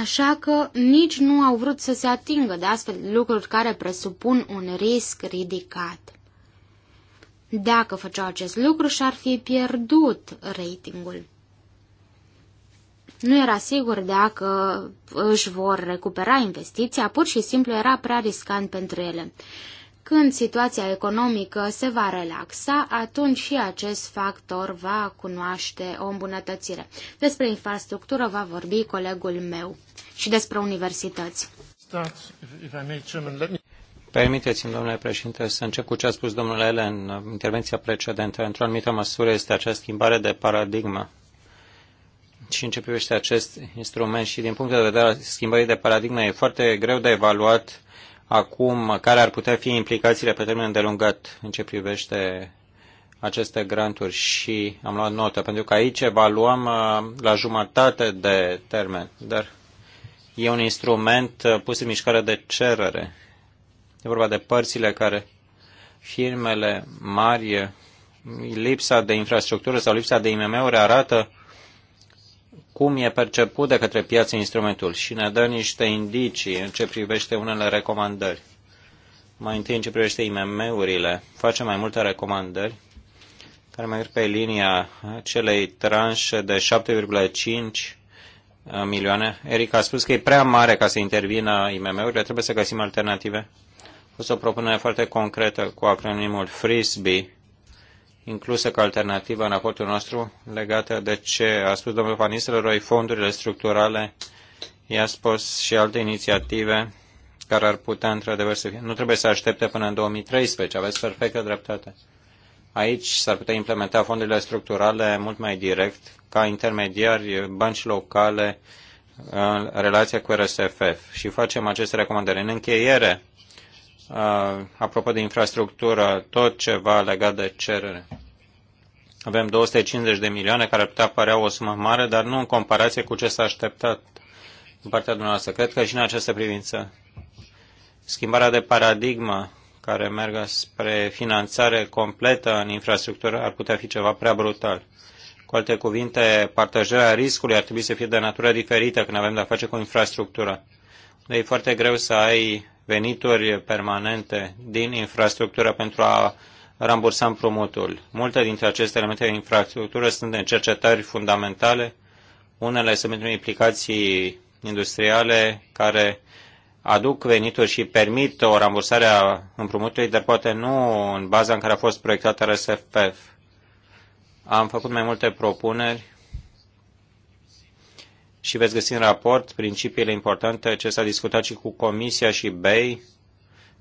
așa că nici nu au vrut să se atingă de astfel lucruri care presupun un risc ridicat. Dacă făceau acest lucru, și-ar fi pierdut ratingul. Nu era sigur dacă își vor recupera investiția, pur și simplu era prea riscant pentru ele. Când situația economică se va relaxa, atunci și acest factor va cunoaște o îmbunătățire. Despre infrastructură va vorbi colegul meu și despre universități. Permiteți-mi, domnule președinte, să încep cu ce a spus domnul Ele în intervenția precedentă. Într-o anumită măsură este acea schimbare de paradigmă și în ce privește acest instrument și din punct de vedere al schimbării de paradigmă e foarte greu de evaluat Acum, care ar putea fi implicațiile pe termen îndelungat în ce privește aceste granturi și am luat notă, pentru că aici evaluăm uh, la jumătate de termen, dar e un instrument uh, pus în mișcare de cerere. E vorba de părțile care firmele mari, lipsa de infrastructură sau lipsa de IMM-uri arată cum e perceput de către piață instrumentul și ne dă niște indicii în ce privește unele recomandări. Mai întâi în ce privește IMM-urile, facem mai multe recomandări care merg pe linia acelei tranșe de 7,5 milioane. Eric a spus că e prea mare ca să intervină IMM-urile, trebuie să găsim alternative. A fost o propunere foarte concretă cu acronimul Frisbee, inclusă ca alternativă în raportul nostru legată de ce a spus domnul Van roi fondurile structurale, i-a spus și alte inițiative care ar putea într-adevăr să fie. Nu trebuie să aștepte până în 2013, aveți perfectă dreptate. Aici s-ar putea implementa fondurile structurale mult mai direct, ca intermediari, bănci locale, în relația cu RSFF și facem aceste recomandări. În încheiere, apropo de infrastructură, tot ceva legat de cerere. Avem 250 de milioane care ar putea părea o sumă mare, dar nu în comparație cu ce s-a așteptat din partea dumneavoastră. Cred că și în această privință schimbarea de paradigmă care mergă spre finanțare completă în infrastructură ar putea fi ceva prea brutal. Cu alte cuvinte, partajarea riscului ar trebui să fie de natură diferită când avem de-a face cu infrastructura. e foarte greu să ai venituri permanente din infrastructură pentru a rambursa împrumutul. Multe dintre aceste elemente de infrastructură sunt în cercetări fundamentale, unele sunt pentru implicații industriale care aduc venituri și permit o rambursare a împrumutului, dar poate nu în baza în care a fost proiectată RSFF. Am făcut mai multe propuneri și veți găsi în raport principiile importante ce s-a discutat și cu Comisia și BEI,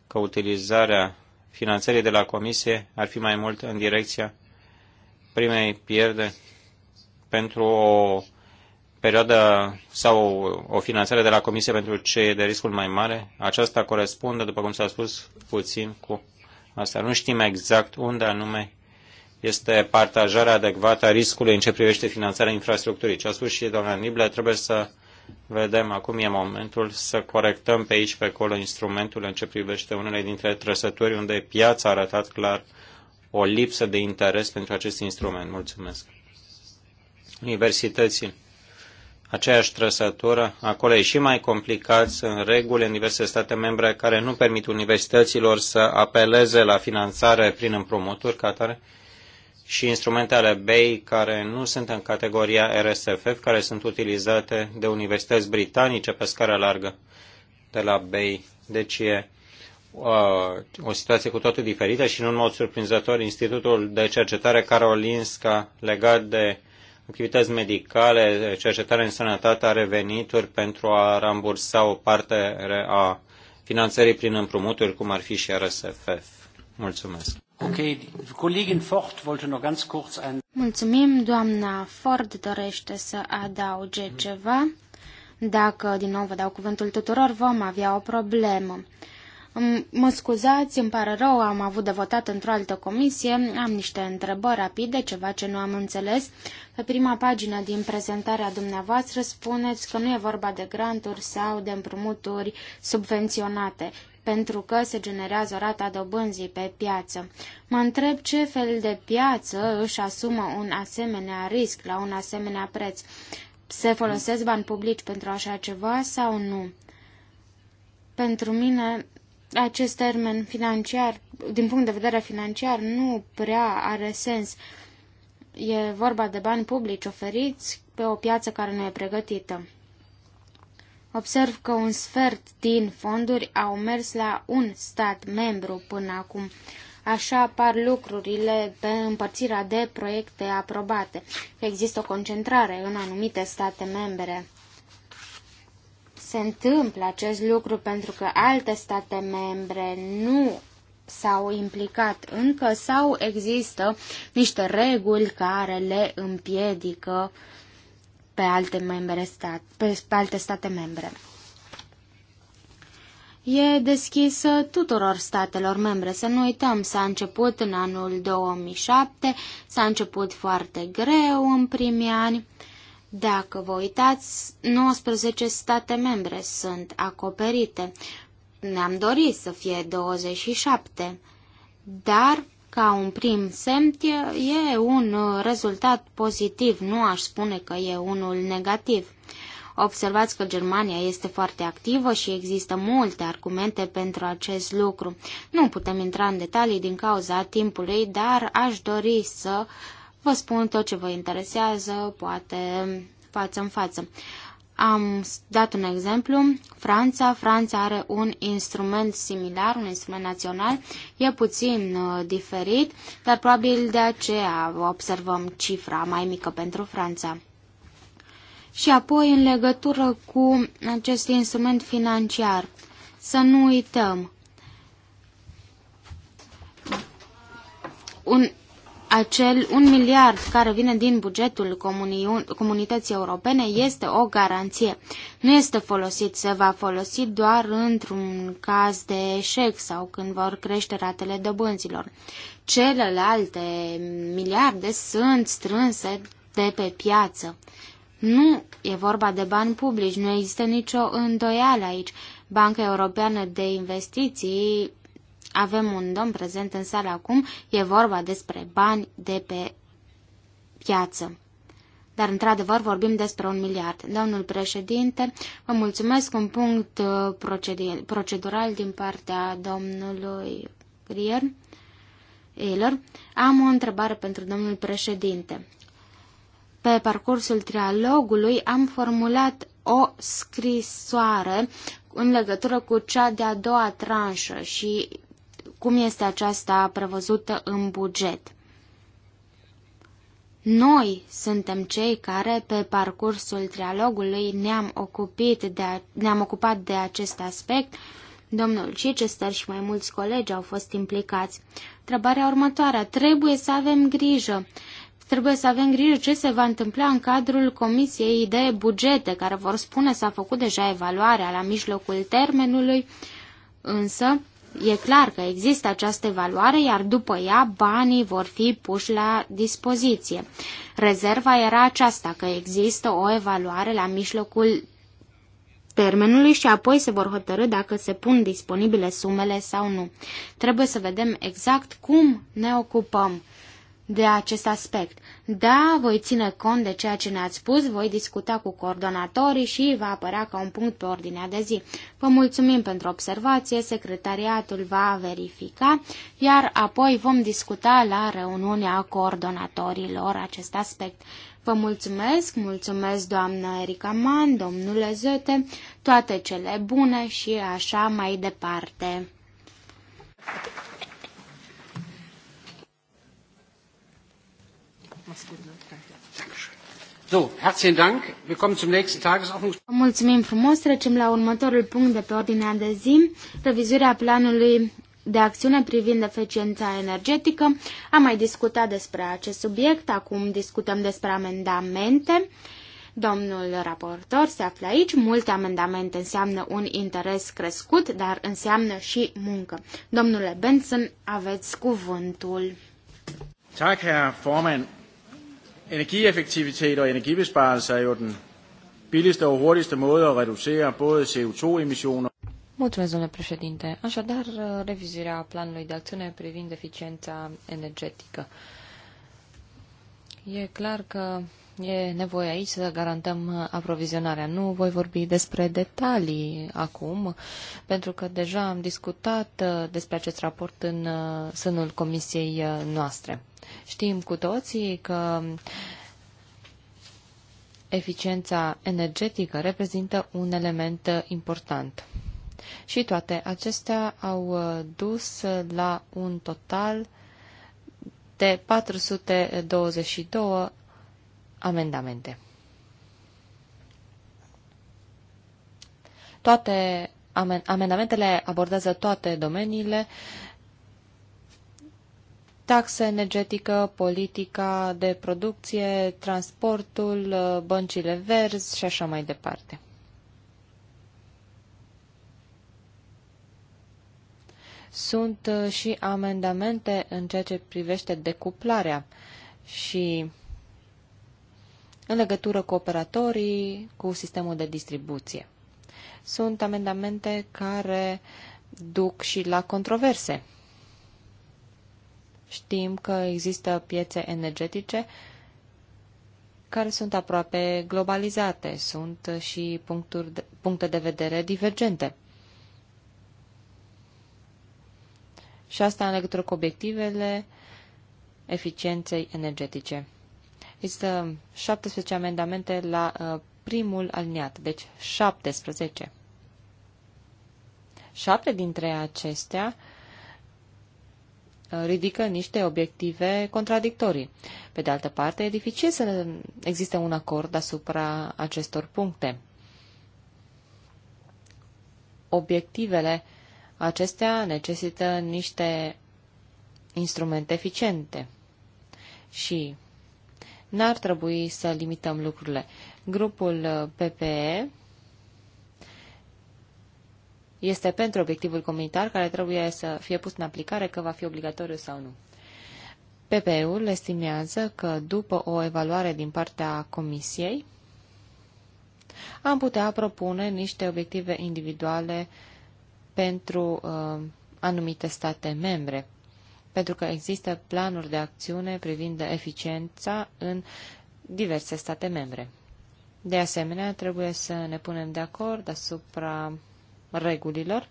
că utilizarea finanțării de la Comisie ar fi mai mult în direcția primei pierde pentru o perioadă sau o finanțare de la Comisie pentru ce e de riscul mai mare. Aceasta corespunde, după cum s-a spus, puțin cu asta. Nu știm exact unde anume este partajarea adecvată a riscului în ce privește finanțarea infrastructurii. Ce a spus și doamna Nible, trebuie să vedem acum e momentul să corectăm pe aici, pe acolo instrumentul în ce privește unele dintre trăsături unde piața a arătat clar o lipsă de interes pentru acest instrument. Mulțumesc. Universității. Aceeași trăsătură, acolo e și mai complicat, sunt reguli în diverse state membre care nu permit universităților să apeleze la finanțare prin împrumuturi, ca atare și instrumentele BEI care nu sunt în categoria RSFF, care sunt utilizate de universități britanice pe scară largă de la BEI. Deci e o situație cu totul diferită și, nu un mod surprinzător, Institutul de Cercetare Karolinska legat de activități medicale, cercetare în sănătate are venituri pentru a rambursa o parte a finanțării prin împrumuturi, cum ar fi și RSFF. Mulțumesc. Ford Mulțumim, doamna Ford dorește să adauge ceva. Dacă din nou vă dau cuvântul tuturor, vom avea o problemă. Mă scuzați, îmi pare rău, am avut de votat într-o altă comisie, am niște întrebări rapide, ceva ce nu am înțeles. Pe prima pagină din prezentarea dumneavoastră spuneți că nu e vorba de granturi sau de împrumuturi subvenționate pentru că se generează o rata dobânzii pe piață. Mă întreb ce fel de piață își asumă un asemenea risc la un asemenea preț. Se folosesc bani publici pentru așa ceva sau nu? Pentru mine, acest termen financiar, din punct de vedere financiar, nu prea are sens. E vorba de bani publici oferiți pe o piață care nu e pregătită. Observ că un sfert din fonduri au mers la un stat membru până acum. Așa apar lucrurile pe împărțirea de proiecte aprobate. Există o concentrare în anumite state membre. Se întâmplă acest lucru pentru că alte state membre nu s-au implicat încă sau există niște reguli care le împiedică uh, pe alte, membre stat, pe, pe alte state membre. E deschisă tuturor statelor membre. Să nu uităm, s-a început în anul 2007, s-a început foarte greu în primii ani. Dacă vă uitați, 19 state membre sunt acoperite. Ne-am dorit să fie 27, dar ca un prim semn e un uh, rezultat pozitiv, nu aș spune că e unul negativ. Observați că Germania este foarte activă și există multe argumente pentru acest lucru. Nu putem intra în detalii din cauza timpului, dar aș dori să vă spun tot ce vă interesează, poate față în față. Am dat un exemplu, Franța. Franța are un instrument similar, un instrument național, e puțin uh, diferit, dar probabil de aceea observăm cifra mai mică pentru Franța. Și apoi, în legătură cu acest instrument financiar, să nu uităm, un acel un miliard care vine din bugetul comuni comunității europene este o garanție. Nu este folosit, se va folosi doar într-un caz de eșec sau când vor crește ratele dobânzilor. Celelalte miliarde sunt strânse de pe piață. Nu e vorba de bani publici, nu există nicio îndoială aici. Banca Europeană de Investiții avem un domn prezent în sală acum, e vorba despre bani de pe piață. Dar, într-adevăr, vorbim despre un miliard. Domnul președinte, vă mulțumesc un punct uh, procedural din partea domnului Grier. Eiler, am o întrebare pentru domnul președinte. Pe parcursul trialogului am formulat o scrisoare în legătură cu cea de-a doua tranșă și cum este aceasta prevăzută în buget. Noi suntem cei care, pe parcursul trialogului, ne-am ocupat, de, ne ocupat de acest aspect. Domnul Chichester și mai mulți colegi au fost implicați. Întrebarea următoare. Trebuie să avem grijă. Trebuie să avem grijă ce se va întâmpla în cadrul Comisiei de Bugete, care vor spune s-a făcut deja evaluarea la mijlocul termenului, însă E clar că există această evaluare, iar după ea banii vor fi puși la dispoziție. Rezerva era aceasta, că există o evaluare la mijlocul termenului și apoi se vor hotărâ dacă se pun disponibile sumele sau nu. Trebuie să vedem exact cum ne ocupăm de acest aspect. Da, voi ține cont de ceea ce ne-ați spus, voi discuta cu coordonatorii și va apărea ca un punct pe ordinea de zi. Vă mulțumim pentru observație, secretariatul va verifica, iar apoi vom discuta la reuniunea coordonatorilor acest aspect. Vă mulțumesc, mulțumesc doamnă Erika Man, domnule Zete, toate cele bune și așa mai departe. Mulțumim frumos. Trecem la următorul punct de pe ordinea de zi, revizuirea planului de acțiune privind eficiența energetică. Am mai discutat despre acest subiect, acum discutăm despre amendamente. Domnul raportor se află aici. Multe amendamente înseamnă un interes crescut, dar înseamnă și muncă. Domnule Benson, aveți cuvântul. Tak, herr Energieffektivitet og energibesparelser er jo den billigste og hurtigste måde at reducere både CO2-emissioner Mulțumesc, domnule președinte. Așadar, uh, revizuirea planului de acțiune privind eficiența energetică. E clar că E nevoie aici să garantăm aprovizionarea. Nu voi vorbi despre detalii acum, pentru că deja am discutat uh, despre acest raport în uh, sânul comisiei uh, noastre. Știm cu toții că eficiența energetică reprezintă un element important. Și toate acestea au dus la un total de 422 amendamente. Toate amendamentele abordează toate domeniile, taxa energetică, politica de producție, transportul, băncile verzi și așa mai departe. Sunt uh, și amendamente în ceea ce privește decuplarea și în legătură cu operatorii, cu sistemul de distribuție. Sunt amendamente care duc și la controverse. Știm că există piețe energetice care sunt aproape globalizate, sunt și puncturi de, puncte de vedere divergente. Și asta în legătură cu obiectivele eficienței energetice. Există 17 amendamente la uh, primul aliniat, deci 17. Șapte dintre acestea uh, ridică niște obiective contradictorii. Pe de altă parte, e dificil să existe un acord asupra acestor puncte. Obiectivele acestea necesită niște instrumente eficiente și N-ar trebui să limităm lucrurile. Grupul uh, PPE este pentru obiectivul comunitar care trebuie să fie pus în aplicare, că va fi obligatoriu sau nu. PPE-ul estimează că după o evaluare din partea Comisiei, am putea propune niște obiective individuale pentru uh, anumite state membre pentru că există planuri de acțiune privind eficiența în diverse state membre. De asemenea, trebuie să ne punem de acord asupra regulilor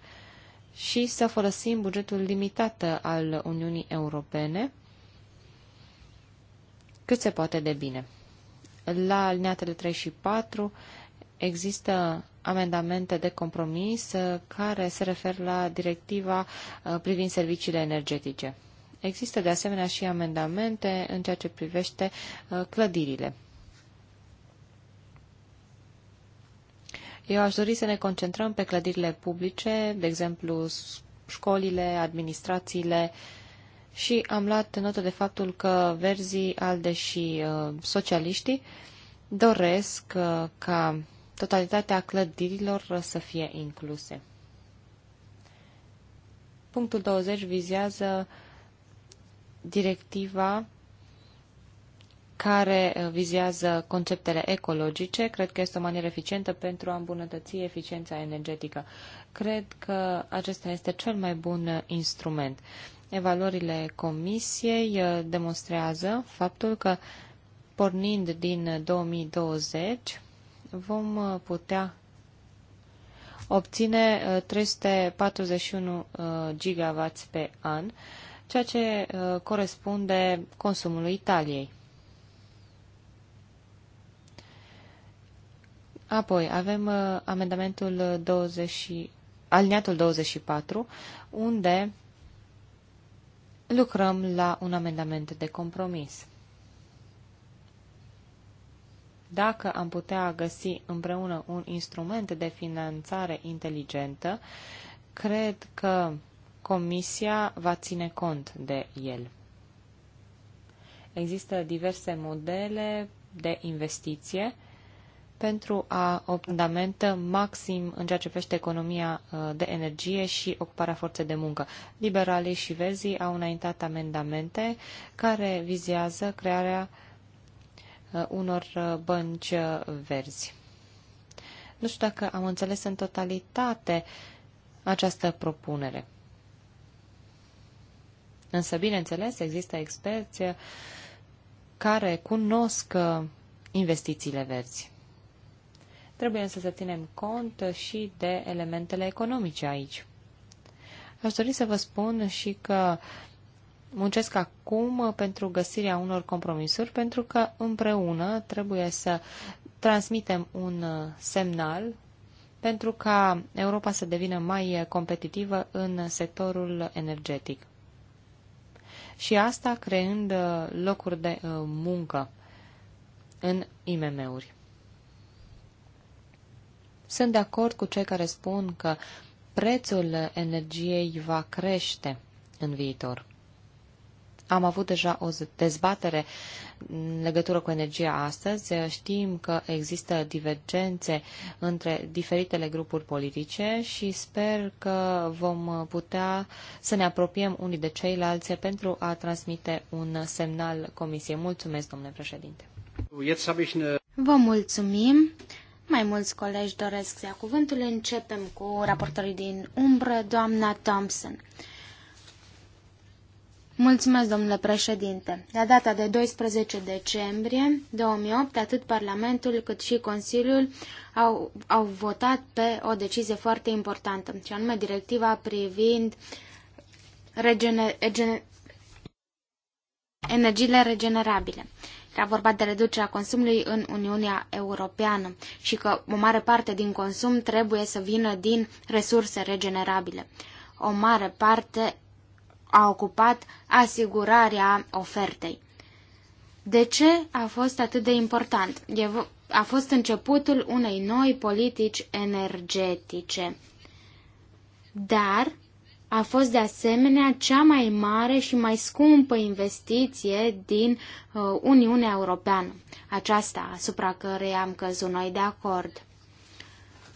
și să folosim bugetul limitat al Uniunii Europene cât se poate de bine. La alineatele 3 și 4 există amendamente de compromis uh, care se refer la directiva uh, privind serviciile energetice. Există de asemenea și amendamente în ceea ce privește uh, clădirile. Eu aș dori să ne concentrăm pe clădirile publice, de exemplu școlile, administrațiile și am luat notă de faptul că verzii, alde și uh, socialiștii doresc uh, ca totalitatea clădirilor să fie incluse. Punctul 20 vizează uh, directiva care uh, vizează conceptele ecologice. Cred că este o manieră eficientă pentru a îmbunătăți eficiența energetică. Cred că acesta este cel mai bun uh, instrument. Evaluările comisiei uh, demonstrează faptul că pornind din 2020 vom putea obține 341 gigawatts pe an, ceea ce uh, corespunde consumului Italiei. Apoi avem uh, amendamentul 20, aliniatul 24, unde lucrăm la un amendament de compromis. Dacă am putea găsi împreună un instrument de finanțare inteligentă, cred că Comisia va ține cont de el. Există diverse modele de investiție pentru a o maxim în ceea ce privește economia uh, de energie și ocuparea forței de muncă. Liberalii și verzii au înaintat amendamente care vizează crearea uh, unor uh, bănci verzi. Nu știu dacă am înțeles în totalitate această propunere. Însă, bineînțeles, există experți care cunosc uh, investițiile verzi. Trebuie însă să ținem cont și de elementele economice aici. Aș dori să vă spun și că muncesc acum pentru găsirea unor compromisuri, pentru că împreună trebuie să transmitem un uh, semnal pentru ca Europa să devină mai competitivă în sectorul energetic și asta creând uh, locuri de uh, muncă în IMM-uri. Sunt de acord cu cei care spun că prețul energiei va crește în viitor. Am avut deja o dezbatere în legătură cu energia astăzi. Știm că există divergențe între diferitele grupuri politice și sper că vom putea să ne apropiem unii de ceilalți pentru a transmite un semnal Comisiei. Mulțumesc, domnule președinte. Vă mulțumim. Mai mulți colegi doresc să ia cuvântul. Începem cu raportorii din umbră, doamna Thompson. Mulțumesc, domnule președinte. La data de 12 decembrie 2008, atât Parlamentul cât și Consiliul au, au votat pe o decizie foarte importantă, și anume directiva privind energiile regenerabile. Era vorba de reducerea consumului în Uniunea Europeană și că o mare parte din consum trebuie să vină din resurse regenerabile. O mare parte a ocupat asigurarea ofertei. De ce a fost atât de important? A fost începutul unei noi politici energetice, dar a fost de asemenea cea mai mare și mai scumpă investiție din uh, Uniunea Europeană, aceasta asupra cărei am căzut noi de acord.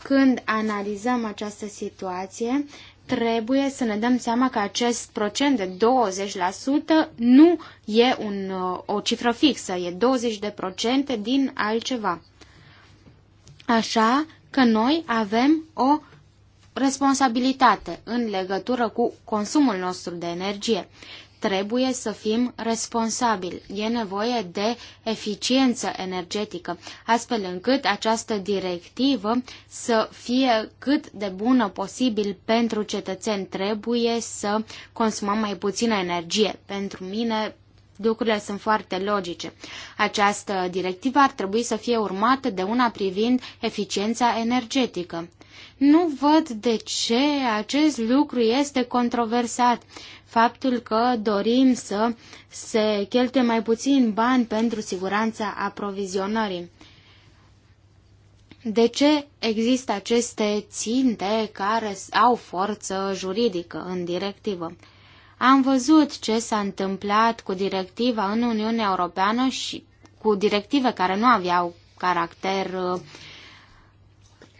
Când analizăm această situație, trebuie să ne dăm seama că acest procent de 20% nu e un, uh, o cifră fixă, e 20% din altceva. Așa că noi avem o responsabilitate în legătură cu consumul nostru de energie trebuie să fim responsabili. E nevoie de eficiență energetică, astfel încât această directivă să fie cât de bună posibil pentru cetățeni. Trebuie să consumăm mai puțină energie. Pentru mine, lucrurile sunt foarte logice. Această directivă ar trebui să fie urmată de una privind eficiența energetică. Nu văd de ce acest lucru este controversat faptul că dorim să se cheltuie mai puțin bani pentru siguranța aprovizionării. De ce există aceste ținte care au forță juridică în directivă? Am văzut ce s-a întâmplat cu directiva în Uniunea Europeană și cu directive care nu aveau caracter uh,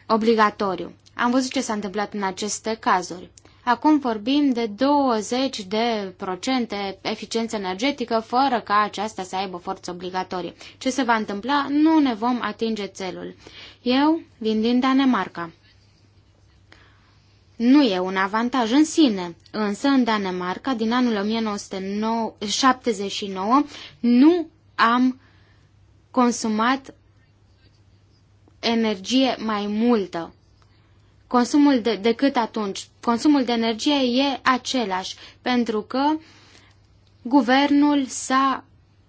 obligatoriu. Am văzut ce s-a întâmplat în aceste cazuri. Acum vorbim de 20 de procente eficiență energetică fără ca aceasta să aibă forță obligatorie. Ce se va întâmpla? Nu ne vom atinge țelul. Eu vin din Danemarca. Nu e un avantaj în sine, însă în Danemarca din anul 1979 nu am consumat energie mai multă consumul de, decât atunci. Consumul de energie e același, pentru că guvernul s-a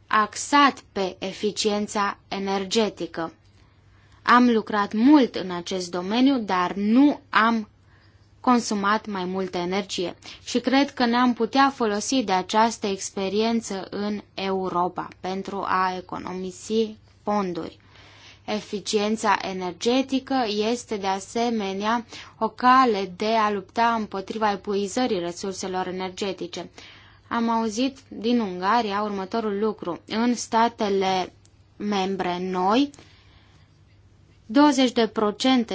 axat pe eficiența energetică. Am lucrat mult în acest domeniu, dar nu am consumat mai multă energie și cred că ne-am putea folosi de această experiență în Europa pentru a economisi fonduri. Eficiența energetică este de asemenea o cale de a lupta împotriva epuizării resurselor energetice. Am auzit din Ungaria următorul lucru. În statele membre noi,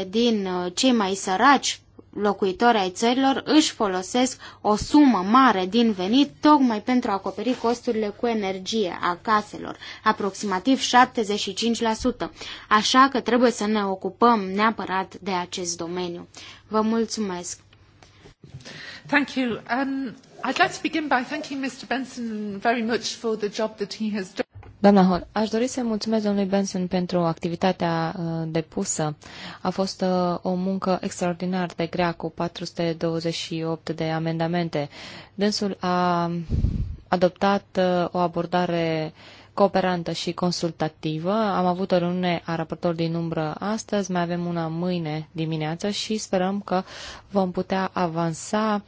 20% din uh, cei mai săraci locuitori ai țărilor își folosesc o sumă mare din venit tocmai pentru a acoperi costurile cu energie a caselor, aproximativ 75%, așa că trebuie să ne ocupăm neapărat de acest domeniu. Vă mulțumesc! Thank you. Um, I'd like to begin by thanking Mr. Benson very much for the job that he has done. Doamna Hol, aș dori să mulțumesc domnului Benson pentru activitatea uh, depusă. A fost uh, o muncă extraordinar de grea cu 428 de amendamente. Dânsul a adoptat uh, o abordare cooperantă și consultativă. Am avut o reuniune a raportor din umbră astăzi, mai avem una mâine dimineață și sperăm că vom putea avansa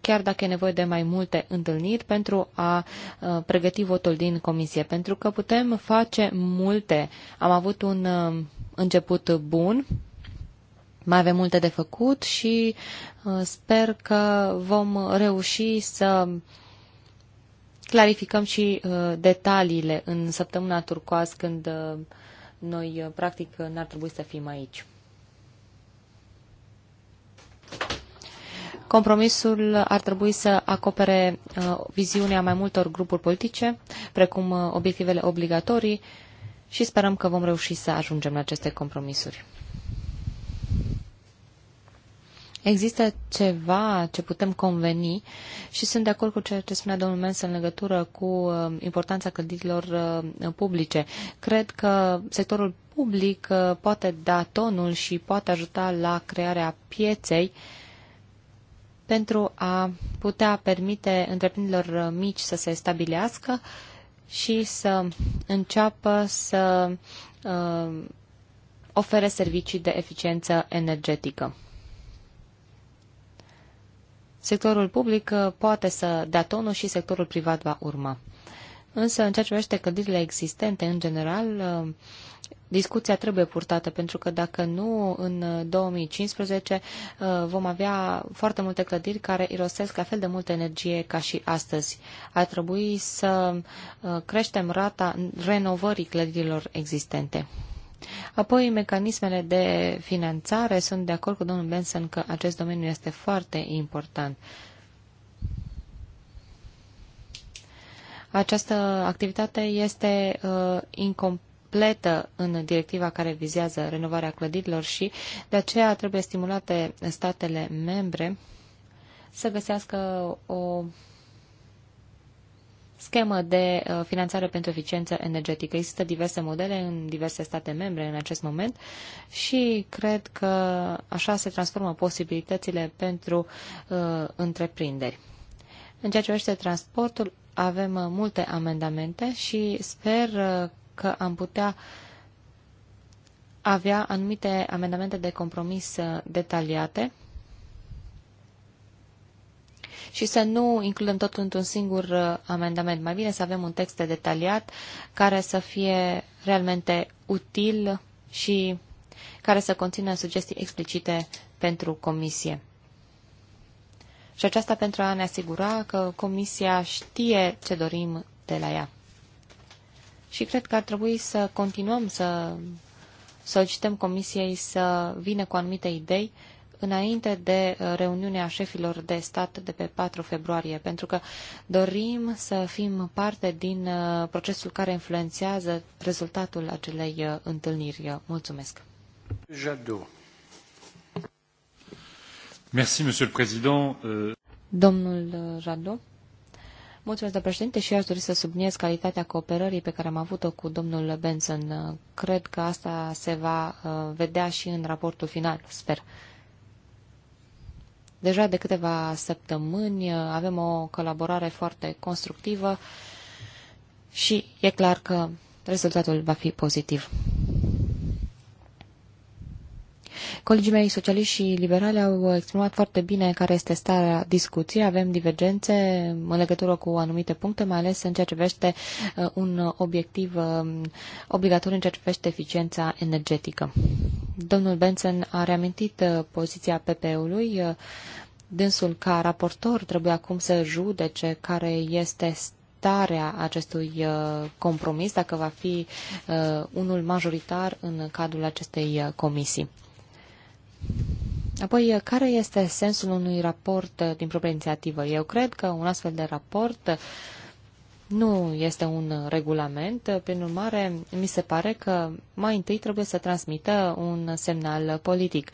chiar dacă e nevoie de mai multe întâlniri, pentru a uh, pregăti votul din comisie, pentru că putem face multe. Am avut un uh, început bun, mai avem multe de făcut și uh, sper că vom reuși să clarificăm și detaliile în săptămâna turcoaz când noi practic n-ar trebui să fim aici. Compromisul ar trebui să acopere uh, viziunea mai multor grupuri politice, precum uh, obiectivele obligatorii, și sperăm că vom reuși să ajungem la aceste compromisuri. Există ceva ce putem conveni și sunt de acord cu ceea ce spunea domnul Mens în legătură cu uh, importanța clădirilor publice. Cred că sectorul public poate da tonul și poate ajuta la crearea pieței uh, pentru a putea permite întreprinderilor mici să se stabilească și să înceapă să uh, ofere servicii de eficiență energetică. Sectorul public uh, poate să dea tonul și sectorul privat va urma. Însă, în ceea ce privește clădirile existente, în general, uh, discuția trebuie purtată, pentru că dacă nu, în 2015 uh, uh, vom avea foarte multe clădiri care irosesc la fel de multă energie ca și astăzi. Ar trebui să uh, creștem rata renovării clădirilor existente. Apoi, mecanismele de finanțare. Sunt de acord cu domnul Benson că acest domeniu este foarte important. Această activitate este uh, incom- completă în directiva care vizează renovarea clădirilor și de aceea trebuie stimulate statele membre să găsească o schemă de uh, finanțare pentru eficiență energetică. Există diverse modele în diverse state membre în acest moment și cred că așa se transformă posibilitățile pentru uh, întreprinderi. În ceea ce privește transportul, avem uh, multe amendamente și sper uh, că am putea avea anumite amendamente de compromis uh, detaliate și să nu includem totul într-un singur uh, amendament. Mai bine să avem un text detaliat care să fie realmente util și care să conțină sugestii explicite pentru comisie. Și aceasta pentru a ne asigura că comisia știe ce dorim de la ea și cred că ar trebui să continuăm să solicităm Comisiei să vină cu anumite idei înainte de uh, reuniunea șefilor de stat de pe 4 februarie, pentru că dorim să fim parte din uh, procesul care influențează rezultatul acelei uh, întâlniri. Mulțumesc! Merci, Monsieur le Président. Euh, Domnul Jadot. Mulțumesc, doamnă președinte, și eu aș dori să subliniez calitatea cooperării pe care am avut-o cu domnul Benson. Cred că asta se va uh, vedea și în raportul final, sper. Deja de câteva săptămâni uh, avem o colaborare foarte constructivă și e clar că rezultatul va fi pozitiv. Colegii mei socialiști și liberali au exprimat foarte bine care este starea discuției. Avem divergențe în legătură cu anumite puncte, mai ales în ceea ce vește uh, un obiectiv um, obligatoriu în ceea ce vește eficiența energetică. Domnul Benson a reamintit uh, poziția PP-ului uh, dânsul ca raportor trebuie acum să judece care este starea acestui compromis, dacă va fi unul majoritar în cadrul acestei comisii. Apoi, care este sensul unui raport uh, din propria inițiativă? Eu cred că un astfel de raport uh, nu este un regulament, uh, prin urmare, mi se pare că mai întâi trebuie să transmită un semnal politic.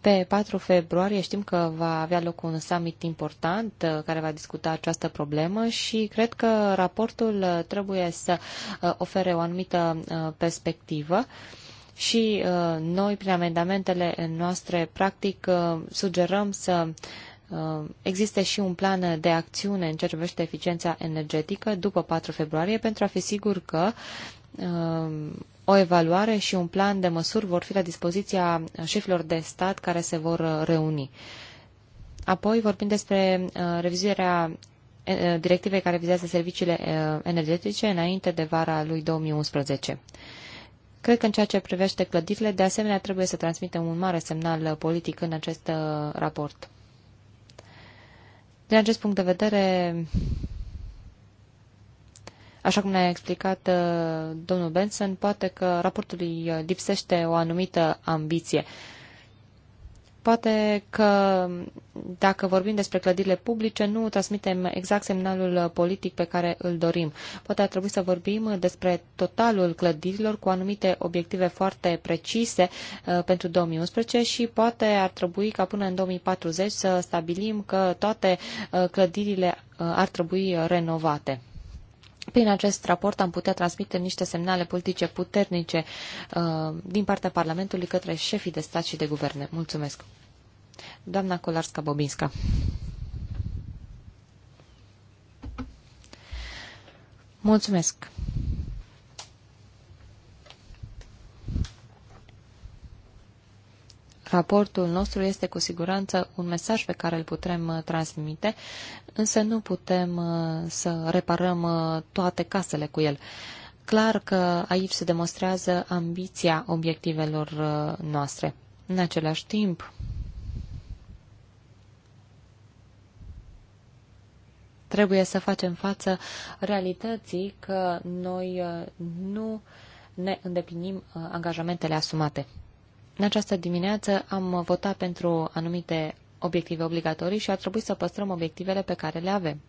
Pe 4 februarie știm că va avea loc un summit important care va discuta această problemă și cred că raportul trebuie să ofere o anumită perspectivă și uh, noi, prin amendamentele noastre, practic, uh, sugerăm să uh, existe și un plan de acțiune în ceea ce privește eficiența energetică după 4 februarie pentru a fi sigur că o evaluare și un plan de măsuri vor fi la dispoziția șefilor de stat care se vor reuni. Apoi vorbim despre revizuirea directivei care vizează serviciile energetice înainte de vara lui 2011. Cred că în ceea ce privește clădirile, de asemenea, trebuie să transmitem un mare semnal politic în acest uh, raport. Din acest punct de vedere, așa cum ne-a explicat uh, domnul Benson, poate că raportului uh, lipsește o anumită ambiție. Poate că dacă vorbim despre clădirile publice, nu transmitem exact semnalul politic pe care îl dorim. Poate ar trebui să vorbim despre totalul clădirilor cu anumite obiective foarte precise uh, pentru 2011 și poate ar trebui ca până în 2040 să stabilim că toate uh, clădirile uh, ar trebui renovate. Prin acest raport am putea transmite niște semnale politice puternice uh, din partea Parlamentului către șefii de stat și de guverne. Mulțumesc. Doamna Kolarska-Bobinska. Mulțumesc, Raportul nostru este cu siguranță un mesaj pe care îl putem uh, transmite, însă nu putem uh, să reparăm uh, toate casele cu el. Clar că aici se demonstrează ambiția obiectivelor noastre. În același timp, trebuie să facem față realității că noi nu ne îndeplinim angajamentele asumate. În această dimineață am votat pentru anumite obiective obligatorii și a trebuit să păstrăm obiectivele pe care le avem.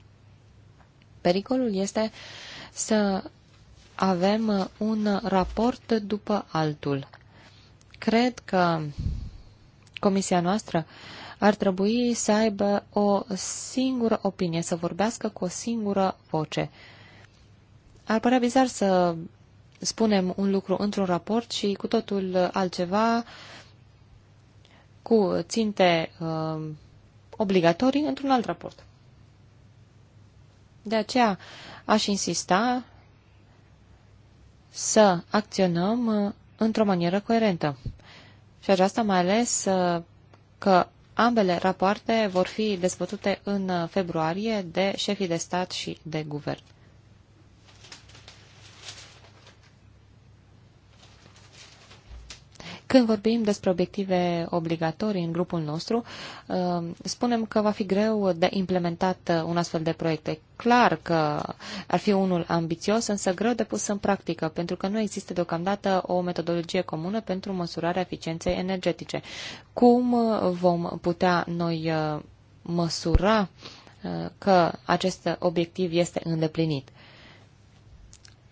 Pericolul este să avem un raport după altul. Cred că comisia noastră ar trebui să aibă o singură opinie, să vorbească cu o singură voce. Ar părea bizar să spunem un lucru într-un raport și cu totul altceva cu ținte uh, obligatorii într-un alt raport. De aceea aș insista să acționăm uh, într-o manieră coerentă. Și aceasta mai ales uh, că ambele rapoarte vor fi dezbătute în uh, februarie de șefii de stat și de guvern. Când vorbim despre obiective obligatorii în grupul nostru, uh, spunem că va fi greu de implementat uh, un astfel de proiect. E clar că ar fi unul ambițios, însă greu de pus în practică, pentru că nu există deocamdată o metodologie comună pentru măsurarea eficienței energetice. Cum uh, vom putea noi măsura că acest obiectiv este îndeplinit?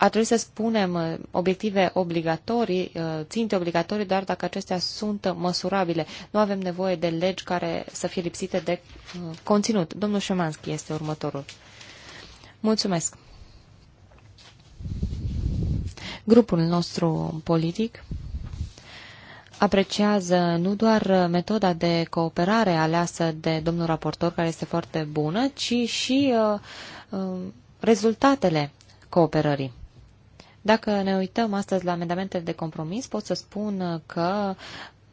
ar trebui să spunem uh, obiective obligatorii, uh, ținte obligatorii, doar dacă acestea sunt măsurabile. Nu avem nevoie de legi care să fie lipsite de uh, conținut. Domnul Șemanski este următorul. Mulțumesc. Grupul nostru politic apreciază nu doar metoda de cooperare aleasă de domnul raportor, care este foarte bună, ci și uh, uh, rezultatele cooperării. Dacă ne uităm astăzi la amendamentele de compromis, pot să spun că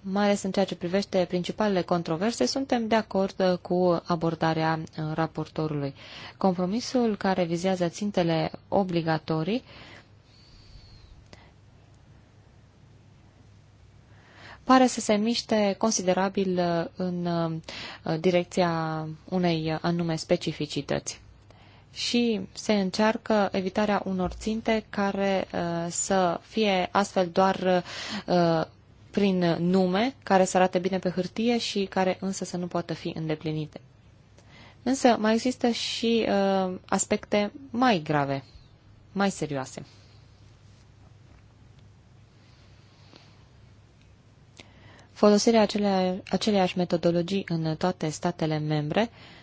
mai ales în ceea ce privește principalele controverse, suntem de acord cu abordarea raportorului. Compromisul care vizează țintele obligatorii pare să se miște considerabil în uh, direcția unei anume specificități și se încearcă evitarea unor ținte care uh, să fie astfel doar uh, prin nume, care să arate bine pe hârtie și care însă să nu poată fi îndeplinite. Însă mai există și uh, aspecte mai grave, mai serioase. Folosirea aceleași metodologii în toate statele membre uh,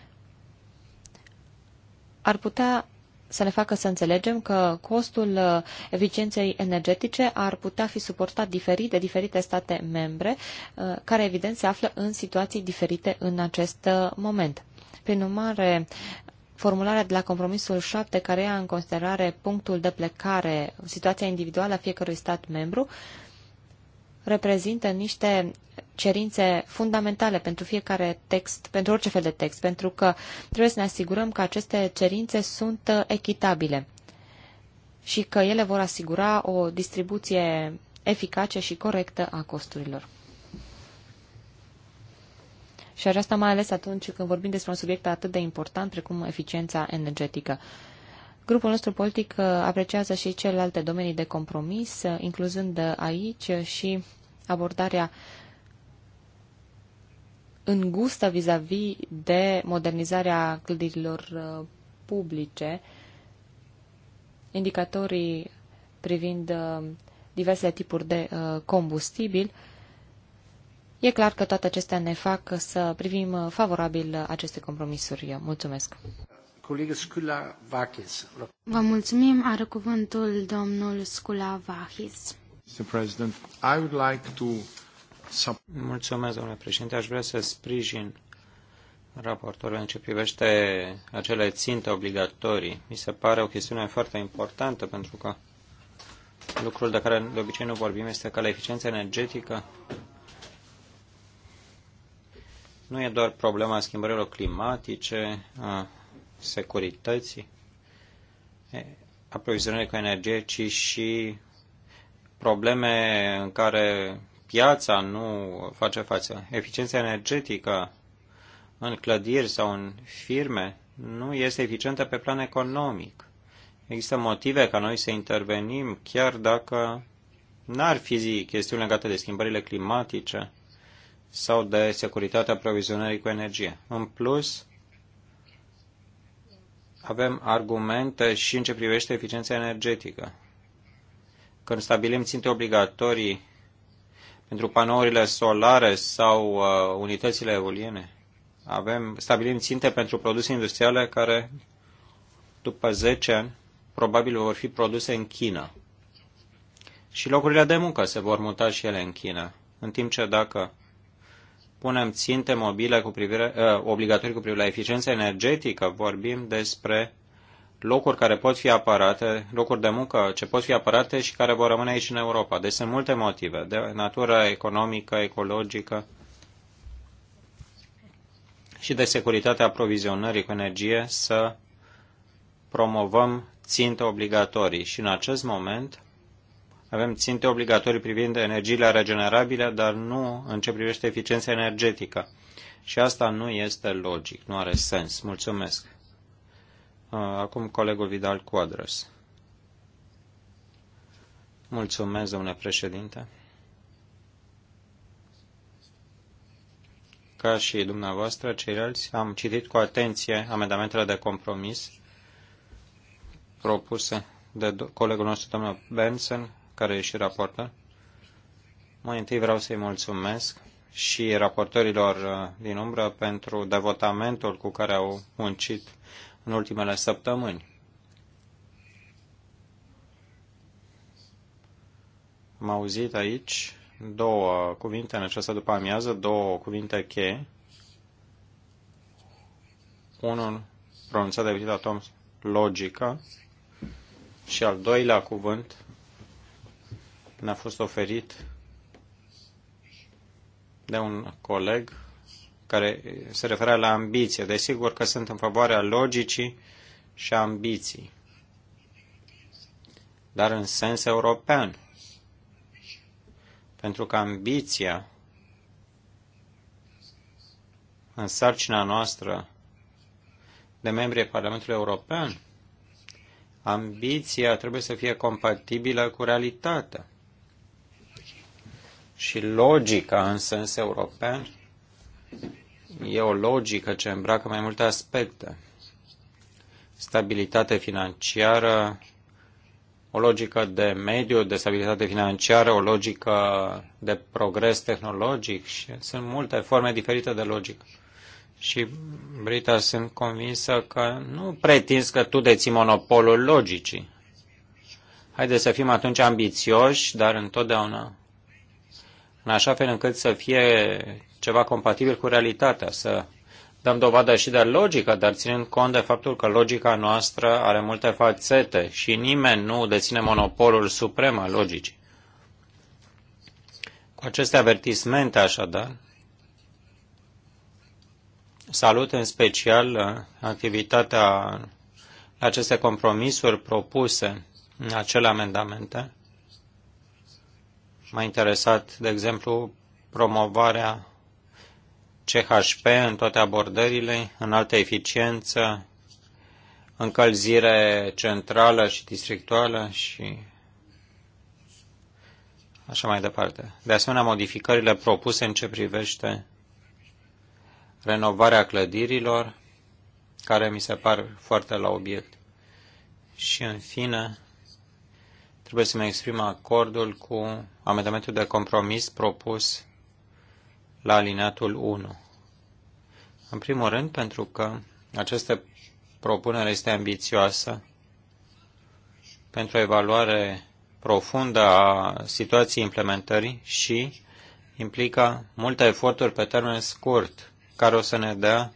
ar putea să ne facă să înțelegem că costul uh, eficienței energetice ar putea fi suportat diferit de diferite state membre, uh, care evident se află în situații diferite în acest uh, moment. Prin urmare, formularea de la compromisul 7, care ia în considerare punctul de plecare, situația individuală a fiecărui stat membru, reprezintă niște cerințe fundamentale pentru fiecare text, pentru orice fel de text, pentru că trebuie să ne asigurăm că aceste cerințe sunt uh, echitabile și că ele vor asigura o distribuție eficace și corectă a costurilor. Și aceasta mai ales atunci când vorbim despre un subiect atât de important precum eficiența energetică. Grupul nostru politic uh, apreciază și celelalte domenii de compromis, uh, incluzând uh, aici și abordarea îngustă vis-a-vis -vis de modernizarea clădirilor publice, indicatorii privind diverse tipuri de combustibil. E clar că toate acestea ne fac să privim favorabil aceste compromisuri. Mulțumesc! Vă mulțumim. Are cuvântul domnul Scula Vahis. Mulțumesc, domnule președinte. Aș vrea să sprijin raportorul în ce privește acele ținte obligatorii. Mi se pare o chestiune foarte importantă pentru că lucrul de care de obicei nu vorbim este că la eficiență energetică nu e doar problema schimbărilor climatice, a securității, aprovizionare cu energie, ci și probleme în care piața nu face față. Eficiența energetică în clădiri sau în firme nu este eficientă pe plan economic. Există motive ca noi să intervenim chiar dacă n-ar fi chestiuni legate de schimbările climatice sau de securitatea aprovizionării cu energie. În plus, avem argumente și în ce privește eficiența energetică. Când stabilim ținte obligatorii pentru panourile solare sau uh, unitățile eoliene, avem, stabilim ținte pentru produse industriale care după 10 ani probabil vor fi produse în China. Și locurile de muncă se vor muta și ele în China. În timp ce dacă punem ținte mobile cu privire, uh, obligatorii cu privire la eficiența energetică, vorbim despre locuri care pot fi apărate, locuri de muncă ce pot fi apărate și care vor rămâne aici în Europa. Deci sunt multe motive, de natură economică, ecologică și de securitatea aprovizionării cu energie să promovăm ținte obligatorii. Și în acest moment avem ținte obligatorii privind energiile regenerabile, dar nu în ce privește eficiența energetică. Și asta nu este logic, nu are sens. Mulțumesc. Uh, acum colegul Vidal Cuadras. Mulțumesc, domnule președinte. Ca și dumneavoastră, ceilalți, am citit cu atenție amendamentele de compromis propuse de colegul nostru, domnul Benson, care e și raportor. Mai întâi vreau să-i mulțumesc și raportorilor uh, din umbră pentru devotamentul cu care au muncit în ultimele săptămâni. Am auzit aici două cuvinte în această după amiază, două cuvinte cheie. Unul pronunțat de Vita Tom, logică, și al doilea cuvânt, ne-a fost oferit de un coleg care se referea la ambiție. Desigur că sunt în favoarea logicii și ambiții, dar în sens european. Pentru că ambiția în sarcina noastră de membri ai Parlamentului European, ambiția trebuie să fie compatibilă cu realitatea. Și logica în sens european e o logică ce îmbracă mai multe aspecte. Stabilitate financiară, o logică de mediu, de stabilitate financiară, o logică de progres tehnologic și sunt multe forme diferite de logică. Și, Brita, sunt convinsă că nu pretinzi că tu deții monopolul logicii. Haideți să fim atunci ambițioși, dar întotdeauna în așa fel încât să fie ceva compatibil cu realitatea, să dăm dovadă și de logică, dar ținând cont de faptul că logica noastră are multe fațete și nimeni nu deține monopolul suprem al logicii. Cu aceste avertismente, așadar, salut în special uh, activitatea aceste compromisuri propuse în acele amendamente M-a interesat, de exemplu, promovarea CHP în toate abordările, în altă eficiență, încălzire centrală și districtuală și așa mai departe. De asemenea, modificările propuse în ce privește renovarea clădirilor, care mi se par foarte la obiect. Și în fine, Trebuie să mi exprim acordul cu amendamentul de compromis propus la alineatul 1. În primul rând, pentru că această propunere este ambițioasă pentru o evaluare profundă a situației implementării și implică multe eforturi pe termen scurt, care o să ne dea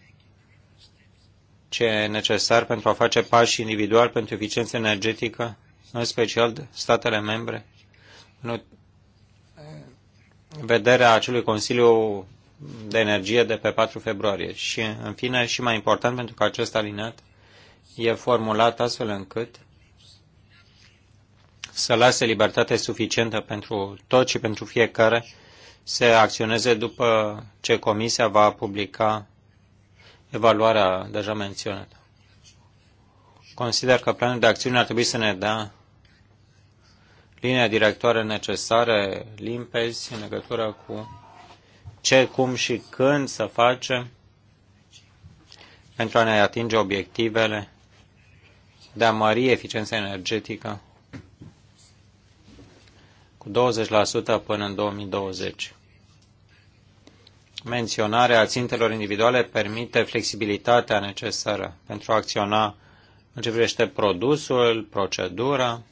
ce e necesar pentru a face pași individual pentru eficiență energetică în special de statele membre, în vederea acelui Consiliu de Energie de pe 4 februarie. Și, în fine, și mai important, pentru că acest alinat e formulat astfel încât să lase libertate suficientă pentru tot și pentru fiecare să acționeze după ce Comisia va publica evaluarea deja menționată. Consider că planul de acțiune ar trebui să ne dea linia directoare necesare, limpezi, în legătură cu ce, cum și când să facem pentru a ne atinge obiectivele de a mări eficiența energetică cu 20% până în 2020. Menționarea țintelor individuale permite flexibilitatea necesară pentru a acționa în ce privește produsul, procedura,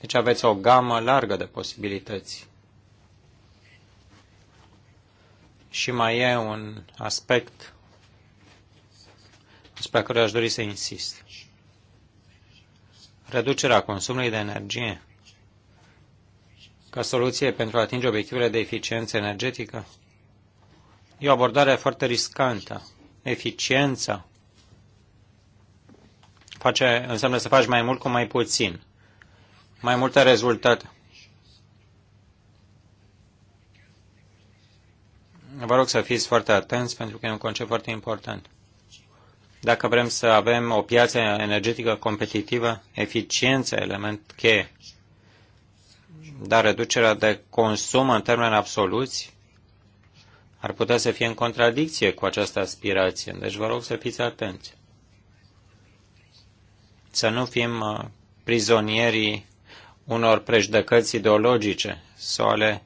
deci aveți o gamă largă de posibilități. Și mai e un aspect despre care aș dori să insist. Reducerea consumului de energie ca soluție pentru a atinge obiectivele de eficiență energetică e o abordare foarte riscantă. Eficiența face, înseamnă să faci mai mult cu mai puțin mai multe rezultate. Vă rog să fiți foarte atenți pentru că e un concept foarte important. Dacă vrem să avem o piață energetică competitivă, eficiență, element cheie, dar reducerea de consum în termeni absoluți ar putea să fie în contradicție cu această aspirație. Deci vă rog să fiți atenți. Să nu fim uh, prizonierii unor prejudecăți ideologice sau ale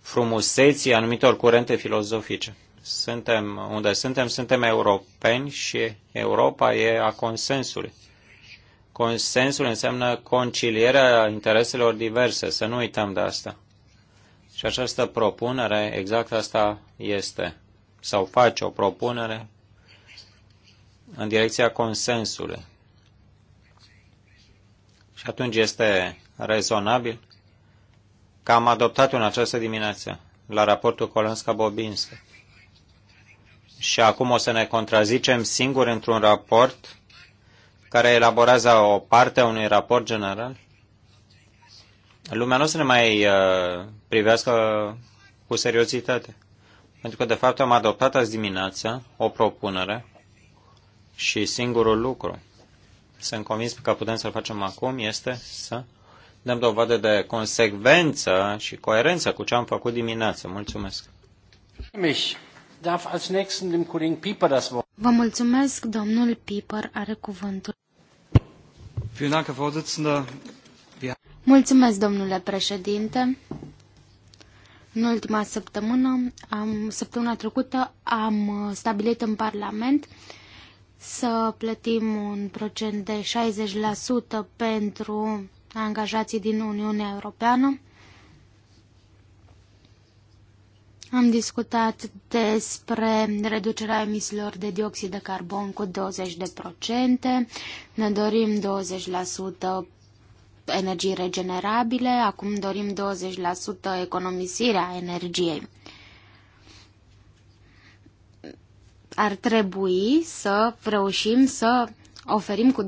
frumuseții anumitor curente filozofice. Suntem unde suntem, suntem europeni și Europa e a consensului. Consensul înseamnă concilierea intereselor diverse, să nu uităm de asta. Și această propunere, exact asta este, sau face o propunere în direcția consensului. Și atunci este rezonabil că am adoptat în această dimineață la raportul colonsca bobinska Și acum o să ne contrazicem singur într-un raport care elaborează o parte a unui raport general? Lumea nu o să ne mai uh, privească cu seriozitate. Pentru că, de fapt, am adoptat azi dimineață o propunere și singurul lucru, sunt convins că putem să-l facem acum, este să dăm dovadă de consecvență și coerență cu ce am făcut dimineață. Mulțumesc! Vă mulțumesc, domnul Piper are cuvântul. Mulțumesc, domnule președinte. În ultima săptămână, am, săptămâna trecută, am uh, stabilit în Parlament să plătim un procent de 60% pentru angajații din Uniunea Europeană. Am discutat despre reducerea emisiilor de dioxid de carbon cu 20%. Ne dorim 20% energii regenerabile, acum dorim 20% economisirea energiei. Ar trebui să reușim să oferim cu 20%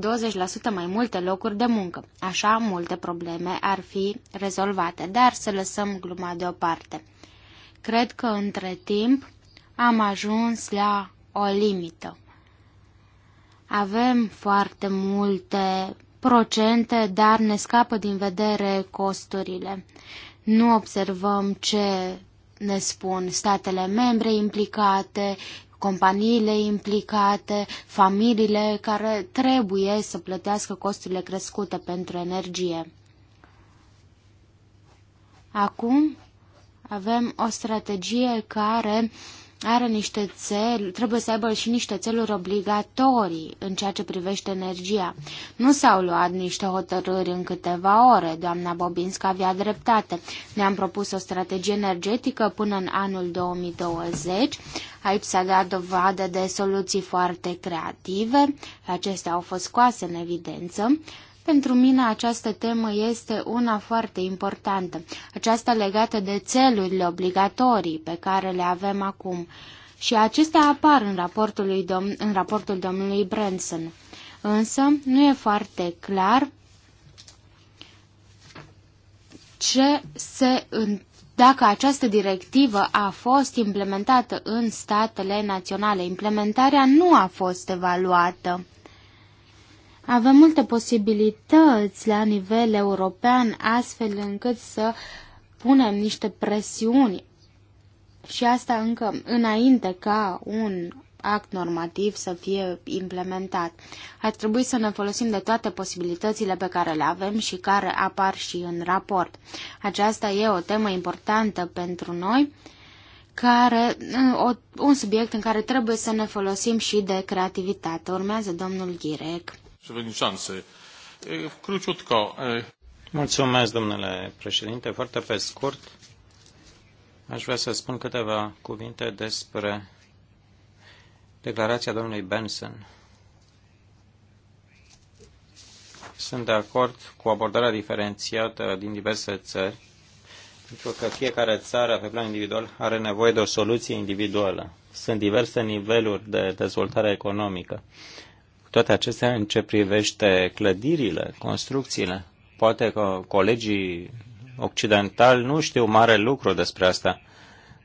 mai multe locuri de muncă. Așa multe probleme ar fi rezolvate, dar să lăsăm gluma deoparte. Cred că între timp am ajuns la o limită. Avem foarte multe procente, dar ne scapă din vedere costurile. Nu observăm ce ne spun statele membre implicate, companiile implicate, familiile care trebuie să plătească costurile crescute pentru energie. Acum avem o strategie care uh, are niște țel, trebuie să aibă și niște țeluri obligatorii în ceea ce privește energia. Nu s-au luat niște hotărâri în câteva ore. Doamna Bobinska avea dreptate. Ne-am propus o strategie energetică până în anul 2020. Aici s-a dat dovadă de soluții foarte creative. Acestea au fost scoase în evidență. Pentru mine această temă este una foarte importantă, aceasta legată de țelurile obligatorii pe care le avem acum. Și acestea apar în raportul, lui dom- în raportul domnului Branson. Însă nu e foarte clar ce se dacă această directivă a fost implementată în statele naționale. Implementarea nu a fost evaluată. Avem multe posibilități la nivel european astfel încât să punem niște presiuni și asta încă înainte ca un act normativ să fie implementat. Ar trebui să ne folosim de toate posibilitățile pe care le avem și care apar și în raport. Aceasta e o temă importantă pentru noi, care, o, un subiect în care trebuie să ne folosim și de creativitate. Urmează domnul Ghirec. Przewodniczący. Króciutko. Mulțumesc, domnule președinte. Foarte pe scurt, aș vrea să spun câteva cuvinte despre declarația domnului Benson. Sunt de acord cu abordarea diferențiată din diverse țări, pentru că fiecare țară, pe plan individual, are nevoie de o soluție individuală. Sunt diverse niveluri de dezvoltare economică. Toate acestea în ce privește clădirile, construcțiile. Poate că colegii occidentali nu știu mare lucru despre asta,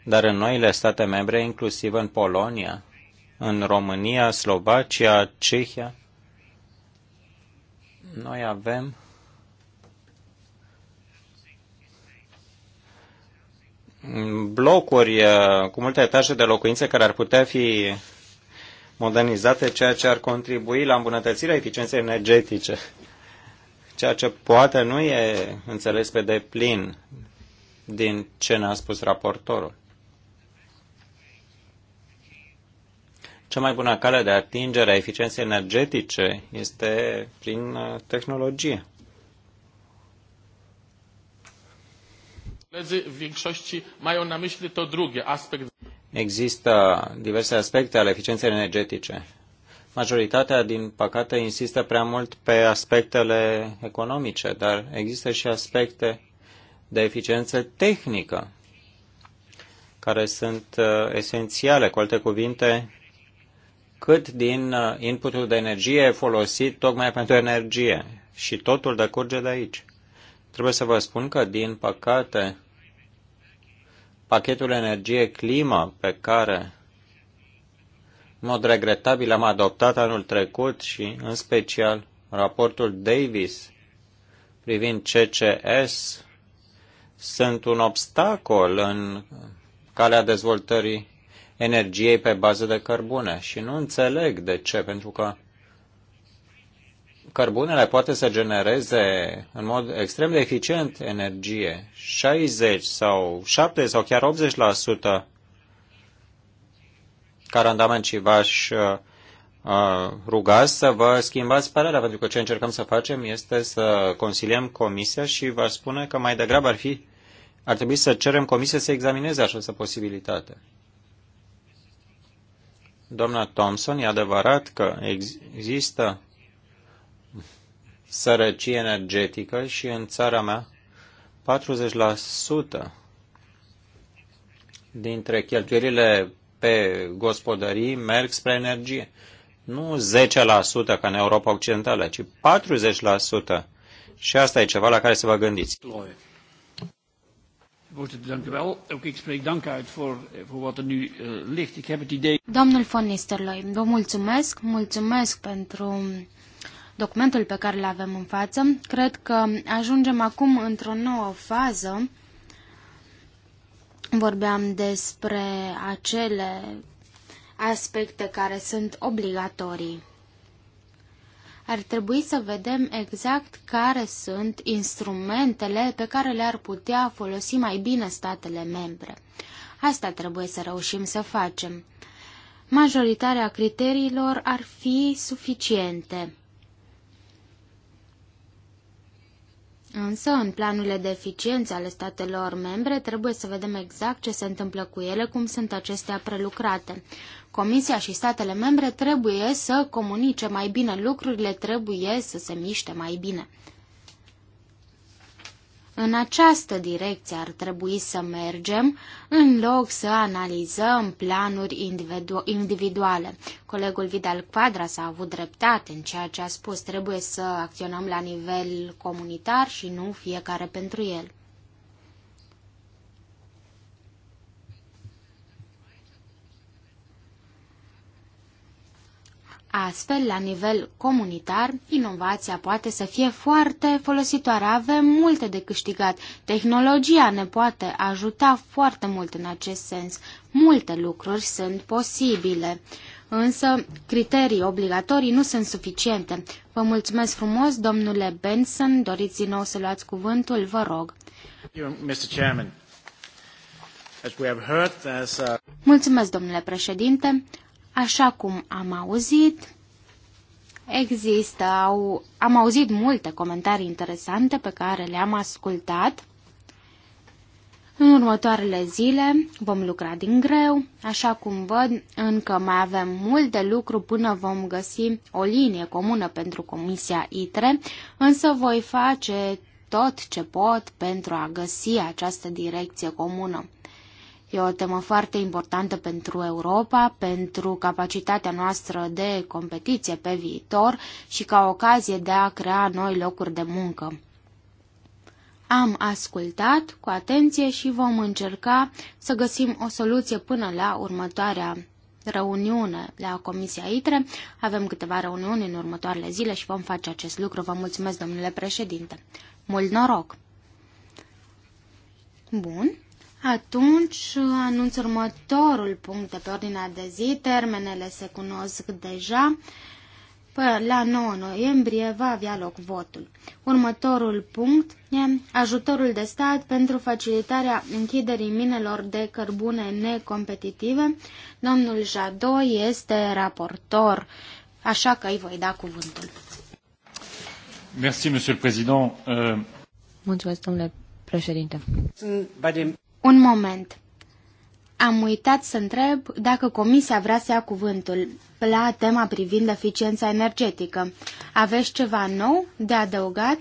dar în noile state membre, inclusiv în Polonia, în România, Slovacia, Cehia, noi avem blocuri eh, cu multe etaje de locuințe care ar putea fi modernizate, ceea ce ar contribui la îmbunătățirea eficienței energetice, ceea ce poate nu e înțeles pe deplin din ce ne-a spus raportorul. Cea mai bună cale de atingere a eficienței energetice este prin uh, tehnologie. Koledzy w większości au în to drugie aspekt. Există diverse aspecte ale eficienței energetice. Majoritatea, din păcate, insistă prea mult pe aspectele economice, dar există și aspecte de eficiență tehnică care sunt uh, esențiale. Cu alte cuvinte, cât din uh, inputul de energie e folosit tocmai pentru energie. Și totul decurge de aici. Trebuie să vă spun că, din păcate, pachetul energie-climă pe care, în mod regretabil, am adoptat anul trecut și, în special, raportul Davis privind CCS sunt un obstacol în calea dezvoltării energiei pe bază de cărbune și nu înțeleg de ce, pentru că cărbunele poate să genereze în mod extrem de eficient energie, 60 sau 70 sau chiar 80% ca randament și v-aș uh, uh, ruga să vă schimbați părerea, pentru că ce încercăm să facem este să consiliem comisia și vă spune că mai degrabă ar fi ar trebui să cerem comisia să examineze această posibilitate. Doamna Thompson, e adevărat că există sărăcie energetică și în țara mea 40% dintre cheltuielile pe gospodării merg spre energie. Nu 10% ca în Europa Occidentală, ci 40%. Și asta e ceva la care să vă gândiți. Er eh, Domnul von Nistelrooy, vă mulțumesc, mulțumesc pentru documentul pe care îl avem în față. Cred că ajungem acum într-o nouă fază. Vorbeam despre acele aspecte care sunt obligatorii. Ar trebui să vedem exact care sunt instrumentele pe care le-ar putea folosi mai bine statele membre. Asta trebuie să reușim să facem. Majoritatea criteriilor ar fi suficiente. Însă, în planurile de eficiență ale statelor membre, trebuie să vedem exact ce se întâmplă cu ele, cum sunt acestea prelucrate. Comisia și statele membre trebuie să comunice mai bine lucrurile, trebuie să se miște mai bine. În această direcție ar trebui să mergem, în loc să analizăm planuri individu individuale. Colegul Vidal Quadras a avut dreptate în ceea ce a spus, trebuie să acționăm la nivel comunitar și nu fiecare pentru el. Astfel, la nivel comunitar, inovația poate să fie foarte folositoare. Avem multe de câștigat. Tehnologia ne poate ajuta foarte mult în acest sens. Multe lucruri sunt posibile. Însă, criterii obligatorii nu sunt suficiente. Vă mulțumesc frumos, domnule Benson. Doriți din nou să luați cuvântul? Vă rog. Uh, mulțumesc, domnule președinte. Așa cum am auzit, există, au, am auzit multe comentarii interesante pe care le-am ascultat. În următoarele zile vom lucra din greu, așa cum văd, încă mai avem mult de lucru până vom găsi o linie comună pentru Comisia ITRE, însă voi face tot ce pot pentru a găsi această direcție comună. E o temă foarte importantă pentru Europa, pentru capacitatea noastră de competiție pe viitor și ca ocazie de a crea noi locuri de muncă. Am ascultat cu atenție și vom încerca să găsim o soluție până la următoarea reuniune la Comisia ITRE. Avem câteva reuniuni în următoarele zile și vom face acest lucru. Vă mulțumesc, domnule președinte. Mult noroc! Bun. Atunci uh, anunț următorul punct de pe ordinea de zi, termenele se cunosc deja. la 9 noiembrie va avea loc votul. Următorul punct e ajutorul de stat pentru facilitarea închiderii minelor de cărbune necompetitive. Domnul Jado este raportor, așa că îi voi da cuvântul. Euh, Mulțumesc, domnule președinte. Un moment. Am uitat să întreb dacă comisia vrea să ia cuvântul la tema privind eficiența energetică. Aveți ceva nou de adăugat?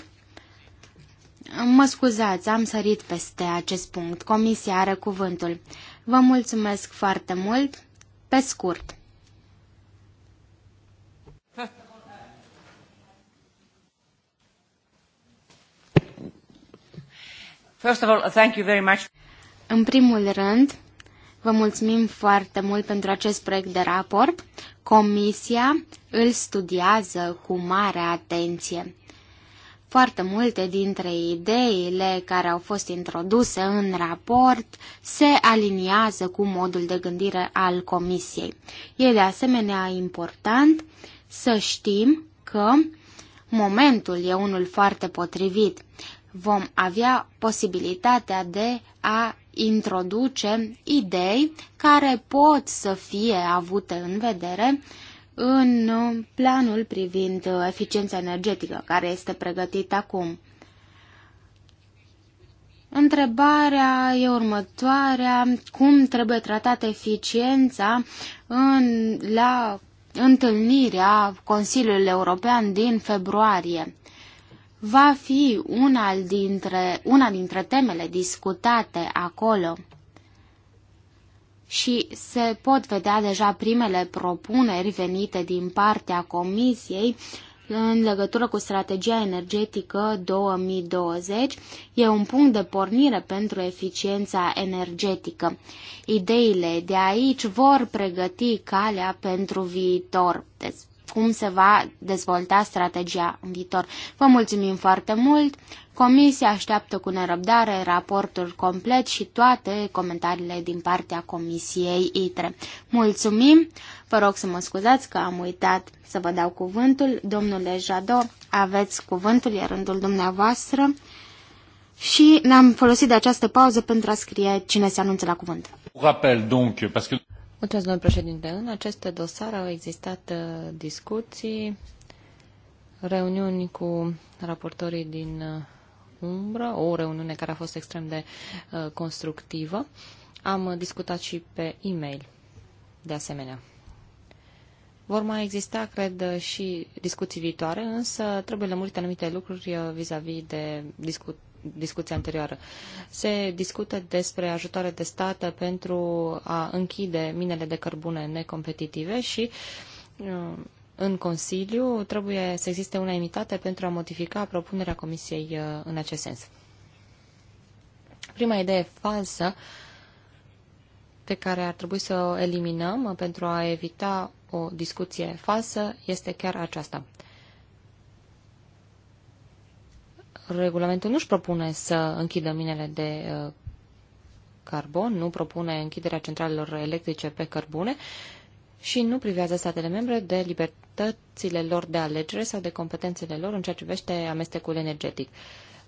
Mă scuzați, am sărit peste acest punct. Comisia are cuvântul. Vă mulțumesc foarte mult. Pe scurt. First of all, thank you very much. În primul rând, vă mulțumim foarte mult pentru acest proiect de raport. Comisia îl studiază cu mare atenție. Foarte multe dintre ideile care au fost introduse în raport se aliniază cu modul de gândire al Comisiei. E de asemenea important să știm că momentul e unul foarte potrivit. Vom avea posibilitatea de a introduce idei care pot să fie avute în vedere în planul privind eficiența energetică care este pregătit acum. Întrebarea e următoarea, cum trebuie tratată eficiența în, la întâlnirea Consiliului European din februarie va fi una dintre, una dintre temele discutate acolo și se pot vedea deja primele propuneri venite din partea Comisiei în legătură cu strategia energetică 2020 e un punct de pornire pentru eficiența energetică. Ideile de aici vor pregăti calea pentru viitor. Des- cum se va dezvolta strategia în viitor. Vă mulțumim foarte mult! Comisia așteaptă cu nerăbdare raportul complet și toate comentariile din partea Comisiei ITRE. Mulțumim! Vă rog să mă scuzați că am uitat să vă dau cuvântul. Domnule Jado, aveți cuvântul, e rândul dumneavoastră. Și ne-am folosit de această pauză pentru a scrie cine se anunță la cuvânt. Rappel, donc, parce que... Mulțumesc, domnul președinte. În acest dosar au existat uh, discuții, reuniuni cu raportorii din uh, umbră, o reuniune care a fost extrem de uh, constructivă. Am discutat și pe e-mail, de asemenea. Vor mai exista, cred, și discuții viitoare, însă trebuie lămurite anumite lucruri vis-a-vis -vis de discut discuția anterioară. Se discută despre ajutoare de stat pentru a închide minele de cărbune necompetitive și uh, în Consiliu trebuie să existe unanimitate pentru a modifica propunerea Comisiei uh, în acest sens. Prima idee falsă pe care ar trebui să o eliminăm uh, pentru a evita o discuție falsă este chiar aceasta. regulamentul nu-și propune să închidă minele de uh, carbon, nu propune închiderea centralelor electrice pe cărbune și nu privează statele membre de libertățile lor de alegere sau de competențele lor în ceea ce privește amestecul energetic.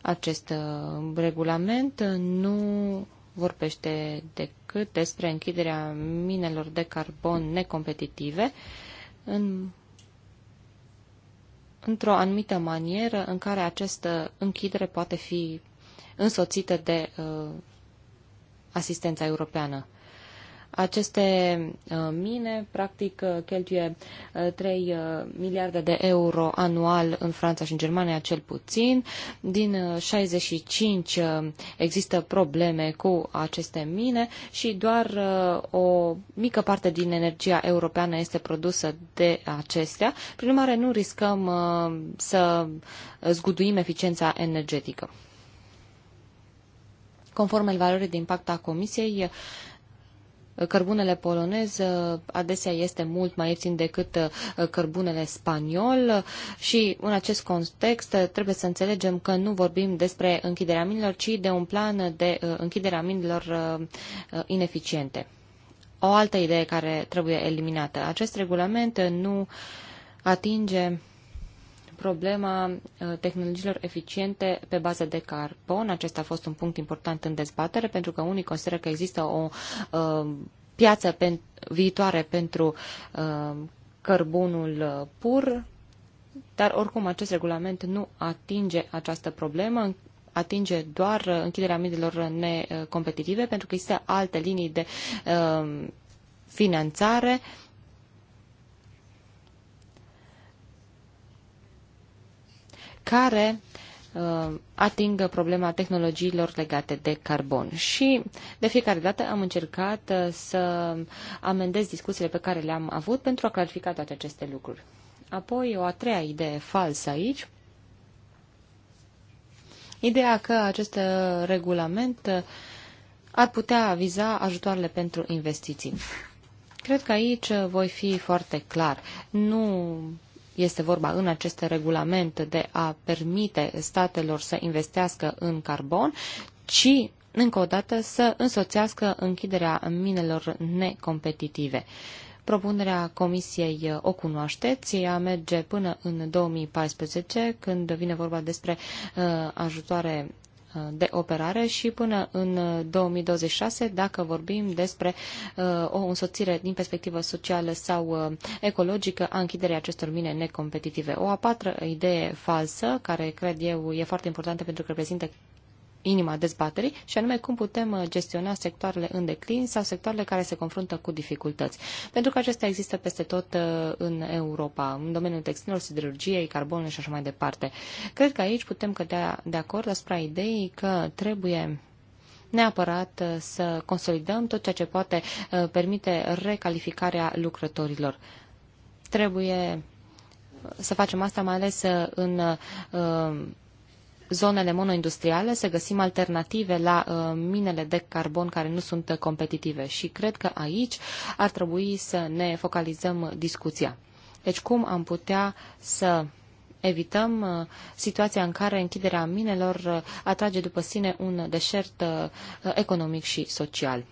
Acest uh, regulament nu vorbește decât despre închiderea minelor de carbon necompetitive în într-o anumită manieră în care această închidere poate fi însoțită de uh, asistența europeană. Aceste uh, mine, practic, uh, cheltuie 3 uh, miliarde de euro anual în Franța și în Germania, cel puțin. Din 65 există probleme cu aceste mine și doar o mică parte din energia europeană este produsă de acestea. Prin urmare, nu riscăm să zguduim eficiența energetică. Conform evaluării de impact a Comisiei, Cărbunele polonez adesea este mult mai ieftin decât uh, cărbunele spaniol și în acest context uh, trebuie să înțelegem că nu vorbim despre închiderea minilor, ci de un plan de uh, a minilor ineficiente. O altă idee care trebuie eliminată. Acest regulament nu atinge problema uh, tehnologiilor eficiente pe bază de carbon. Acesta a fost un punct important în dezbatere, pentru că unii consideră că există o uh, piață viitoare pentru uh, cărbunul pur, dar oricum acest regulament nu atinge această problemă, atinge doar închiderea minelor necompetitive, pentru că există alte linii de uh, finanțare uh, care uh, atingă problema tehnologiilor legate de carbon. Și de fiecare dată am încercat uh, să amendez discuțiile pe care le-am avut pentru a clarifica toate aceste lucruri. Apoi, o a treia idee falsă aici. Ideea că acest uh, regulament ar putea viza ajutoarele pentru investiții. Cred că aici voi fi foarte clar. Nu este vorba în acest regulament de a permite statelor să investească în carbon, ci încă o dată să însoțească închiderea minelor necompetitive. Propunerea comisiei uh, o cunoașteți, ea merge până în 2014, când vine vorba despre uh, ajutoare de operare și până în 2026, uh, dacă vorbim despre uh, o însoțire din perspectivă socială sau uh, ecologică a închiderii acestor mine necompetitive. O a patra idee falsă, care cred eu e foarte importantă pentru că reprezintă inima dezbaterii, și anume cum putem uh, gestiona sectoarele în declin sau sectoarele care se confruntă cu dificultăți. Pentru că acestea există peste tot uh, în Europa, în domeniul textilor, siderurgiei, carbonului și așa mai departe. Cred că aici putem cădea de acord asupra ideii că trebuie neapărat uh, să consolidăm tot ceea ce poate permite recalificarea lucrătorilor. Trebuie să facem asta mai ales în zonele monoindustriale să găsim alternative la uh, minele de carbon care nu sunt competitive și cred că aici ar trebui să ne focalizăm discuția. Deci cum am putea să evităm uh, situația în care închiderea minelor uh, atrage după sine un deșert uh, economic și social.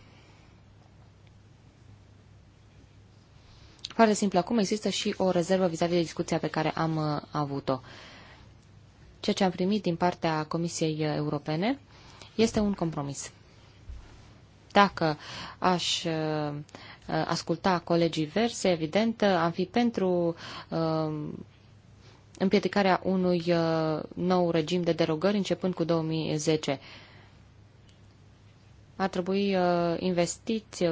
Foarte simplu, acum există și o rezervă vis-a-vis -vis de discuția pe care am uh, avut-o. Uh, Ceea ce am primit din partea Comisiei Europene este un compromis. Dacă aș uh, uh, asculta colegii verse, evident, uh, am fi pentru împiedicarea unui nou regim de derogări începând cu 2010. Ar trebui investiți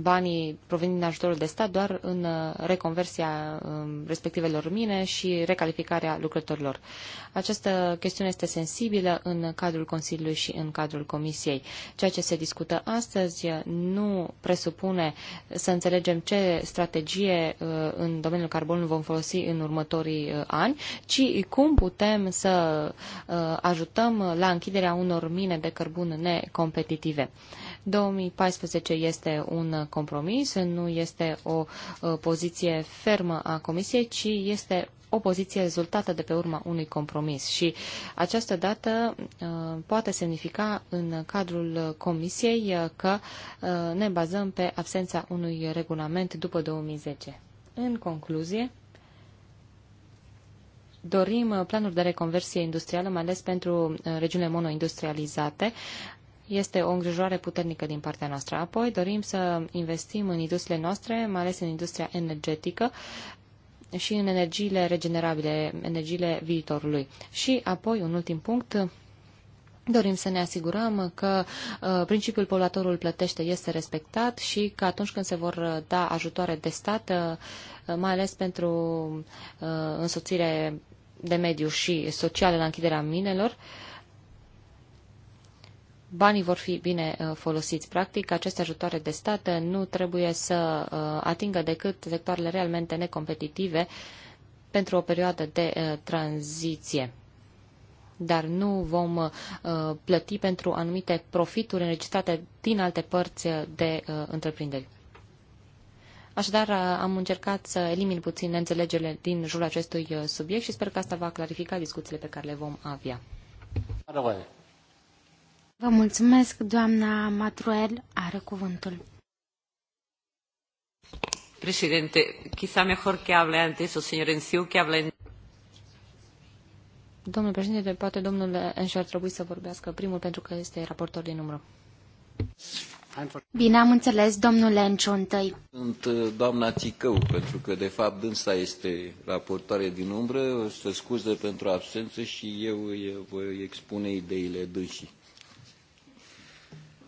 banii provenind din ajutorul de stat doar în uh, reconversia um, respectivelor mine și recalificarea lucrătorilor. Această chestiune este sensibilă în cadrul Consiliului și în cadrul Comisiei. Ceea ce se discută astăzi uh, nu presupune să înțelegem ce strategie uh, în domeniul carbonului vom folosi în următorii ani, ci cum putem să ajutăm la închiderea unor mine de cărbun necompetitive. 2014 este un compromis, nu este o uh, poziție fermă a Comisiei, ci este o poziție rezultată de pe urma unui compromis și această dată uh, poate semnifica în cadrul Comisiei uh, că ne bazăm pe absența unui regulament după 2010. În concluzie, dorim planuri de reconversie industrială, mai ales pentru regiunile monoindustrializate, este o îngrijorare puternică din partea noastră. Apoi dorim să investim în industriile noastre, mai ales în industria energetică și în energiile regenerabile, energiile viitorului. Și apoi, un ultim punct, Dorim să ne asigurăm că uh, principiul poluatorul plătește este respectat și că atunci când se vor uh, da ajutoare de stat, uh, mai ales pentru însoțire de mediu și socială la închiderea minelor, uh, banii vor fi bine uh, folosiți. Practic, aceste ajutoare de stat uh, nu trebuie să uh, atingă decât sectoarele realmente necompetitive pentru o perioadă de tranziție dar nu vom uh, plăti pentru anumite profituri înregistrate din alte părți de uh, întreprinderi. Așadar, uh, am încercat să elimin puțin neînțelegerile din jurul acestui subiect și sper că asta va clarifica discuțiile pe care le vom avea. Arăvăi. Vă mulțumesc, doamna Matruel are cuvântul. Președinte, quizá mejor que hable antes o señor Enciu că hable... Domnul președinte, poate domnul Enșu ar trebui să vorbească primul pentru că este raportor din număr. Bine am înțeles, domnule Enciu întâi. Sunt uh, doamna Țicău, pentru că de fapt dânsa este raportoare din umbră, să scuze pentru absență și eu voi expune ideile dânsii.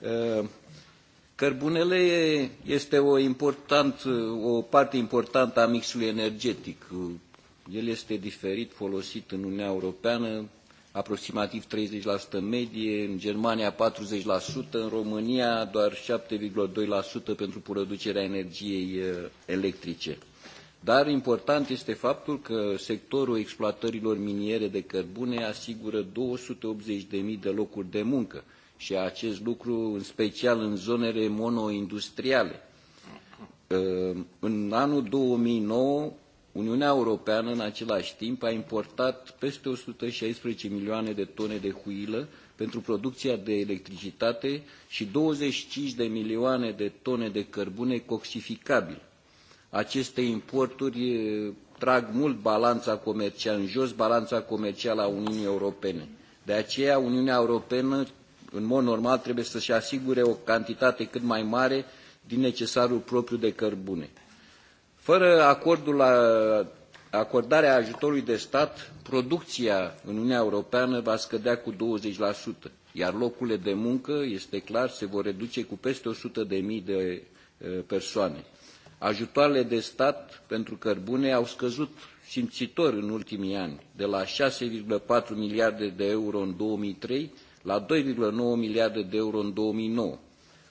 Uh, cărbunele este o, important, o parte importantă a mixului energetic. El este diferit folosit în Uniunea Europeană, aproximativ 30% medie, în Germania 40%, în România doar 7,2% pentru producerea energiei uh, electrice. Dar important este faptul că sectorul exploatărilor miniere de cărbune asigură 280.000 de locuri de muncă și acest lucru în special în zonele monoindustriale. Ă, în anul 2009, Uniunea Europeană în același timp a importat peste 116 milioane de tone de huilă pentru producția de electricitate și 25 de milioane de tone de cărbune coxificabil. Aceste importuri trag mult balanța comercială, în jos balanța comercială a Uniunii Europene. De aceea, Uniunea Europeană în mod normal trebuie să-și asigure o cantitate cât mai mare din necesarul propriu de cărbune. Fără acordul la acordarea ajutorului de stat, producția în Uniunea Europeană va scădea cu 20%, iar locurile de muncă, este clar, se vor reduce cu peste 100.000 de, mii de persoane. Ajutoarele de stat pentru cărbune au scăzut simțitor în ultimii ani, de la 6,4 miliarde de euro în 2003 la 2,9 miliarde de euro în 2009.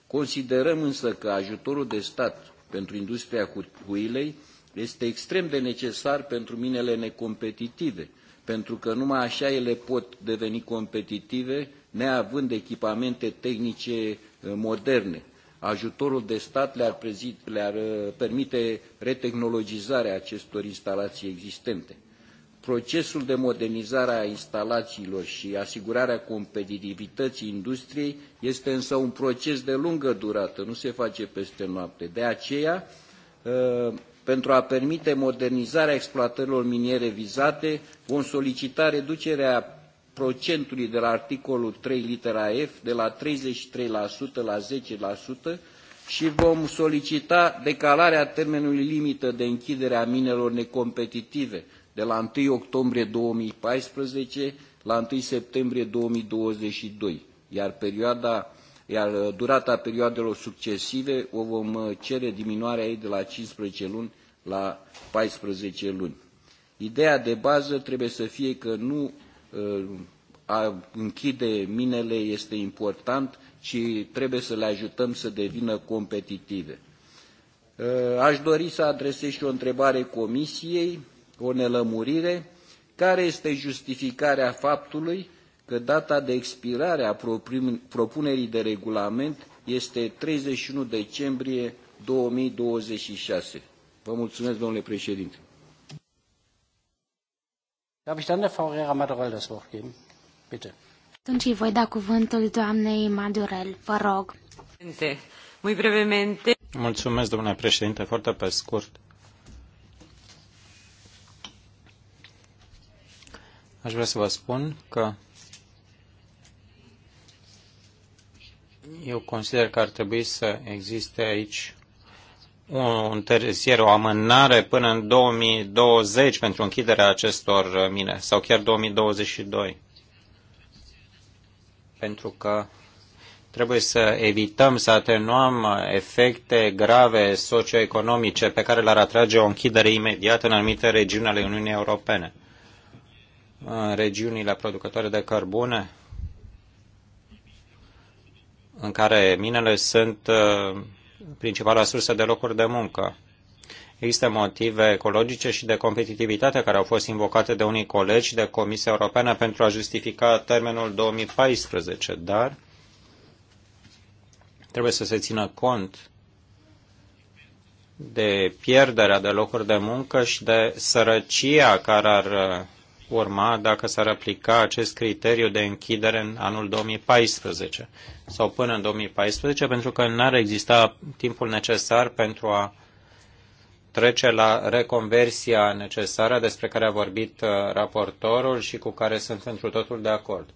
Considerăm însă că ajutorul de stat pentru industria huilei este extrem de necesar pentru minele necompetitive, pentru că numai așa ele pot deveni competitive, neavând echipamente tehnice eh, moderne. Ajutorul de stat le-ar, le eh, permite retehnologizarea acestor instalații existente procesul de modernizare a instalațiilor și asigurarea competitivității industriei este însă un proces de lungă durată, nu se face peste noapte. De aceea, ă, pentru a permite modernizarea exploatărilor miniere vizate, vom solicita reducerea procentului de la articolul 3 litera F de la 33% la 10% și vom solicita decalarea termenului limită de închidere a minelor necompetitive de la 1 octombrie 2014 la 1 septembrie 2022, iar, perioada, iar uh, durata perioadelor succesive o vom uh, cere diminuarea ei de la 15 luni la 14 luni. Ideea de bază trebuie să fie că nu uh, a închide minele este important, ci trebuie să le ajutăm să devină competitive. Aș dori să adresez și o întrebare Comisiei o nelămurire, care este justificarea faptului că data de expirare a propunerii de regulament este 31 decembrie 2026. Vă mulțumesc, domnule președinte. Darf ich dann der Frau Rera Madurell das Wort geben? Atunci îi voi da cuvântul doamnei Madurel. Vă rog. Muy Mulțumesc, domnule președinte, foarte pe scurt. Aș vrea să vă spun că eu consider că ar trebui să existe aici o întârziere, o amânare până în 2020 pentru închiderea acestor mine, sau chiar 2022. Pentru că trebuie să evităm, să atenuăm efecte grave socioeconomice pe care le-ar atrage o închidere imediată în anumite regiuni ale Uniunii Europene în regiunile producătoare de cărbune, în care minele sunt uh, principala sursă de locuri de muncă. Există motive ecologice și de competitivitate care au fost invocate de unii colegi de Comisia Europeană pentru a justifica termenul 2014, dar trebuie să se țină cont de pierderea de locuri de muncă și de sărăcia care ar uh, urma dacă s-ar aplica acest criteriu de închidere în anul 2014 sau până în 2014, pentru că n-ar exista timpul necesar pentru a trece la reconversia necesară despre care a vorbit uh, raportorul și cu care sunt pentru totul de acord.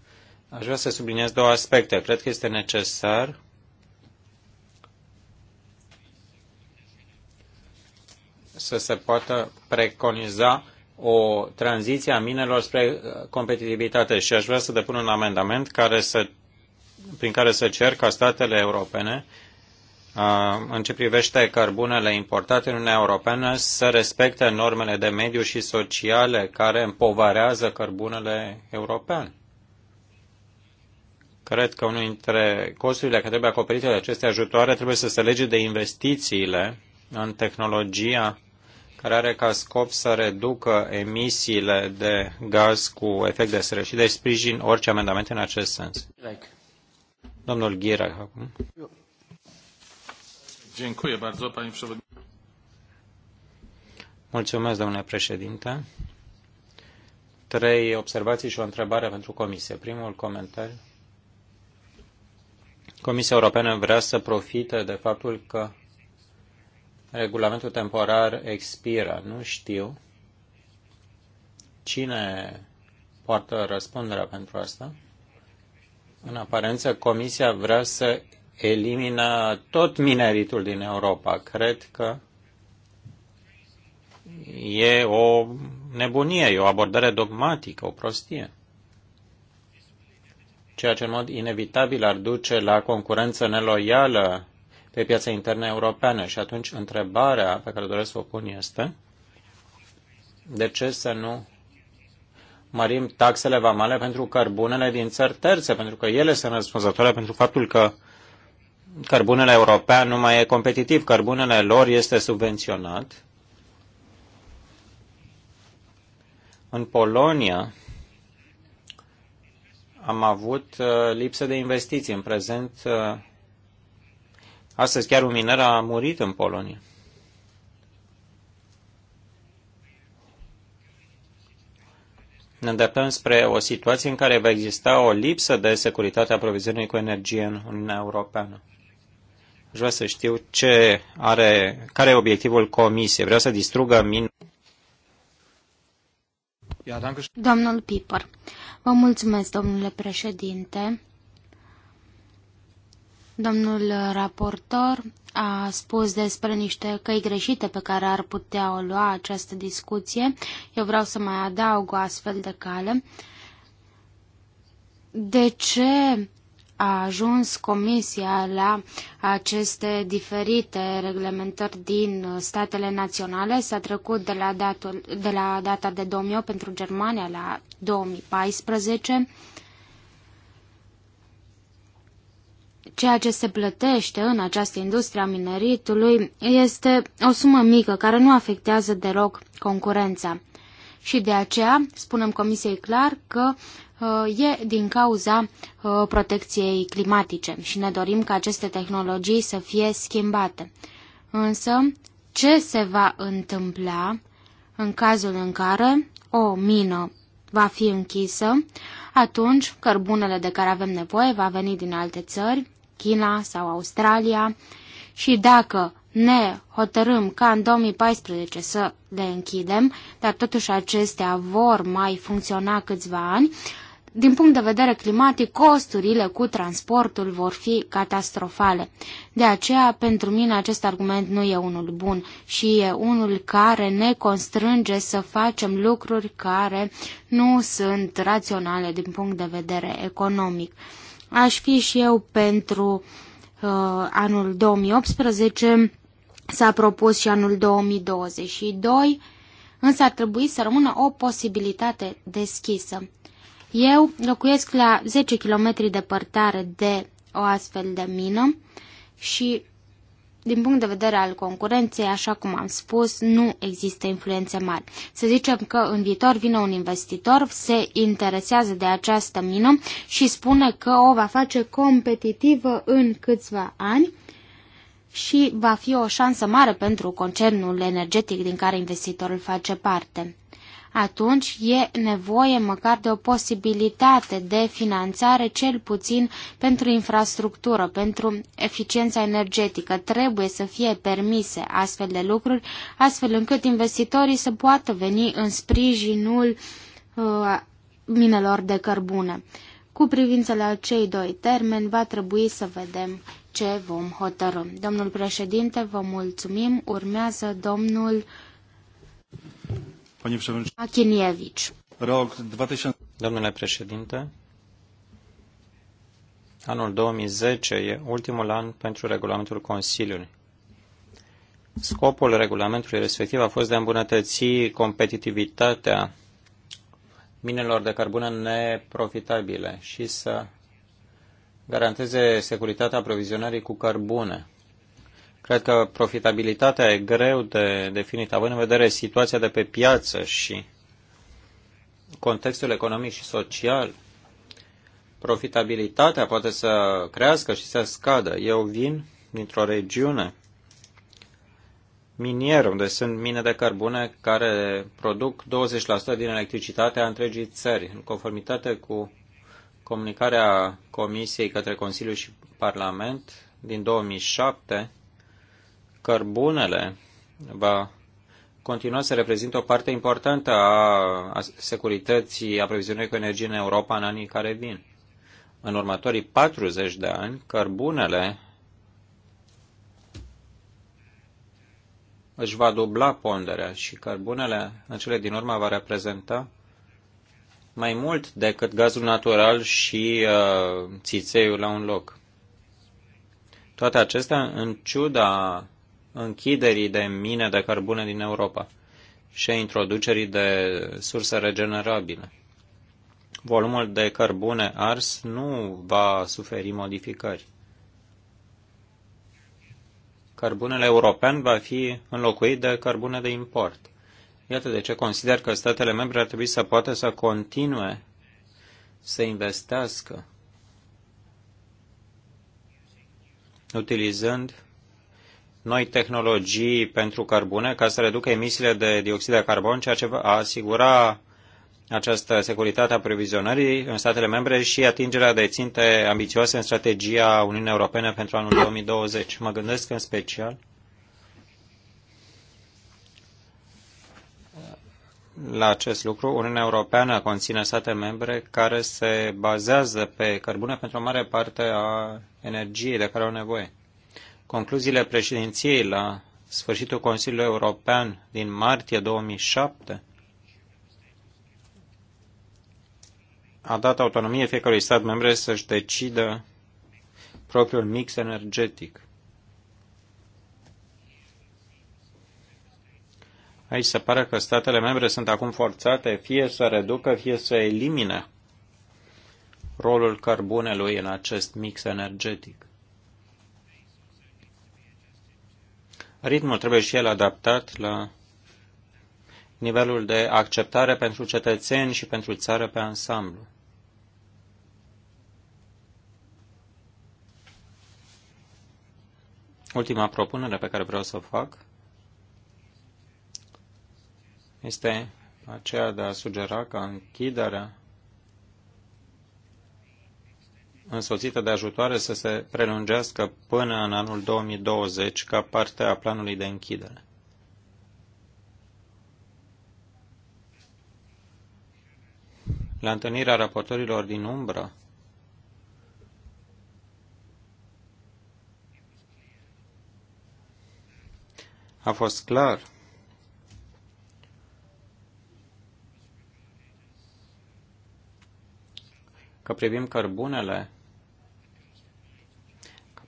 Aș vrea să subliniez două aspecte. Cred că este necesar să se poată preconiza o tranziție a minelor spre uh, competitivitate și aș vrea să depun un amendament care să, prin care să cer ca statele europene uh, în ce privește cărbunele importate în Uniunea Europeană să respecte normele de mediu și sociale care împovărează cărbunele european. Cred că unul dintre costurile care trebuie acoperite de aceste ajutoare trebuie să se lege de investițiile în tehnologia care are ca scop să reducă emisiile de gaz cu efect de seră și de deci sprijin orice amendament în acest sens. Domnul Ghirac acum. Mulțumesc, domnule președinte. Trei observații și o întrebare pentru comisie. Primul comentariu. Comisia Europeană vrea să profite de faptul că regulamentul temporar expiră. Nu știu cine poartă răspunderea pentru asta. În aparență, Comisia vrea să elimină tot mineritul din Europa. Cred că e o nebunie, e o abordare dogmatică, o prostie. Ceea ce în mod inevitabil ar duce la concurență neloială pe piața internă europeană. Și atunci întrebarea pe care doresc să o pun este de ce să nu mărim taxele vamale pentru cărbunele din țări terțe, pentru că ele sunt răspunzătoare pentru faptul că cărbunele european nu mai e competitiv, cărbunele lor este subvenționat. În Polonia am avut uh, lipsă de investiții. În prezent uh, Astăzi chiar un miner a murit în Polonia. Ne îndreptăm spre o situație în care va exista o lipsă de securitate a aprovizionării cu energie în Uniunea Europeană. Aș vrea să știu ce are, care e obiectivul comisiei. Vreau să distrugă min. Domnul Piper, vă mulțumesc, domnule președinte. Domnul raportor a spus despre niște căi greșite pe care ar putea o lua această discuție. Eu vreau să mai adaug o astfel de cale. De ce a ajuns Comisia la aceste diferite reglementări din statele naționale. S-a trecut de la, datul, de la data de 2008 pentru Germania la 2014. ceea ce se plătește în această industrie a mineritului este o sumă mică care nu afectează deloc concurența. Și de aceea spunem Comisiei clar că uh, e din cauza uh, protecției climatice și ne dorim ca aceste tehnologii să fie schimbate. Însă, ce se va întâmpla în cazul în care o mină va fi închisă, atunci cărbunele de care avem nevoie va veni din alte țări, China sau Australia și dacă ne hotărâm ca în 2014 să le închidem, dar totuși acestea vor mai funcționa câțiva ani, din punct de vedere climatic, costurile cu transportul vor fi catastrofale. De aceea, pentru mine, acest argument nu e unul bun și e unul care ne constrânge să facem lucruri care nu sunt raționale din punct de vedere economic. Aș fi și eu pentru uh, anul 2018, s-a propus și anul 2022, însă ar trebui să rămână o posibilitate deschisă. Eu locuiesc la 10 km departare de o astfel de mină și din punct de vedere al concurenței, așa cum am spus, nu există influențe mari. Să zicem că în viitor vine un investitor, se interesează de această mină și spune că o va face competitivă în câțiva ani și va fi o șansă mare pentru concernul energetic din care investitorul face parte atunci e nevoie măcar de o posibilitate de finanțare, cel puțin pentru infrastructură, pentru eficiența energetică. Trebuie să fie permise astfel de lucruri, astfel încât investitorii să poată veni în sprijinul uh, minelor de cărbune. Cu privință la cei doi termeni, va trebui să vedem ce vom hotărâ. Domnul președinte, vă mulțumim. Urmează domnul Panie președinte. Achilievici. Rog, 2000... Domnule președinte, anul 2010 e ultimul an pentru regulamentul Consiliului. Scopul regulamentului respectiv a fost de a îmbunătăți competitivitatea minelor de cărbune neprofitabile și să garanteze securitatea aprovizionării cu cărbune. Cred că profitabilitatea e greu de definit, având în vedere situația de pe piață și contextul economic și social. Profitabilitatea poate să crească și să scadă. Eu vin dintr-o regiune minier, unde sunt mine de cărbune care produc 20% din electricitatea întregii țări, în conformitate cu comunicarea Comisiei către Consiliu și Parlament din 2007, cărbunele va continua să reprezintă o parte importantă a securității aprovizionării cu energie în Europa în anii care vin. În următorii 40 de ani, cărbunele își va dubla ponderea și cărbunele în cele din urmă va reprezenta mai mult decât gazul natural și uh, țițeiul la un loc. Toate acestea în ciuda închiderii de mine de cărbune din Europa și a introducerii de surse regenerabile. Volumul de cărbune ars nu va suferi modificări. Cărbunele european va fi înlocuit de cărbune de import. Iată de ce consider că statele membre ar trebui să poată să continue să investească utilizând noi tehnologii pentru cărbune ca să reducă emisiile de dioxid de carbon, ceea ce va asigura această securitate a aprovizionării în statele membre și atingerea de ținte ambițioase în strategia Uniunii Europene pentru anul 2020. Mă gândesc în special la acest lucru. Uniunea Europeană conține state membre care se bazează pe cărbune pentru o mare parte a energiei de care au nevoie. Concluziile președinției la sfârșitul Consiliului European din martie 2007 a dat autonomie fiecărui stat membru să-și decidă propriul mix energetic. Aici se pare că statele membre sunt acum forțate fie să reducă, fie să elimine rolul cărbunelui în acest mix energetic. Ritmul trebuie și el adaptat la nivelul de acceptare pentru cetățeni și pentru țară pe ansamblu. Ultima propunere pe care vreau să o fac este aceea de a sugera ca închiderea însoțită de ajutoare să se prelungească până în anul 2020 ca parte a planului de închidere. La întâlnirea raportorilor din umbră, a fost clar că privim cărbunele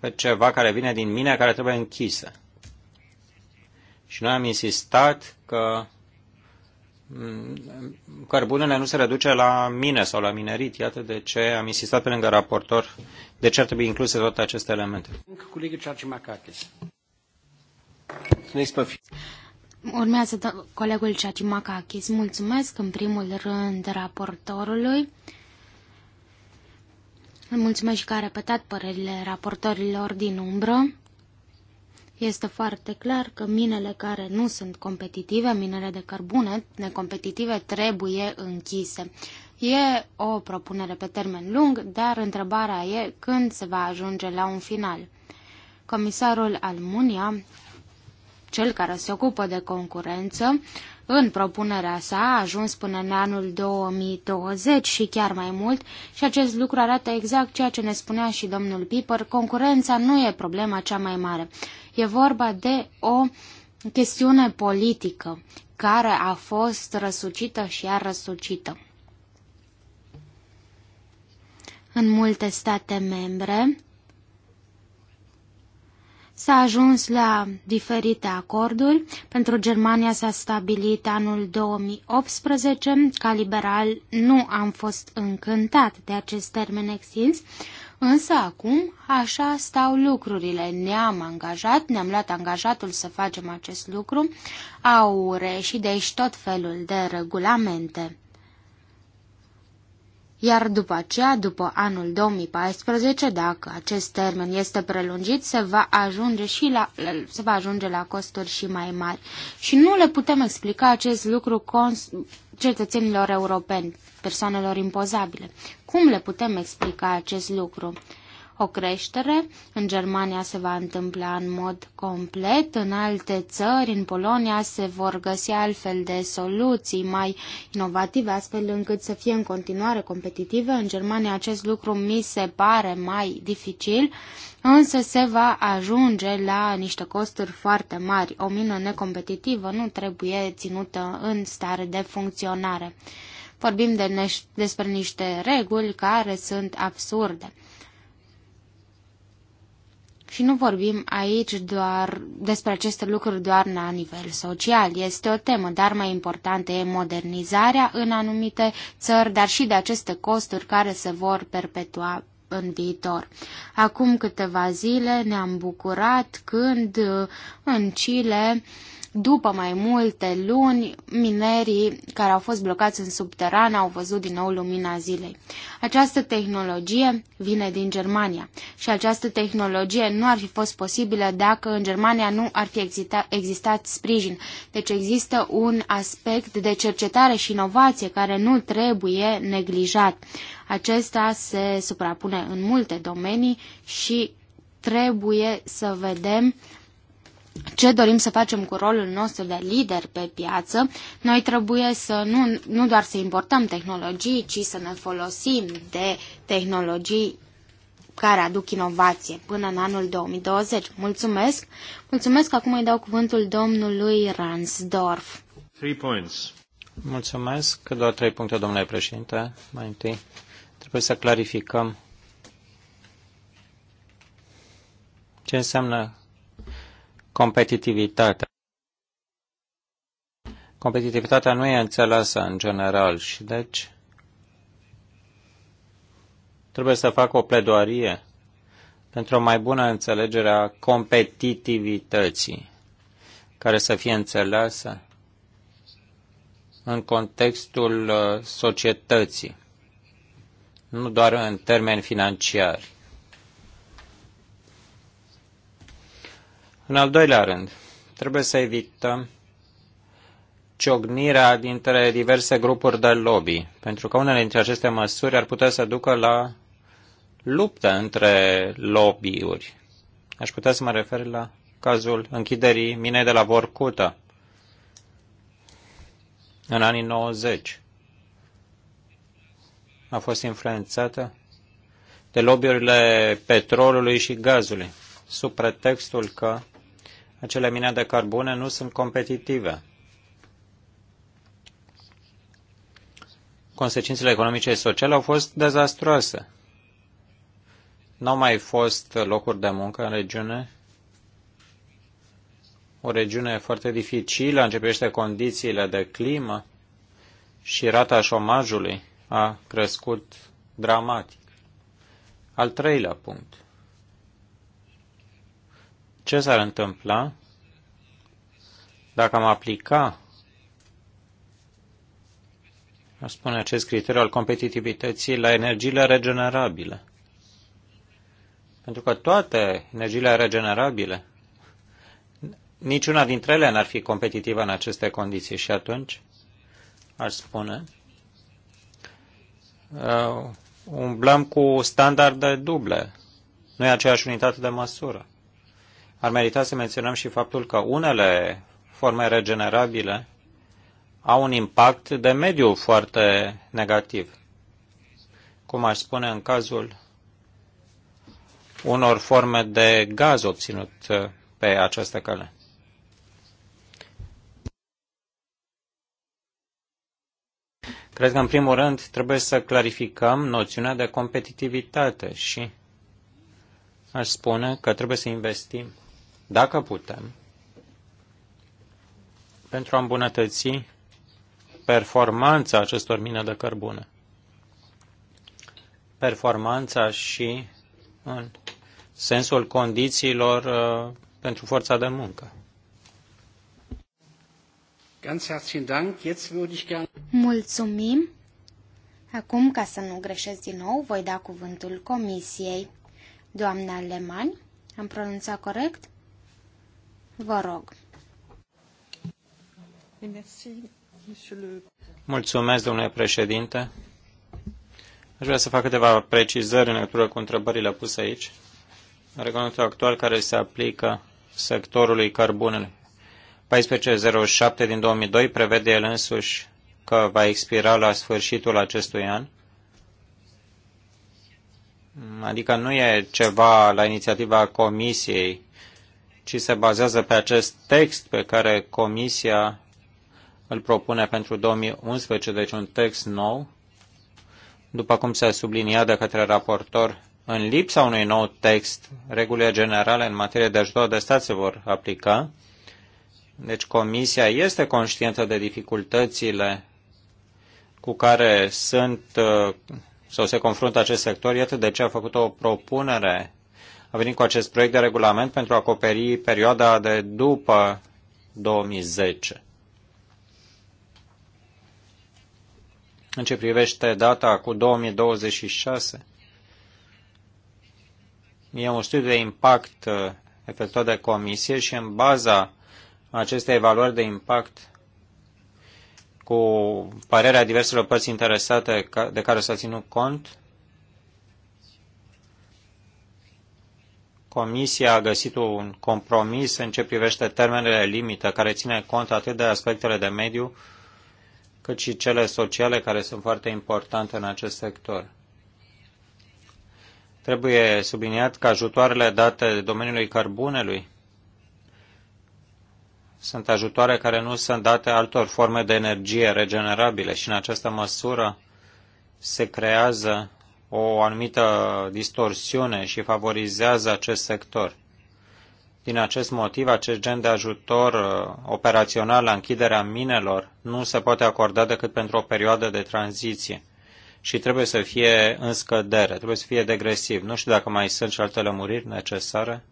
ceva care vine din mine, care trebuie închisă. Și noi am insistat că mm, cărbunele nu se reduce la mine sau la minerit. Iată de ce am insistat pe lângă raportor de ce ar trebui incluse toate aceste elemente. Urmează colegul Ciacimakakis. Mulțumesc în primul rând raportorului Mulțumesc că a repetat părerile raportorilor din umbră. Este foarte clar că minele care nu sunt competitive, minele de cărbune necompetitive, trebuie închise. E o propunere pe termen lung, dar întrebarea e când se va ajunge la un final. Comisarul Almunia, cel care se ocupă de concurență, în propunerea sa, a ajuns până în anul 2020 și chiar mai mult, și acest lucru arată exact ceea ce ne spunea și domnul Piper, concurența nu e problema cea mai mare. E vorba de o chestiune politică care a fost răsucită și a răsucită. În multe state membre, S-a ajuns la diferite acorduri. Pentru Germania s-a stabilit anul 2018. Ca liberal nu am fost încântat de acest termen extins, însă acum așa stau lucrurile. Ne-am angajat, ne-am luat angajatul să facem acest lucru. Au reșit de tot felul de regulamente iar după aceea, după anul 2014, dacă acest termen este prelungit, se va ajunge și la, se va ajunge la costuri și mai mari. Și nu le putem explica acest lucru cetățenilor europeni, persoanelor impozabile. Cum le putem explica acest lucru? o creștere. În Germania se va întâmpla în mod complet, în alte țări, în Polonia, se vor găsi altfel de soluții mai inovative, astfel încât să fie în continuare competitive. În Germania acest lucru mi se pare mai dificil, însă se va ajunge la niște costuri foarte mari. O mină necompetitivă nu trebuie ținută în stare de funcționare. Vorbim de despre niște reguli care sunt absurde. Și nu vorbim aici doar despre aceste lucruri doar la nivel social. Este o temă, dar mai importantă e modernizarea în anumite țări, dar și de aceste costuri care se vor perpetua în viitor. Acum câteva zile ne-am bucurat când uh, în Chile uh, după mai multe luni, minerii care au fost blocați în subteran au văzut din nou lumina zilei. Această tehnologie vine din Germania și această tehnologie nu ar fi fost posibilă dacă în Germania nu ar fi exista, existat sprijin. Deci există un aspect de cercetare și inovație care nu trebuie neglijat. Acesta se suprapune în multe domenii și trebuie să vedem ce dorim să facem cu rolul nostru de lider pe piață, noi trebuie să nu, nu doar să importăm tehnologii, ci să ne folosim de tehnologii care aduc inovație până în anul 2020. Mulțumesc! Mulțumesc! Acum îi dau cuvântul domnului Ransdorf. Three points. Mulțumesc! că Doar trei puncte, domnule președinte. Mai întâi, trebuie să clarificăm ce înseamnă Competitivitatea. Competitivitatea nu e înțeleasă în general și deci trebuie să fac o pledoarie pentru o mai bună înțelegere a competitivității, care să fie înțeleasă în contextul uh, societății, nu doar în termeni financiari. În al doilea rând, trebuie să evităm ciognirea dintre diverse grupuri de lobby, pentru că unele dintre aceste măsuri ar putea să ducă la luptă între lobby-uri. Aș putea să mă refer la cazul închiderii minei de la Vorcută în anii 90. A fost influențată de lobbyurile petrolului și gazului, sub pretextul că acele mine de cărbune nu sunt competitive. Consecințele economice și sociale au fost dezastroase. Nu au mai fost locuri de muncă în regiune. O regiune foarte dificilă începește condițiile de climă și rata șomajului a crescut dramatic. Al treilea punct. Ce s-ar întâmpla dacă am aplica, aș spune, acest criteriu al competitivității la energiile regenerabile? Pentru că toate energiile regenerabile, niciuna dintre ele n-ar fi competitivă în aceste condiții și atunci, aș spune, uh, umblăm cu standarde duble. Nu e aceeași unitate de măsură. Ar merita să menționăm și faptul că unele forme regenerabile au un impact de mediu foarte negativ. Cum aș spune în cazul unor forme de gaz obținut uh, pe această cale. Cred că, în primul rând, trebuie să clarificăm noțiunea de competitivitate și aș spune că trebuie să investim dacă putem, pentru a îmbunătăți performanța acestor mine de cărbune. Performanța și în sensul condițiilor uh, pentru forța de muncă. Mulțumim. Acum, ca să nu greșesc din nou, voi da cuvântul comisiei. Doamna Leman, am pronunțat corect? Vă rog. Mulțumesc, domnule președinte. Aș vrea să fac câteva precizări în legătură cu întrebările puse aici. Regulamentul actual care se aplică sectorului cărbunelui. 1407 din 2002 prevede el însuși că va expira la sfârșitul acestui an. Adică nu e ceva la inițiativa Comisiei ci se bazează pe acest text pe care Comisia îl propune pentru 2011, deci un text nou, după cum s-a subliniat de către raportor, în lipsa unui nou text, regulile generale în materie de ajutor de stat se vor aplica. Deci Comisia este conștientă de dificultățile cu care sunt uh, sau se confruntă acest sector. Iată de ce a făcut o propunere a venit cu acest proiect de regulament pentru a acoperi perioada de după 2010. În ce privește data cu 2026, e un studiu de impact uh, efectuat de comisie și în baza acestei evaluări de impact cu părerea diverselor părți interesate de care s-a ținut cont, Comisia a găsit un compromis în ce privește termenele limită, care ține cont atât de aspectele de mediu, cât și cele sociale, care sunt foarte importante în acest sector. Trebuie subliniat că ajutoarele date domeniului cărbunelui sunt ajutoare care nu sunt date altor forme de energie regenerabile și în această măsură se creează o anumită distorsiune și favorizează acest sector. Din acest motiv, acest gen de ajutor uh, operațional la închiderea minelor nu se poate acorda decât pentru o perioadă de tranziție și trebuie să fie în scădere, trebuie să fie degresiv. Nu știu dacă mai sunt și alte lămuriri necesare.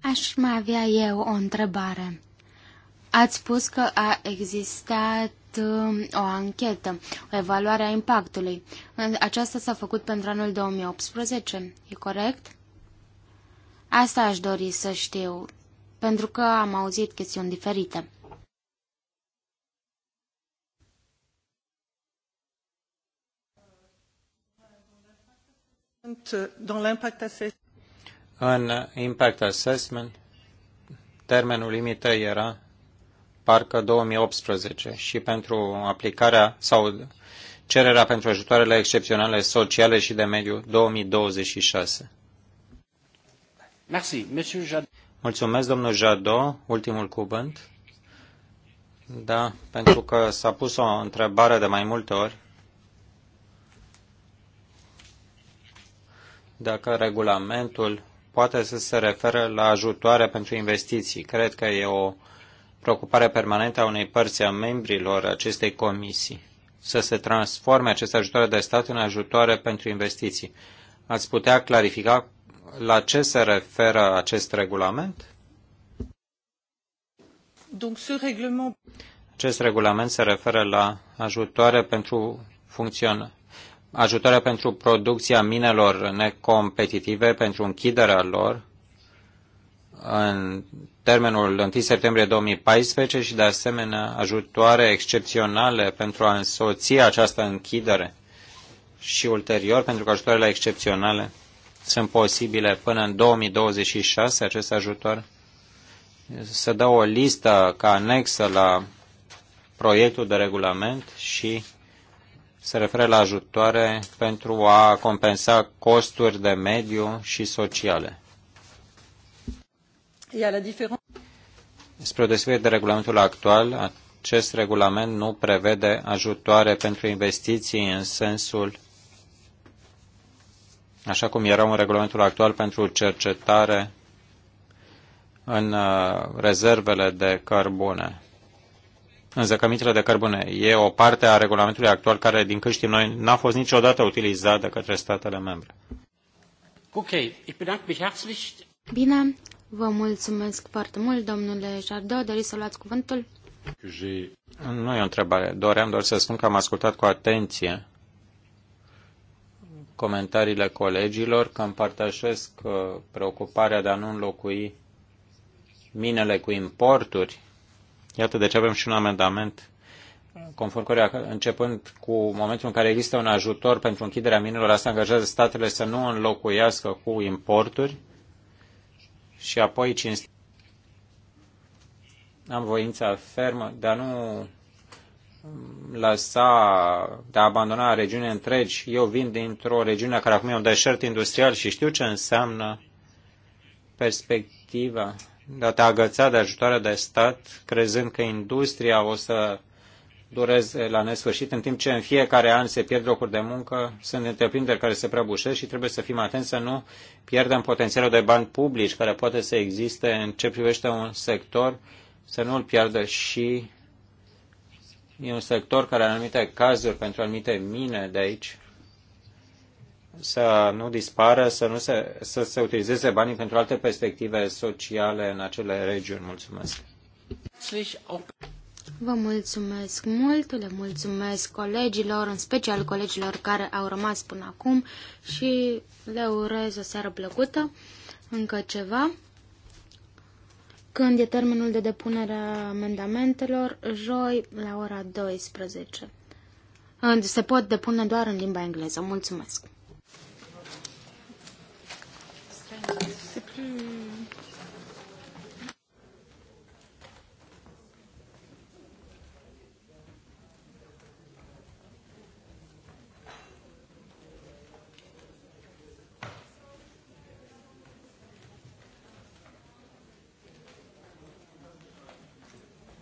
Aș mai avea eu o întrebare. Ați spus că a existat Uh, o anchetă, o evaluare a impactului. Aceasta s-a făcut pentru anul 2018, e corect? Asta aș dori să știu, pentru că am auzit chestiuni diferite. În impact assessment, termenul limită era parcă 2018 și pentru aplicarea sau cererea pentru ajutoarele excepționale sociale și de mediu 2026. Merci, Monsieur Mulțumesc, domnul Jadot. Ultimul cuvânt. Da, pentru că s-a pus o întrebare de mai multe ori. Dacă regulamentul poate să se referă la ajutoare pentru investiții. Cred că e o uh, preocuparea permanentă a unei părți a membrilor acestei comisii să se transforme acest ajutor de stat în ajutoare pentru investiții. Ați putea clarifica la ce se referă acest regulament? Acest regulament se referă la ajutoare pentru funcționare ajutoare pentru producția minelor necompetitive, pentru închiderea lor în termenul 1 septembrie 2014 și, de asemenea, ajutoare excepționale pentru a însoți această închidere și ulterior, pentru că ajutoarele excepționale sunt posibile până în 2026, acest ajutor, să dă o listă ca anexă la proiectul de regulament și se referă la ajutoare pentru a compensa costuri de mediu și sociale. Spre o deosebire de regulamentul actual, acest regulament nu prevede ajutoare pentru investiții în sensul așa cum era în regulamentul actual pentru cercetare în uh, rezervele de cărbune, în zăcămintele de cărbune. E o parte a regulamentului actual care, din cât știm noi, n-a fost niciodată utilizată de către statele membre. Ok, ich bedanke mich herzlich. Bine, Vă mulțumesc foarte mult, domnule Jardot. Doriți să luați cuvântul? Nu e o întrebare. Doream doar să spun că am ascultat cu atenție comentariile colegilor, că împărtășesc uh, preocuparea de a nu înlocui minele cu importuri. Iată de ce avem și un amendament conform care începând cu momentul în care există un ajutor pentru închiderea minelor, asta angajează statele să nu înlocuiască cu importuri și apoi cinstit. Am voința fermă de a nu lăsa, de a abandona regiune întregi. Eu vin dintr-o regiune care acum e un deșert industrial și știu ce înseamnă perspectiva de a te agăța de ajutoare de stat, crezând că industria o să dureze la nesfârșit, în timp ce în fiecare an se pierd locuri de muncă, sunt întreprinderi care se prăbușesc și trebuie să fim atenți să nu pierdem potențialul de bani publici care poate să existe în ce privește un sector, să nu îl pierdă și e un sector care în anumite cazuri, pentru anumite mine de aici, să nu dispară, să, nu se, să se utilizeze banii pentru alte perspective sociale în acele regiuni. Mulțumesc! Vă mulțumesc mult, le mulțumesc colegilor, în special colegilor care au rămas până acum și le urez o seară plăcută. Încă ceva. Când e termenul de depunere a amendamentelor? Joi la ora 12. Se pot depune doar în limba engleză. Mulțumesc! Thank you.